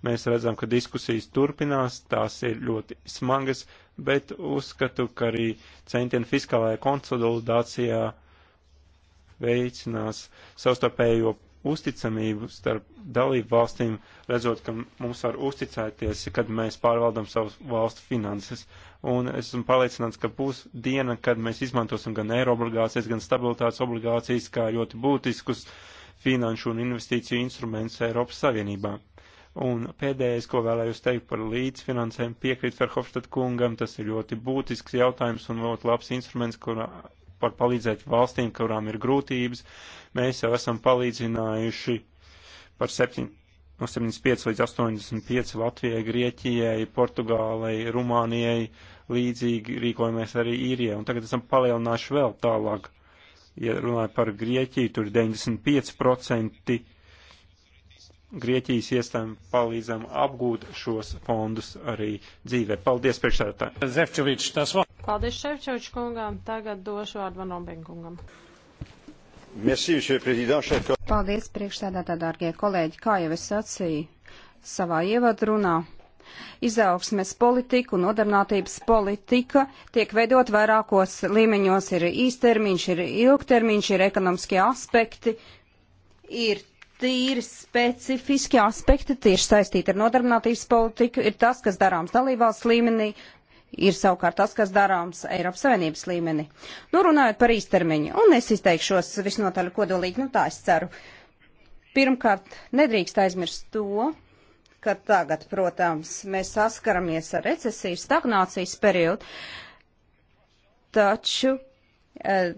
Mēs redzam, ka diskusijas turpinās, tās ir ļoti smagas, bet uzskatu, ka arī centieni fiskālajā konsolidācijā veicinās savstarpējo uzticamību starp dalību valstīm, redzot, ka mums var uzticēties, kad mēs pārvaldam savus valstu finanses un es esmu pārliecināts, ka būs diena, kad mēs izmantosim gan eiro obligācijas, gan stabilitātes obligācijas kā ļoti būtiskus finanšu un investīciju instrumentus Eiropas Savienībā. Un pēdējais, ko vēlējos teikt par līdzfinansēm, piekrīt Ferhofstad kungam, tas ir ļoti būtisks jautājums un ļoti labs instruments, kurā par palīdzēt valstīm, kurām ir grūtības. Mēs jau esam palīdzinājuši par 7 no 75 līdz 85 Latvijai, Grieķijai, Portugālei, Rumānijai, līdzīgi rīkojamies arī īrijai, un tagad esam palielinājuši vēl tālāk. Ja runāju par Grieķiju, tur 95% Grieķijas iestājām palīdzam apgūt šos fondus arī dzīvē. Paldies priekšsēdētāji. Zefčovičs, tas vēl. Paldies Šefčovičs kungam, tagad došu vārdu Van Rombin kungam. Merci, Paldies, priekšstādātā, dārgie kolēģi. Kā jau es sacīju savā ievadrunā, izaugsmes politika un nodarbinātības politika tiek veidot vairākos līmeņos. Ir īstermiņš, ir ilgtermiņš, ir ekonomiskie aspekti, ir tīri specifiski aspekti, tieši saistīti ar nodarbinātības politiku, ir tas, kas darāms dalībvalsts līmenī, ir savukārt tas, kas darāms Eiropas Savienības līmenī. Nu, runājot par īstermiņu, un es izteikšos visnotaļ kodolīgi, nu tā es ceru. Pirmkārt, nedrīkst aizmirst to, ka tagad, protams, mēs saskaramies ar recesiju, stagnācijas periodu, taču. Eh,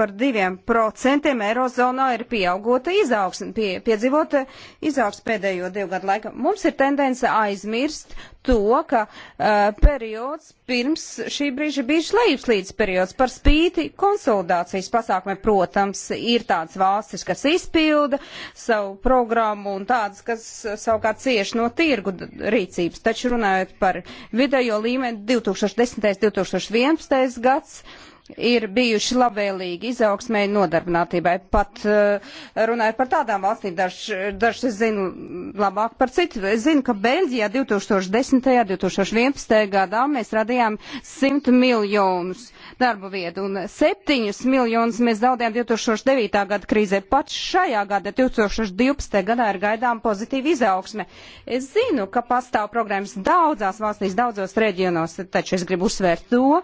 par diviem procentiem Eirozonā ir pieaugota izaugsme, pie, piedzīvota izaugsme pēdējo divu gadu laikā. Mums ir tendence aizmirst to, ka uh, periods pirms šī brīža bija slēpslīdz periods par spīti konsolidācijas pasākumiem. Protams, ir tādas valstis, kas izpilda savu programmu un tādas, kas savukārt cieši no tirgu rīcības. Taču runājot par vidējo līmeni 2010. 2011. gads ir bijuši labvēlīgi izaugsmē nodarbinātībai. Pat uh, runājot par tādām valstīm, dažs, dažs es zinu labāk par citu. Es zinu, ka Beļģijā 2010. un 2011. gadā mēs radījām 100 miljonus darba vietu un 7 miljonus mēs zaudējām 2009. gada krīzē. Pat šajā gada 2012. gadā ir gaidām pozitīva izaugsme. Es zinu, ka pastāv programmas daudzās valstīs, daudzos reģionos, taču es gribu uzsvērt to,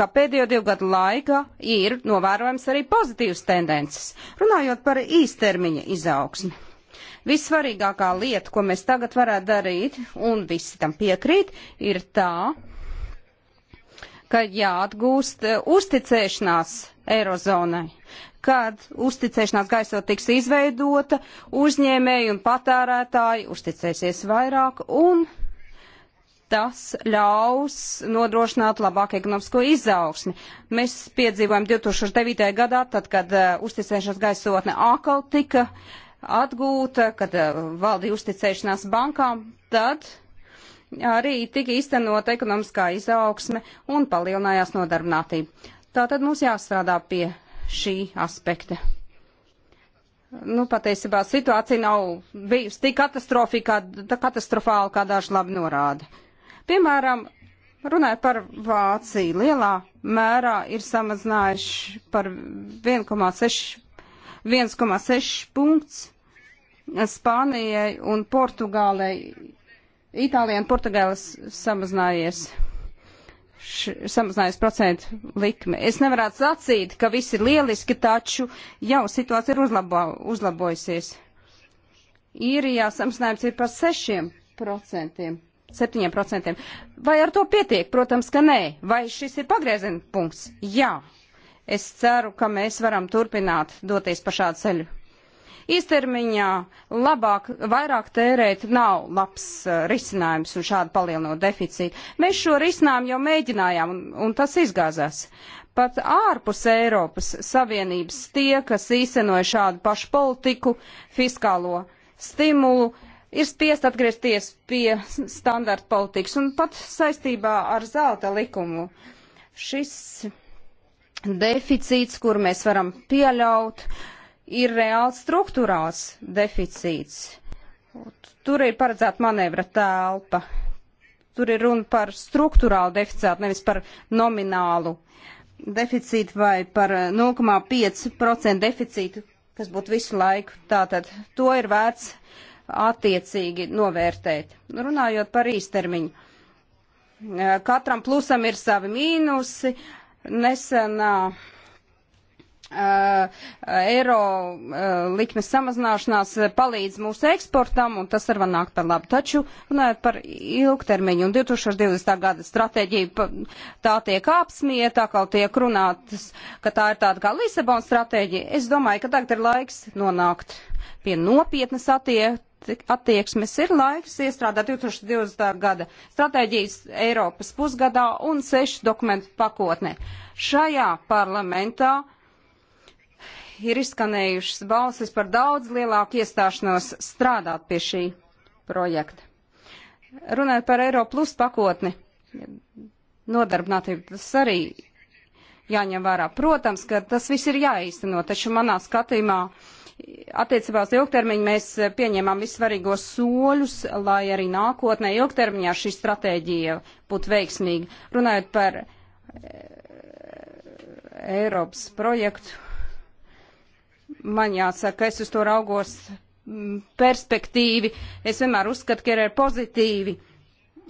ka pēdējo divu gadu laikā ir novērojams arī pozitīvas tendences, runājot par īstermiņa izaugsmi. Vissvarīgākā lieta, ko mēs tagad varētu darīt, un visi tam piekrīt, ir tā, ka jāatgūst eh, uzticēšanās Eirozonai. Kad uzticēšanās gaisot tiks izveidota, uzņēmēji un patērētāji uzticēsies vairāk un tas ļaus nodrošināt labāku ekonomisko izaugsmi. Mēs piedzīvojam 2009. gadā, tad, kad uh, uzticēšanās gaisotne atkal tika atgūta, kad uh, valdīja uzticēšanās bankām, tad arī tika iztenota ekonomiskā izaugsme un palielinājās nodarbinātība. Tātad mums jāstrādā pie šī aspekta. Nu, patiesībā situācija nav bijusi tik katastrofāla, kā, katastrofāla, kā daži labi norāda. Piemēram, runājot par Vāciju, lielā mērā ir samazinājuši par 1,6 punkts Spānijai un Portugālei. Itālijai un Portugāles samazinājies samazinājusi procentu likme. Es nevarētu sacīt, ka viss ir lieliski, taču jau situācija ir uzlabo, uzlabojusies. Īrijā samazinājums ir par 6%. 7%. Vai ar to pietiek? Protams, ka nē. Vai šis ir pagrieziena punkts? Jā. Es ceru, ka mēs varam turpināt doties pa šādu ceļu. Īstermiņā labāk, vairāk tērēt nav labs uh, risinājums un šādi palielinot deficītu. Mēs šo risinājumu jau mēģinājām un, un tas izgāzās. Pat ārpus Eiropas Savienības tie, kas īstenoja šādu pašu politiku, fiskālo stimulu, uh, ir spiest atgriezties pie standarta politikas un pat saistībā ar zelta likumu. Šis deficīts, kur mēs varam pieļaut, ir reāls struktūrāls deficīts. Tur ir paredzēta manevra telpa. Tur ir runa par struktūrālu deficītu, nevis par nominālu deficītu vai par 0,5% eh, deficītu, kas būtu visu laiku. Tātad to ir vērts uh, attiecīgi novērtēt. Runājot par īstermiņu, e, katram plusam ir savi mīnusi. Nesenā uh, e, e, eiro uh, likmes samazināšanās palīdz mūsu eksportam, un tas var nākt par labu. Taču, runājot par ilgtermiņu un 2020. gada stratēģiju, tā tiek apsmieta, kā tiek runātas, ka tā ir tāda kā Lisabona stratēģija. Es domāju, ka tagad ir laiks nonākt pie nopietnas attiekties attieksmes ir laiks iestrādāt 2020. gada stratēģijas Eiropas pusgadā un sešu dokumentu pakotnē. Šajā parlamentā ir izskanējušas balsis par daudz lielāku iestāšanos strādāt pie šī projekta. Runājot par Eiro plus pakotni, nodarbinātību tas arī jāņem vērā. Protams, ka tas viss ir jāīsteno, taču manā skatījumā uh, Attiecībā uz ilgtermiņu mēs eh, pieņēmām vissvarīgos soļus, lai arī nākotnē ilgtermiņā šī stratēģija būtu veiksmīga. Runājot par e, Eiropas projektu, man jāsaka, es uz to raugos mm, perspektīvi. Es vienmēr uzskatu, ka ir pozitīvi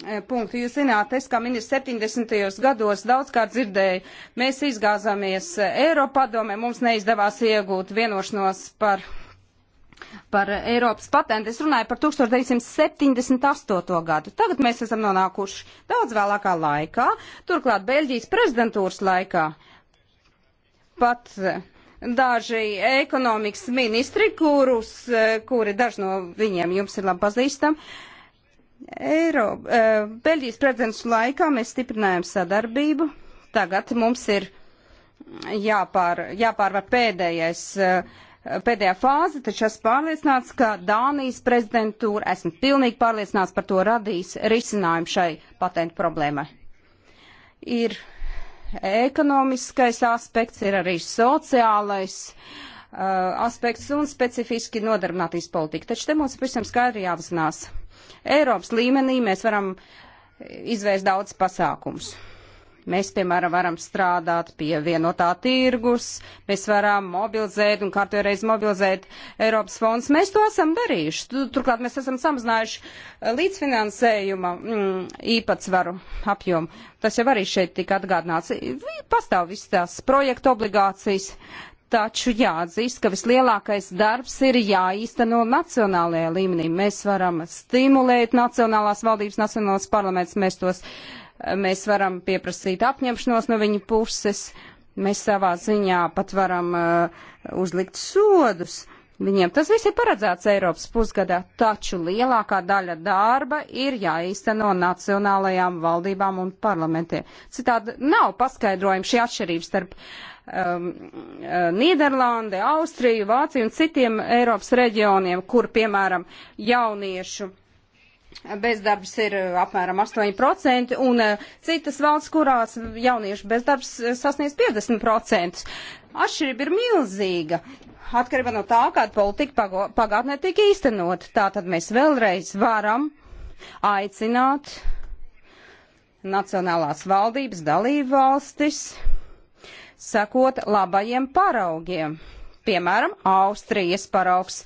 Eh, punktu. Jūs zināt, es kā ministrs 70. gados daudzkārt dzirdēju, mēs izgāzāmies eh, Eiropadomē, mums neizdevās iegūt vienošanos par, par Eiropas patentu. Es runāju par 1978. gadu. Tagad mēs esam nonākuši daudz vēlākā laikā, turklāt Beļģijas prezidentūras laikā. Pat eh, daži ekonomikas ministri, kurus, kuri daži no viņiem jums ir labi pazīstami, uh, Eiro, eh, Beļģijas prezidents laikā mēs stiprinājām sadarbību. Tagad mums ir jāpār, jāpārvar pēdējais, eh, pēdējā fāze, taču esmu pārliecināts, ka Dānijas prezidentūra, esmu pilnīgi pārliecināts par to radīs risinājumu šai patentu problēmai. Ir ekonomiskais aspekts, ir arī sociālais uh, aspekts un specifiski nodarbinātīs politika. Taču te mums visam skaidri jāapzinās Eiropas līmenī mēs varam izvērst daudz pasākums. Mēs, piemēram, varam strādāt pie vienotā tirgus, mēs varam mobilizēt un kārtējo reizi mobilizēt Eiropas fonds. Mēs to esam darījuši. Turklāt mēs esam samazinājuši eh, līdzfinansējuma mm, īpatsvaru apjomu. Tas jau arī šeit tika atgādināts. Pastāv visas tās projektu obligācijas. Uh, taču jāatzīst, ka vislielākais darbs ir jāīsteno nacionālajā līmenī. Mēs varam stimulēt nacionālās valdības, nacionālās parlaments, mēs tos, mēs varam pieprasīt apņemšanos no viņu puses, mēs savā ziņā pat varam uh, uzlikt sodus. Viņiem tas viss ir paredzēts Eiropas pusgadā, taču lielākā daļa darba ir jāīsteno nacionālajām valdībām un parlamentiem. Citādi nav paskaidrojumi šī atšķirība starp uh, um, uh, Nīderlandi, Austriju, Vāciju un citiem Eiropas reģioniem, kur, piemēram, jauniešu bezdarbs ir uh, apmēram 8%, un uh, citas valsts, kurās jauniešu bezdarbs sasniedz 50%. Atšķirība ir milzīga, atkarībā no tā, kāda politika pagātnē tika īstenot. Tātad mēs vēlreiz varam aicināt nacionālās valdības dalību valstis sekot labajiem paraugiem. Piemēram, Austrijas paraugs.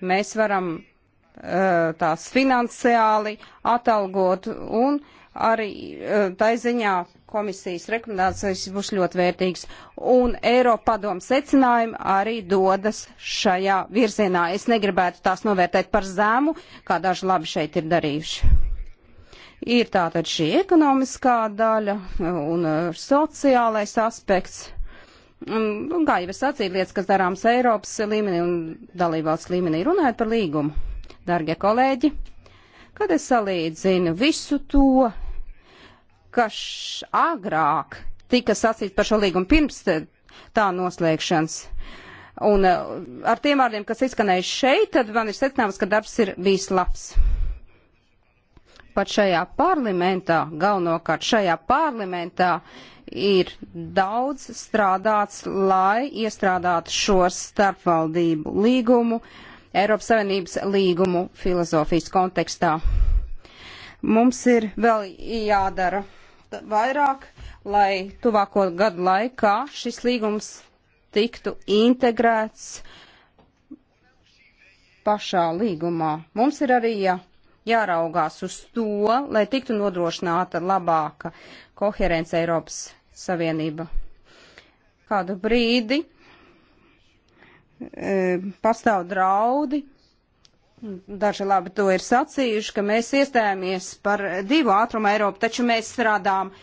Mēs varam eh, tās finansiāli atalgot un arī eh, tai ziņā komisijas rekomendācijas būs ļoti vērtīgas. Un Eiropa padomu secinājumi arī dodas šajā virzienā. Es negribētu tās novērtēt par zēmu, kā daži labi šeit ir darījuši. Ir tātad šī ekonomiskā daļa un e, sociālais aspekts. Un, kā jau es sacīju, lietas, kas darāms Eiropas līmenī un dalībvalsts līmenī, runājot par līgumu. Dargie kolēģi, kad es salīdzinu visu to, kas agrāk tika sacīts par šo līgumu pirms tā noslēgšanas, un e, ar tiem vārdiem, kas izskanēja šeit, tad man ir secināms, ka darbs ir bijis labs pat šajā parlamentā, galvenokārt šajā parlamentā, ir daudz strādāts, lai iestrādātu šo starpvaldību līgumu Eiropas Savienības līgumu filozofijas kontekstā. Mums ir vēl jādara vairāk, lai tuvāko gadu laikā šis līgums tiktu integrēts pašā līgumā. Mums ir arī jā. Ja jāraugās uz to, lai tiktu nodrošināta labāka koherence Eiropas Savienība. Kādu brīdi e, pastāv draudi, daži labi to ir sacījuši, ka mēs iestājāmies par divu ātrumu Eiropu, taču mēs strādājam e,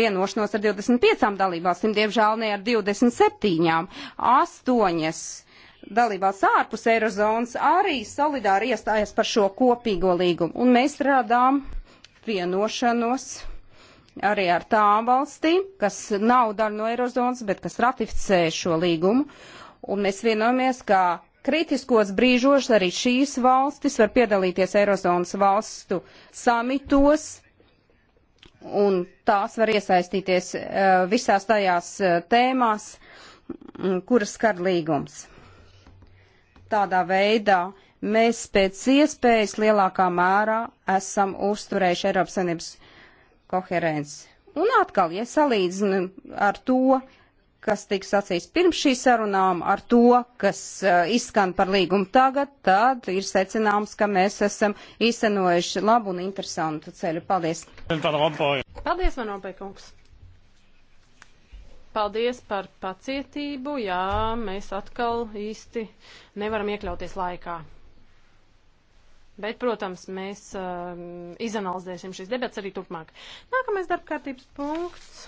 vienošanos ar 25 dalībvalstīm, diemžēl ne ar 27. Astoņas dalībās ārpus Eirozonas arī solidāri iestājas par šo kopīgo līgumu. Un mēs strādām vienošanos arī ar tām valstīm, kas nav daļa no Eirozonas, bet kas ratificē šo līgumu. Un mēs vienojamies, ka kritiskos brīžos arī šīs valstis var piedalīties Eirozonas valstu samitos, un tās var iesaistīties eh, visās tajās eh, tēmās, kuras skar līgums. Tādā veidā mēs pēc iespējas lielākā mērā esam uzturējuši Eiropas Savienības koherenci. Un atkal, ja salīdzinam ar to, kas tiks sacīts pirms šīs sarunām, ar to, kas uh, izskan par līgumu tagad, tad ir secināms, ka mēs esam īstenojuši labu un interesantu ceļu. Paldies! Paldies, Manopai kungs! Paldies par pacietību. Jā, mēs atkal īsti nevaram iekļauties laikā. Bet, protams, mēs uh, izanalizēsim šīs debats arī turpmāk. Nākamais darbkārtības punkts.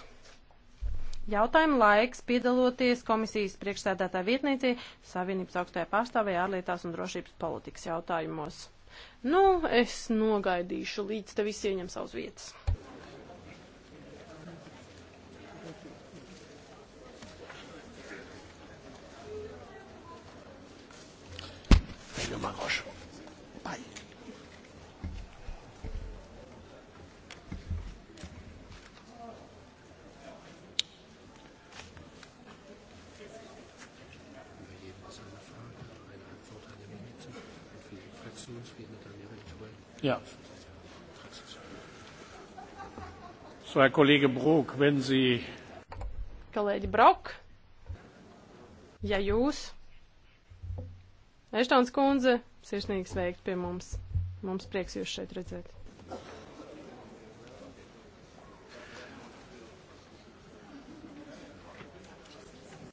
Jautājuma laiks piedaloties komisijas priekšsēdētāja vietniecī Savienības augstajā pārstāvē ārlietās un drošības politikas jautājumos. Nu, es nogaidīšu, līdz te visi ieņem savus vietas. au Maroc. Bye. Ja. So, Herr Kollege Brok, wenn Sie. Kollege Brok, ja, jūs Eštons kundze, sirsnīgi sveikt pie mums. Mums prieks jūs šeit redzēt.